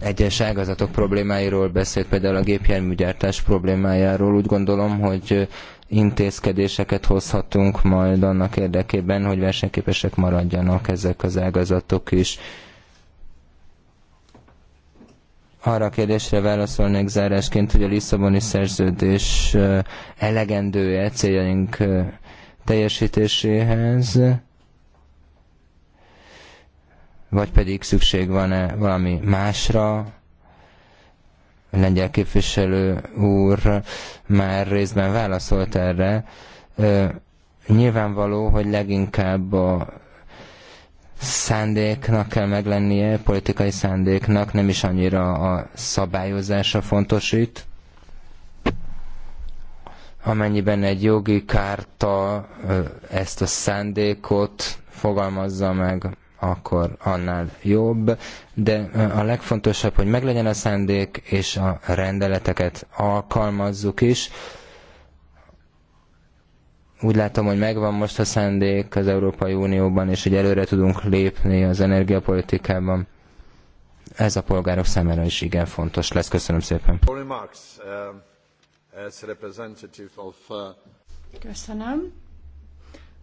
egyes ágazatok problémáiról beszélt, például a gépjárműgyártás problémájáról. Úgy gondolom, hogy intézkedéseket hozhatunk majd annak érdekében, hogy versenyképesek maradjanak ezek az ágazatok is. Arra a kérdésre válaszolnék zárásként, hogy a Lisszaboni szerződés elegendő-e céljaink teljesítéséhez, vagy pedig szükség van-e valami másra, a lengyel képviselő úr már részben válaszolt erre. Nyilvánvaló, hogy leginkább a szándéknak kell meglennie, politikai szándéknak, nem is annyira a szabályozása fontos itt amennyiben egy jogi kárta ezt a szándékot fogalmazza meg, akkor annál jobb, de a legfontosabb, hogy meglegyen a szándék, és a rendeleteket alkalmazzuk is. Úgy látom, hogy megvan most a szándék az Európai Unióban, és hogy előre tudunk lépni az energiapolitikában. Ez a polgárok számára is igen fontos lesz. Köszönöm szépen. Um, as representative of uh, Köszönöm.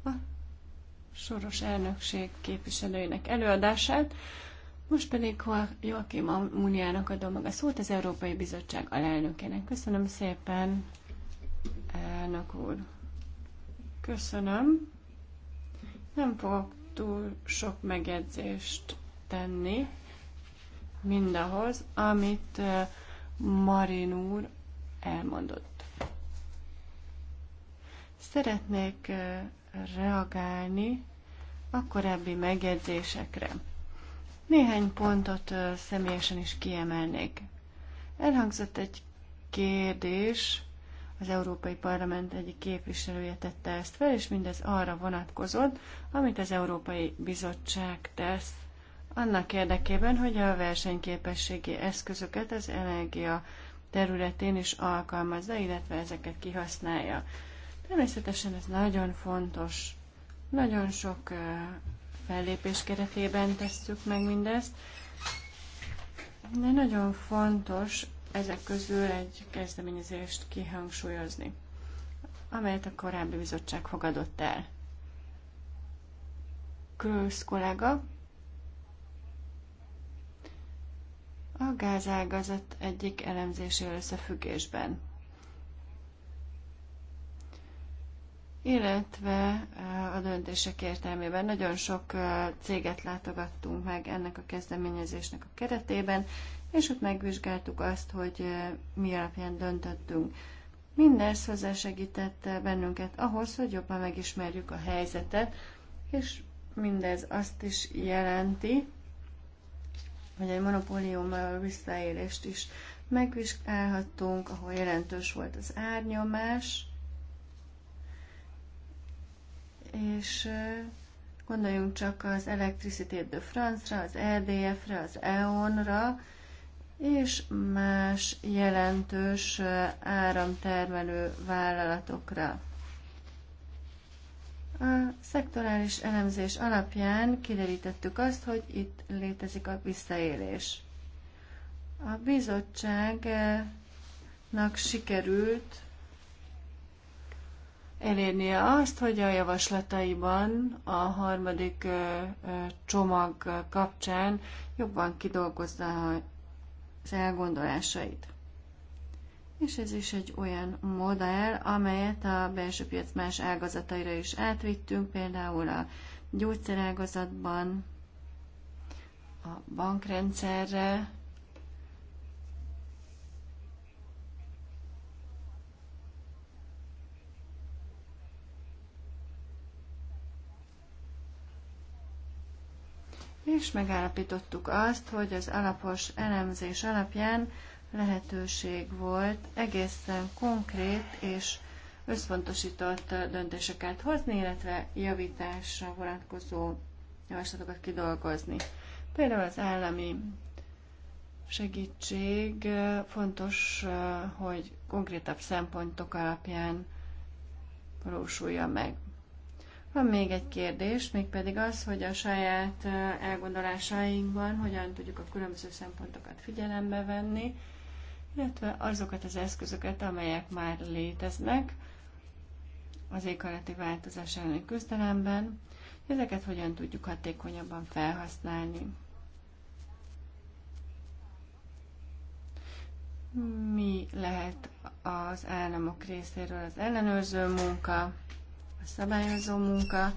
A soros elnökség képviselőinek előadását. Most pedig Joachim Muniának adom meg a szót, az Európai Bizottság alelnökének. Köszönöm szépen, elnök úr. Köszönöm. Nem fogok túl sok megjegyzést tenni mindahhoz, amit uh, Marin úr elmondott. Szeretnék reagálni a korábbi megjegyzésekre. Néhány pontot személyesen is kiemelnék. Elhangzott egy kérdés, az Európai Parlament egyik képviselője tette ezt fel, és mindez arra vonatkozott, amit az Európai Bizottság tesz annak érdekében, hogy a versenyképességi eszközöket az energia területén is alkalmazza, illetve ezeket kihasználja. Természetesen ez nagyon fontos. Nagyon sok fellépés keretében tesszük meg mindezt, de nagyon fontos ezek közül egy kezdeményezést kihangsúlyozni, amelyet a korábbi bizottság fogadott el. Krősz kollega a gázágazat egyik elemzésével összefüggésben. Illetve eh, a döntések értelmében nagyon sok eh, céget látogattunk meg ennek a kezdeményezésnek a keretében, és ott megvizsgáltuk azt, hogy eh, mi alapján döntöttünk. Mindez hozzásegített bennünket ahhoz, hogy jobban megismerjük a helyzetet, és mindez azt is jelenti, hogy egy monopóliummal visszaélést is megvizsgálhattunk, ahol jelentős volt az árnyomás, és gondoljunk csak az Electricité de France-ra, az EDF-re, az EON-ra, és más jelentős áramtermelő vállalatokra. A szektorális elemzés alapján kiderítettük azt, hogy itt létezik a visszaélés. A bizottságnak sikerült elérnie azt, hogy a javaslataiban a harmadik csomag kapcsán jobban kidolgozza az elgondolásait és ez is egy olyan modell, amelyet a belső piac más ágazataira is átvittünk, például a gyógyszerágazatban, a bankrendszerre, és megállapítottuk azt, hogy az alapos elemzés alapján lehetőség volt egészen konkrét és összpontosított döntéseket hozni, illetve javításra vonatkozó javaslatokat kidolgozni. Például az állami segítség fontos, hogy konkrétabb szempontok alapján valósulja meg. Van még egy kérdés, mégpedig az, hogy a saját elgondolásainkban hogyan tudjuk a különböző szempontokat figyelembe venni, illetve azokat az eszközöket, amelyek már léteznek az éghajlati változás elleni küzdelemben, ezeket hogyan tudjuk hatékonyabban felhasználni. Mi lehet az államok részéről az ellenőrző munka, a szabályozó munka,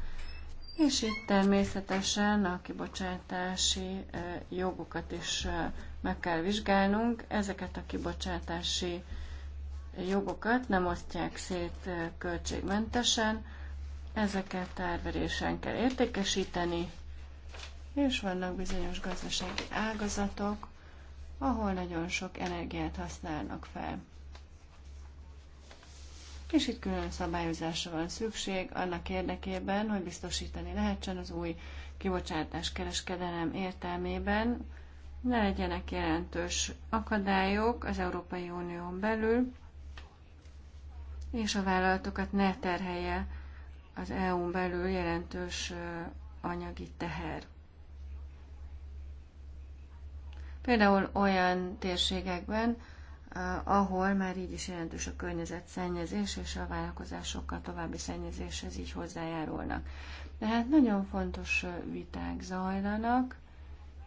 és itt természetesen a kibocsátási eh, jogokat is eh, meg kell vizsgálnunk. Ezeket a kibocsátási jogokat nem osztják szét költségmentesen, ezeket tárverésen kell értékesíteni, és vannak bizonyos gazdasági ágazatok, ahol nagyon sok energiát használnak fel. És itt külön szabályozásra van szükség annak érdekében, hogy biztosítani lehessen az új kibocsátás kereskedelem értelmében ne legyenek jelentős akadályok az Európai Unión belül, és a vállalatokat ne terhelje az EU-n belül jelentős anyagi teher. Például olyan térségekben, ahol már így is jelentős a környezetszennyezés, és a vállalkozásokkal további szennyezéshez így hozzájárulnak. Tehát nagyon fontos viták zajlanak,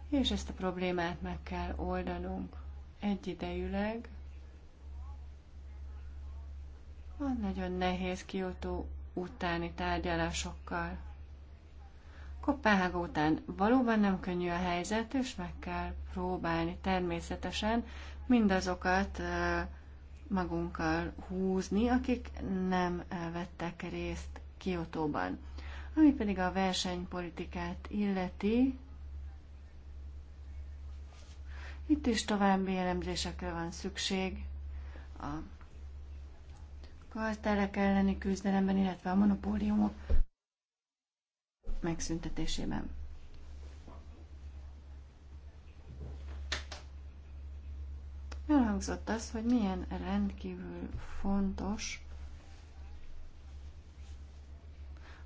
és ezt a problémát meg kell oldanunk egyidejűleg. A nagyon nehéz kiotó utáni tárgyalásokkal. Kopenhága után valóban nem könnyű a helyzet, és meg kell próbálni természetesen mindazokat magunkkal húzni, akik nem vettek részt Kiotóban. Ami pedig a versenypolitikát illeti, itt is további elemzésekre van szükség a kartelek elleni küzdelemben, illetve a monopóliumok megszüntetésében. Elhangzott az, hogy milyen rendkívül fontos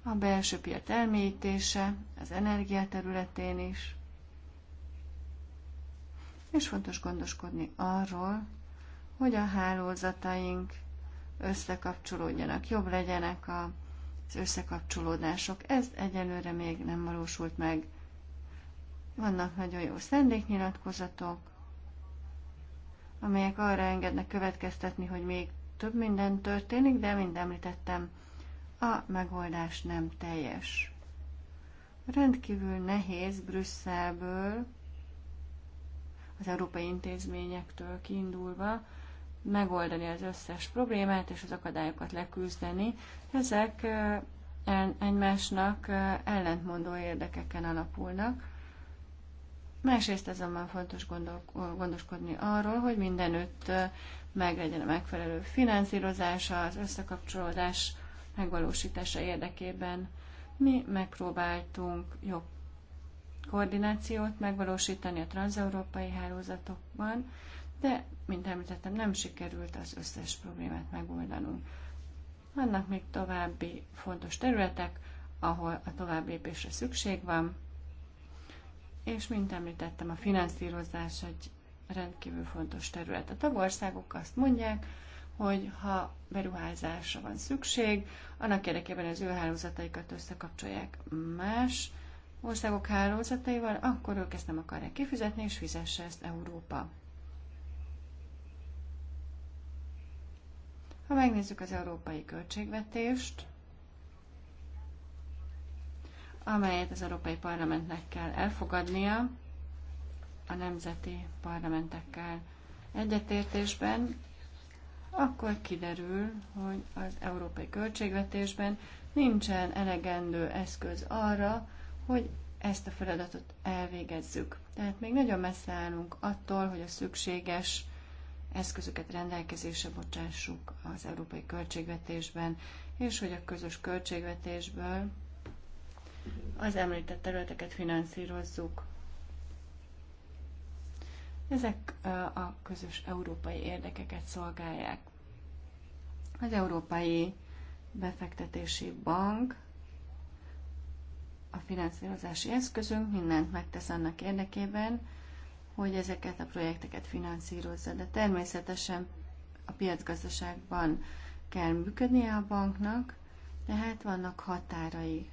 a belső piac elmélyítése az energia területén is, és fontos gondoskodni arról, hogy a hálózataink összekapcsolódjanak, jobb legyenek az összekapcsolódások. Ez egyelőre még nem valósult meg. Vannak nagyon jó szendéknyilatkozatok, amelyek arra engednek következtetni, hogy még több minden történik, de mint említettem, a megoldás nem teljes. Rendkívül nehéz Brüsszelből az európai intézményektől kiindulva megoldani az összes problémát és az akadályokat leküzdeni. Ezek egymásnak ellentmondó érdekeken alapulnak. Másrészt azonban fontos gondoskodni arról, hogy mindenütt meglegyen a megfelelő finanszírozása, az összekapcsolódás megvalósítása érdekében mi megpróbáltunk jobb koordinációt megvalósítani a transeurópai hálózatokban, de, mint említettem, nem sikerült az összes problémát megoldanunk. Vannak még további fontos területek, ahol a további lépésre szükség van, és, mint említettem, a finanszírozás egy rendkívül fontos terület. A tagországok azt mondják, hogy ha beruházásra van szükség, annak érdekében az ő hálózataikat összekapcsolják más országok hálózataival, akkor ők ezt nem akarják kifizetni, és fizesse ezt Európa. Ha megnézzük az európai költségvetést, amelyet az Európai Parlamentnek kell elfogadnia a nemzeti parlamentekkel egyetértésben, akkor kiderül, hogy az európai költségvetésben nincsen elegendő eszköz arra, hogy ezt a feladatot elvégezzük. Tehát még nagyon messze állunk attól, hogy a szükséges eszközöket rendelkezésre bocsássuk az európai költségvetésben, és hogy a közös költségvetésből az említett területeket finanszírozzuk. Ezek a közös európai érdekeket szolgálják. Az Európai Befektetési Bank a finanszírozási eszközünk, mindent megtesz annak érdekében, hogy ezeket a projekteket finanszírozza. De természetesen a piacgazdaságban kell működnie a banknak, tehát vannak határai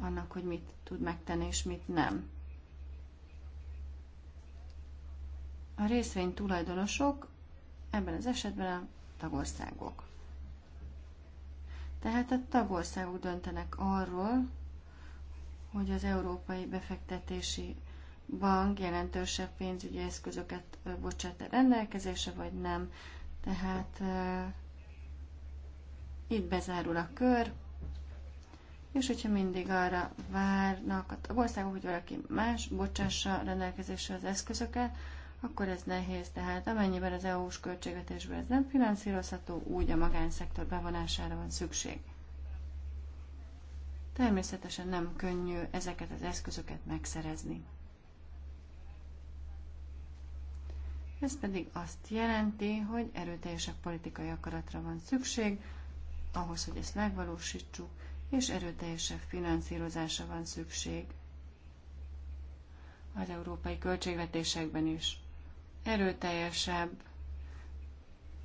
annak, hogy mit tud megtenni és mit nem. A részvény tulajdonosok ebben az esetben a tagországok. Tehát a tagországok döntenek arról, hogy az Európai Befektetési Bank jelentősebb pénzügyi eszközöket bocsát a e rendelkezésre, vagy nem. Tehát uh, itt bezárul a kör, és hogyha mindig arra várnak a tagországok, hogy valaki más bocsássa rendelkezésre az eszközöket, akkor ez nehéz. Tehát amennyiben az EU-s költségvetésből ez nem finanszírozható, úgy a magánszektor bevonására van szükség. Természetesen nem könnyű ezeket az eszközöket megszerezni. Ez pedig azt jelenti, hogy erőteljesebb politikai akaratra van szükség, ahhoz, hogy ezt megvalósítsuk, és erőteljesebb finanszírozása van szükség az európai költségvetésekben is. Erőteljesebb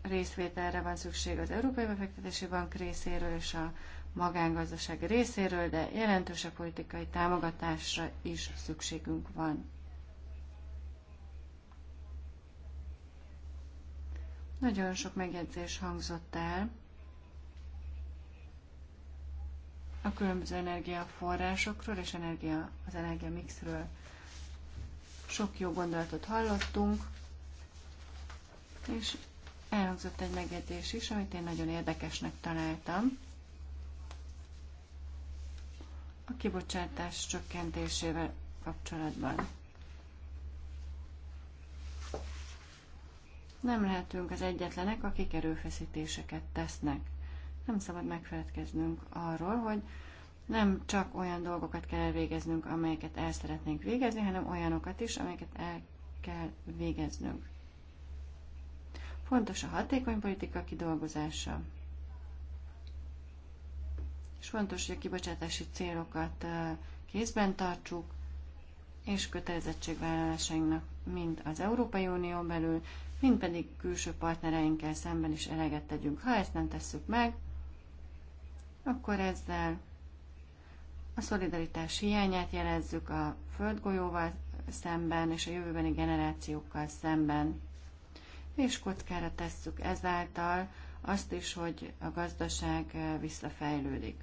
részvételre van szükség az Európai Befektetési Bank részéről és a magángazdaság részéről, de jelentős a politikai támogatásra is szükségünk van. Nagyon sok megjegyzés hangzott el a különböző energiaforrásokról és energia, az energia mixről Sok jó gondolatot hallottunk, és elhangzott egy megjegyzés is, amit én nagyon érdekesnek találtam a kibocsátás csökkentésével kapcsolatban. Nem lehetünk az egyetlenek, akik erőfeszítéseket tesznek. Nem szabad megfeledkeznünk arról, hogy nem csak olyan dolgokat kell elvégeznünk, amelyeket el szeretnénk végezni, hanem olyanokat is, amelyeket el kell végeznünk. Fontos a hatékony politika kidolgozása és fontos, hogy a kibocsátási célokat kézben tartsuk, és kötelezettségvállalásainknak mind az Európai Unión belül, mind pedig külső partnereinkkel szemben is eleget tegyünk. Ha ezt nem tesszük meg, akkor ezzel a szolidaritás hiányát jelezzük a földgolyóval szemben és a jövőbeni generációkkal szemben. És kockára tesszük ezáltal azt is, hogy a gazdaság visszafejlődik.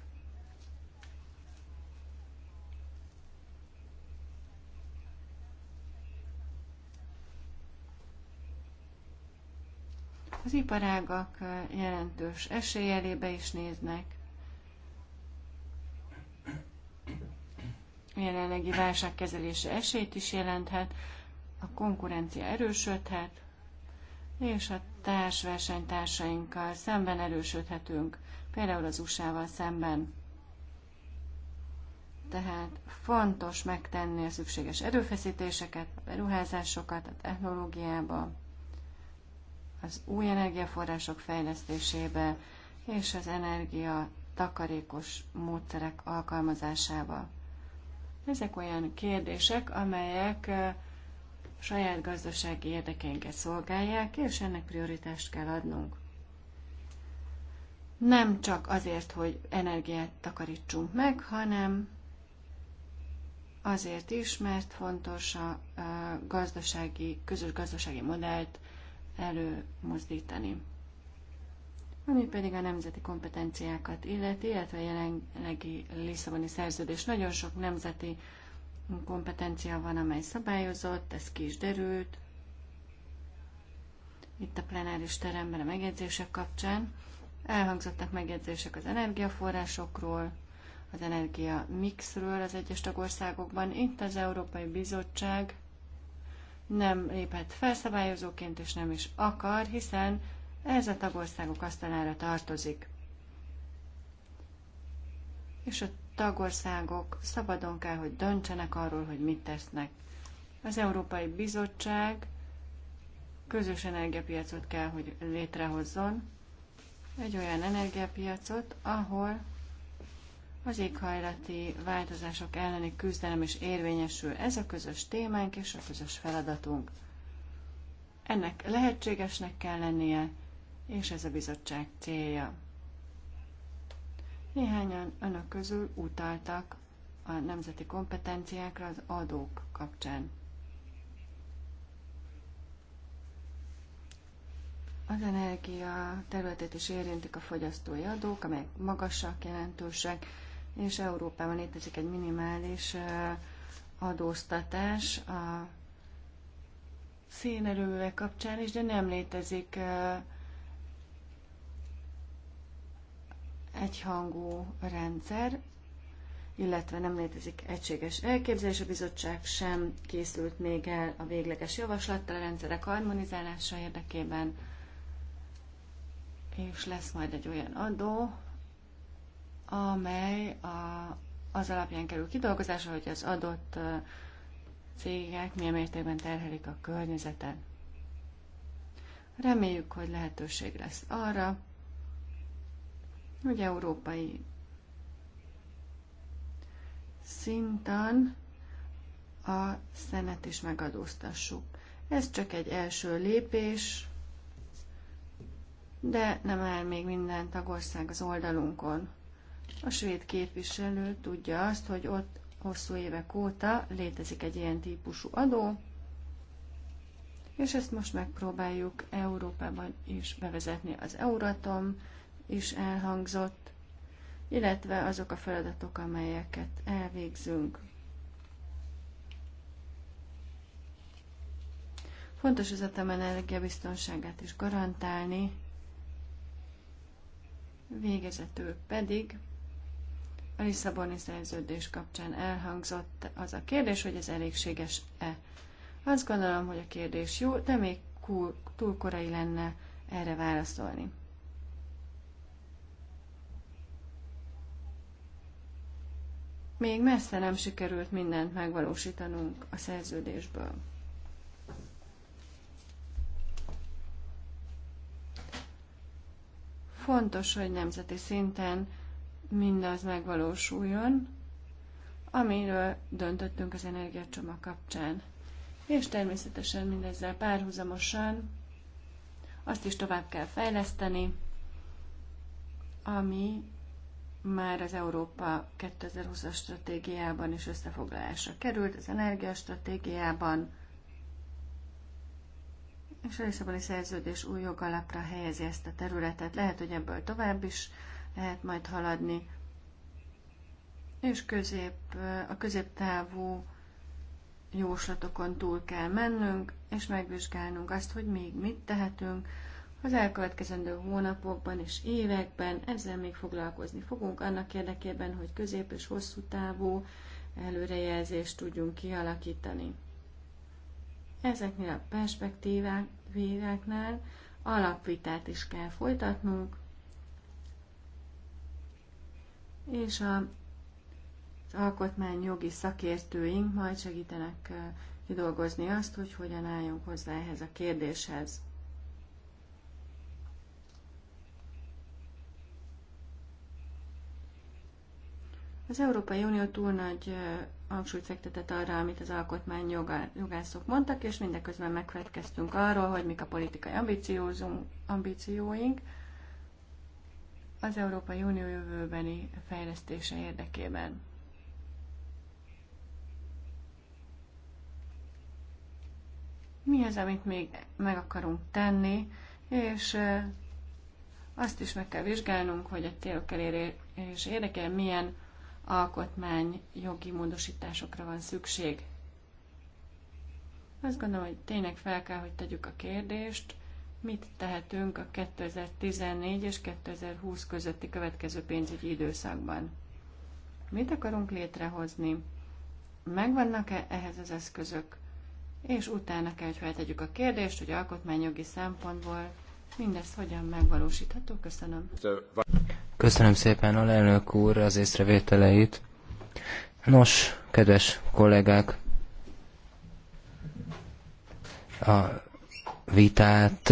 Az iparágak jelentős esélyelébe is néznek. A jelenlegi válságkezelése esélyt is jelenthet, a konkurencia erősödhet, és a társversenytársainkkal szemben erősödhetünk, például az USA-val szemben. Tehát fontos megtenni a szükséges erőfeszítéseket, a beruházásokat a technológiába, az új energiaforrások fejlesztésébe és az energia takarékos módszerek alkalmazásába. Ezek olyan kérdések, amelyek saját gazdasági érdekeinket szolgálják, és ennek prioritást kell adnunk. Nem csak azért, hogy energiát takarítsunk meg, hanem azért is, mert fontos a gazdasági, közös gazdasági modellt előmozdítani. Ami pedig a nemzeti kompetenciákat illeti, illetve a jelenlegi Lisszaboni szerződés nagyon sok nemzeti kompetencia van, amely szabályozott, ez ki is derült. Itt a plenáris teremben a megjegyzések kapcsán elhangzottak megjegyzések az energiaforrásokról, az energia mixről az egyes tagországokban. Itt az Európai Bizottság nem léphet felszabályozóként, és nem is akar, hiszen ez a tagországok asztalára tartozik. És a tagországok szabadon kell, hogy döntsenek arról, hogy mit tesznek. Az Európai Bizottság közös energiapiacot kell, hogy létrehozzon, egy olyan energiapiacot, ahol az éghajlati változások elleni küzdelem is érvényesül. Ez a közös témánk és a közös feladatunk. Ennek lehetségesnek kell lennie, és ez a bizottság célja. Néhányan önök közül utaltak a nemzeti kompetenciákra az adók kapcsán. Az energia területét is érintik a fogyasztói adók, amelyek magasak, jelentősek, és Európában létezik egy minimális adóztatás a szénerőművek kapcsán is, de nem létezik egyhangú rendszer, illetve nem létezik egységes elképzelés, a bizottság sem készült még el a végleges javaslattal a rendszerek harmonizálása érdekében, és lesz majd egy olyan adó, amely a, az alapján kerül kidolgozásra, hogy az adott cégek milyen mértékben terhelik a környezetet. Reméljük, hogy lehetőség lesz arra, hogy európai szinten a szenet is megadóztassuk. Ez csak egy első lépés, de nem áll még minden tagország az oldalunkon. A svéd képviselő tudja azt, hogy ott hosszú évek óta létezik egy ilyen típusú adó, és ezt most megpróbáljuk Európában is bevezetni. Az Euratom is elhangzott, illetve azok a feladatok, amelyeket elvégzünk. Fontos az atomenergia biztonságát is garantálni, végezetül pedig a Lisszaboni szerződés kapcsán elhangzott az a kérdés, hogy ez elégséges-e. Azt gondolom, hogy a kérdés jó, de még túl korai lenne erre válaszolni. Még messze nem sikerült mindent megvalósítanunk a szerződésből. Fontos, hogy nemzeti szinten mindaz megvalósuljon, amiről döntöttünk az energiacsomag kapcsán. És természetesen mindezzel párhuzamosan azt is tovább kell fejleszteni, ami már az Európa 2020-as stratégiában is összefoglalásra került, az energiastratégiában, és a Lisszaboni szerződés új jogalapra helyezi ezt a területet. Lehet, hogy ebből tovább is lehet majd haladni. És közép, a középtávú jóslatokon túl kell mennünk, és megvizsgálnunk azt, hogy még mit tehetünk. Az elkövetkezendő hónapokban és években ezzel még foglalkozni fogunk, annak érdekében, hogy közép és hosszú távú előrejelzést tudjunk kialakítani. Ezeknél a perspektíváknál alapvitát is kell folytatnunk, és a, az alkotmányjogi szakértőink majd segítenek kidolgozni azt, hogy hogyan álljunk hozzá ehhez a kérdéshez. Az Európai Unió túl nagy hangsúlyt fektetett arra, amit az alkotmány jogászok mondtak, és mindeközben megfelelkeztünk arról, hogy mik a politikai ambícióink, az Európai Unió jövőbeni fejlesztése érdekében. Mi az, amit még meg akarunk tenni, és azt is meg kell vizsgálnunk, hogy a célok elérés érdekében milyen alkotmány jogi módosításokra van szükség. Azt gondolom, hogy tényleg fel kell, hogy tegyük a kérdést, mit tehetünk a 2014 és 2020 közötti következő pénzügyi időszakban. Mit akarunk létrehozni? Megvannak-e ehhez az eszközök? És utána kell, hogy feltegyük a kérdést, hogy alkotmányjogi szempontból mindezt hogyan megvalósítható. Köszönöm. Köszönöm szépen a lelnök úr az észrevételeit. Nos, kedves kollégák, a vitát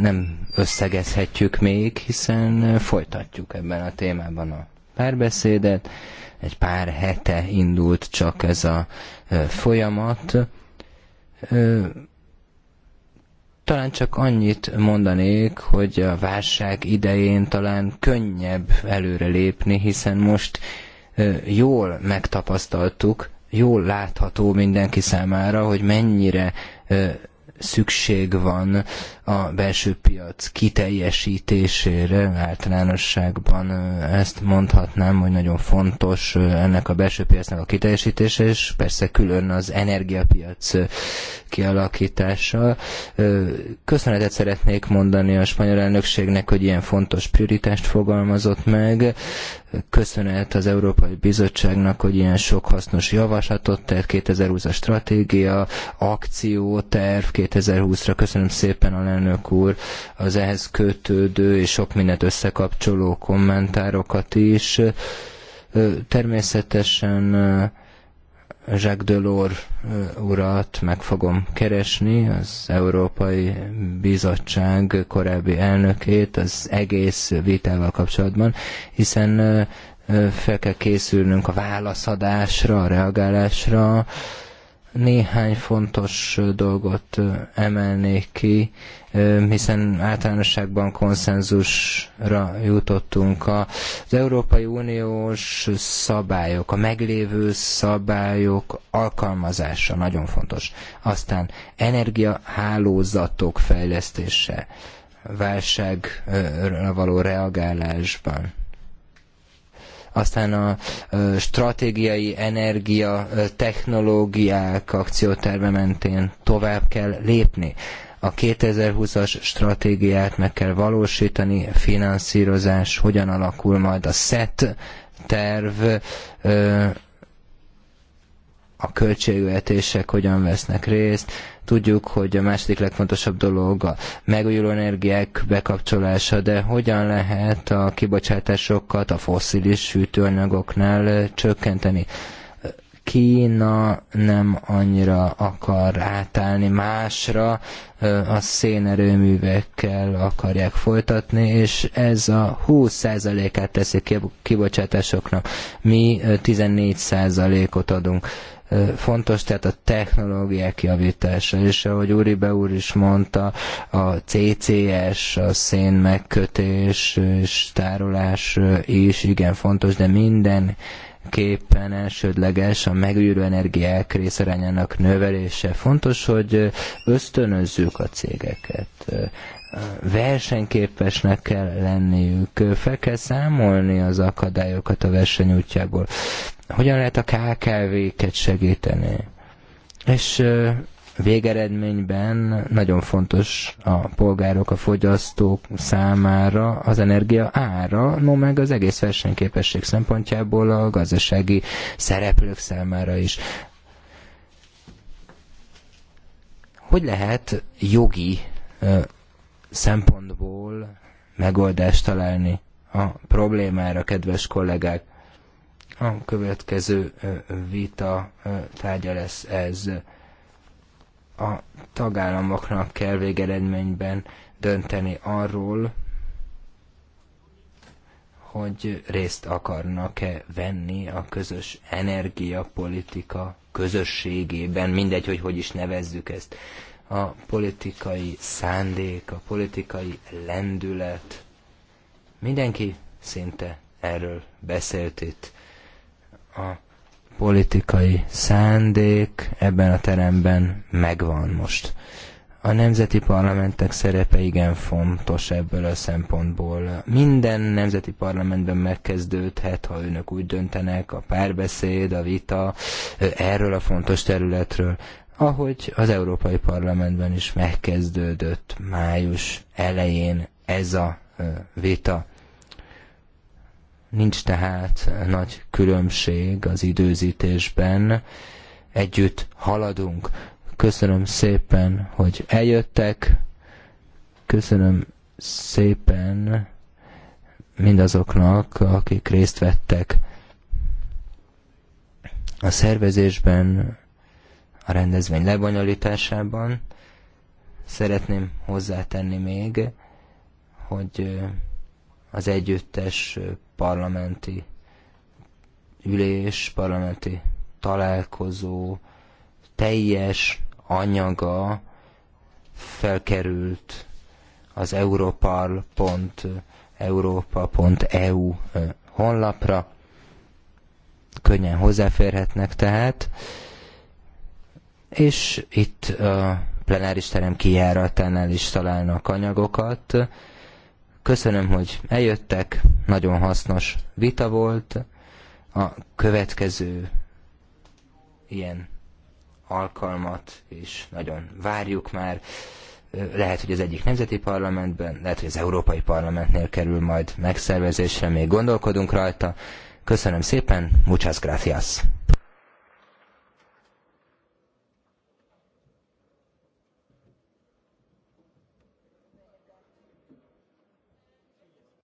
nem összegezhetjük még, hiszen folytatjuk ebben a témában a párbeszédet. Egy pár hete indult csak ez a folyamat. Talán csak annyit mondanék, hogy a válság idején talán könnyebb előrelépni, hiszen most jól megtapasztaltuk, jól látható mindenki számára, hogy mennyire szükség van a belső piac kiteljesítésére, általánosságban ezt mondhatnám, hogy nagyon fontos ennek a belső piacnak a kiteljesítése, és persze külön az energiapiac kialakítása. Köszönetet szeretnék mondani a spanyol elnökségnek, hogy ilyen fontos prioritást fogalmazott meg. Köszönet az Európai Bizottságnak, hogy ilyen sok hasznos javaslatot tett, 2020-as stratégia, akcióterv 2020-ra. Köszönöm szépen a elnök úr az ehhez kötődő és sok mindent összekapcsoló kommentárokat is. Természetesen Jacques Delors urat meg fogom keresni, az Európai Bizottság korábbi elnökét az egész vitával kapcsolatban, hiszen fel kell készülnünk a válaszadásra, a reagálásra, néhány fontos dolgot emelnék ki, hiszen általánosságban konszenzusra jutottunk. Az Európai Uniós szabályok, a meglévő szabályok alkalmazása nagyon fontos. Aztán energiahálózatok fejlesztése, válságra való reagálásban aztán a stratégiai energia technológiák akcióterve mentén tovább kell lépni. A 2020-as stratégiát meg kell valósítani, finanszírozás hogyan alakul majd a SET terv a költségvetések hogyan vesznek részt. Tudjuk, hogy a második legfontosabb dolog a megújuló energiák bekapcsolása, de hogyan lehet a kibocsátásokat a fosszilis fűtőanyagoknál csökkenteni? Kína nem annyira akar átállni másra, a szénerőművekkel akarják folytatni, és ez a 20%-át teszi kibocsátásoknak. Mi 14%-ot adunk fontos, tehát a technológiák javítása, és ahogy Uribe úr is mondta, a CCS, a szén megkötés és tárolás is igen fontos, de minden képpen elsődleges a megújuló energiák részarányának növelése. Fontos, hogy ösztönözzük a cégeket versenyképesnek kell lenniük, fel kell számolni az akadályokat a verseny útjából. Hogyan lehet a KKV-ket segíteni? És végeredményben nagyon fontos a polgárok, a fogyasztók számára az energia ára, no meg az egész versenyképesség szempontjából a gazdasági szereplők számára is. Hogy lehet jogi szempontból megoldást találni a problémára, kedves kollégák? A következő vita tárgya lesz ez. A tagállamoknak kell végeredményben dönteni arról, hogy részt akarnak-e venni a közös energiapolitika közösségében, mindegy, hogy hogy is nevezzük ezt. A politikai szándék, a politikai lendület, mindenki szinte erről beszélt itt a politikai szándék ebben a teremben megvan most. A nemzeti parlamentek szerepe igen fontos ebből a szempontból. Minden nemzeti parlamentben megkezdődhet, ha önök úgy döntenek, a párbeszéd, a vita erről a fontos területről, ahogy az Európai Parlamentben is megkezdődött május elején ez a vita. Nincs tehát nagy különbség az időzítésben. Együtt haladunk. Köszönöm szépen, hogy eljöttek. Köszönöm szépen mindazoknak, akik részt vettek a szervezésben, a rendezvény lebonyolításában. Szeretném hozzátenni még, hogy az együttes parlamenti ülés, parlamenti találkozó teljes anyaga felkerült az europarl.europa.eu honlapra. Könnyen hozzáférhetnek tehát. És itt a plenáris terem kijáratánál is találnak anyagokat. Köszönöm, hogy eljöttek, nagyon hasznos vita volt. A következő ilyen alkalmat, is nagyon várjuk már. Lehet, hogy az egyik nemzeti parlamentben, lehet, hogy az Európai Parlamentnél kerül majd megszervezésre, még gondolkodunk rajta. Köszönöm szépen, muchas gracias!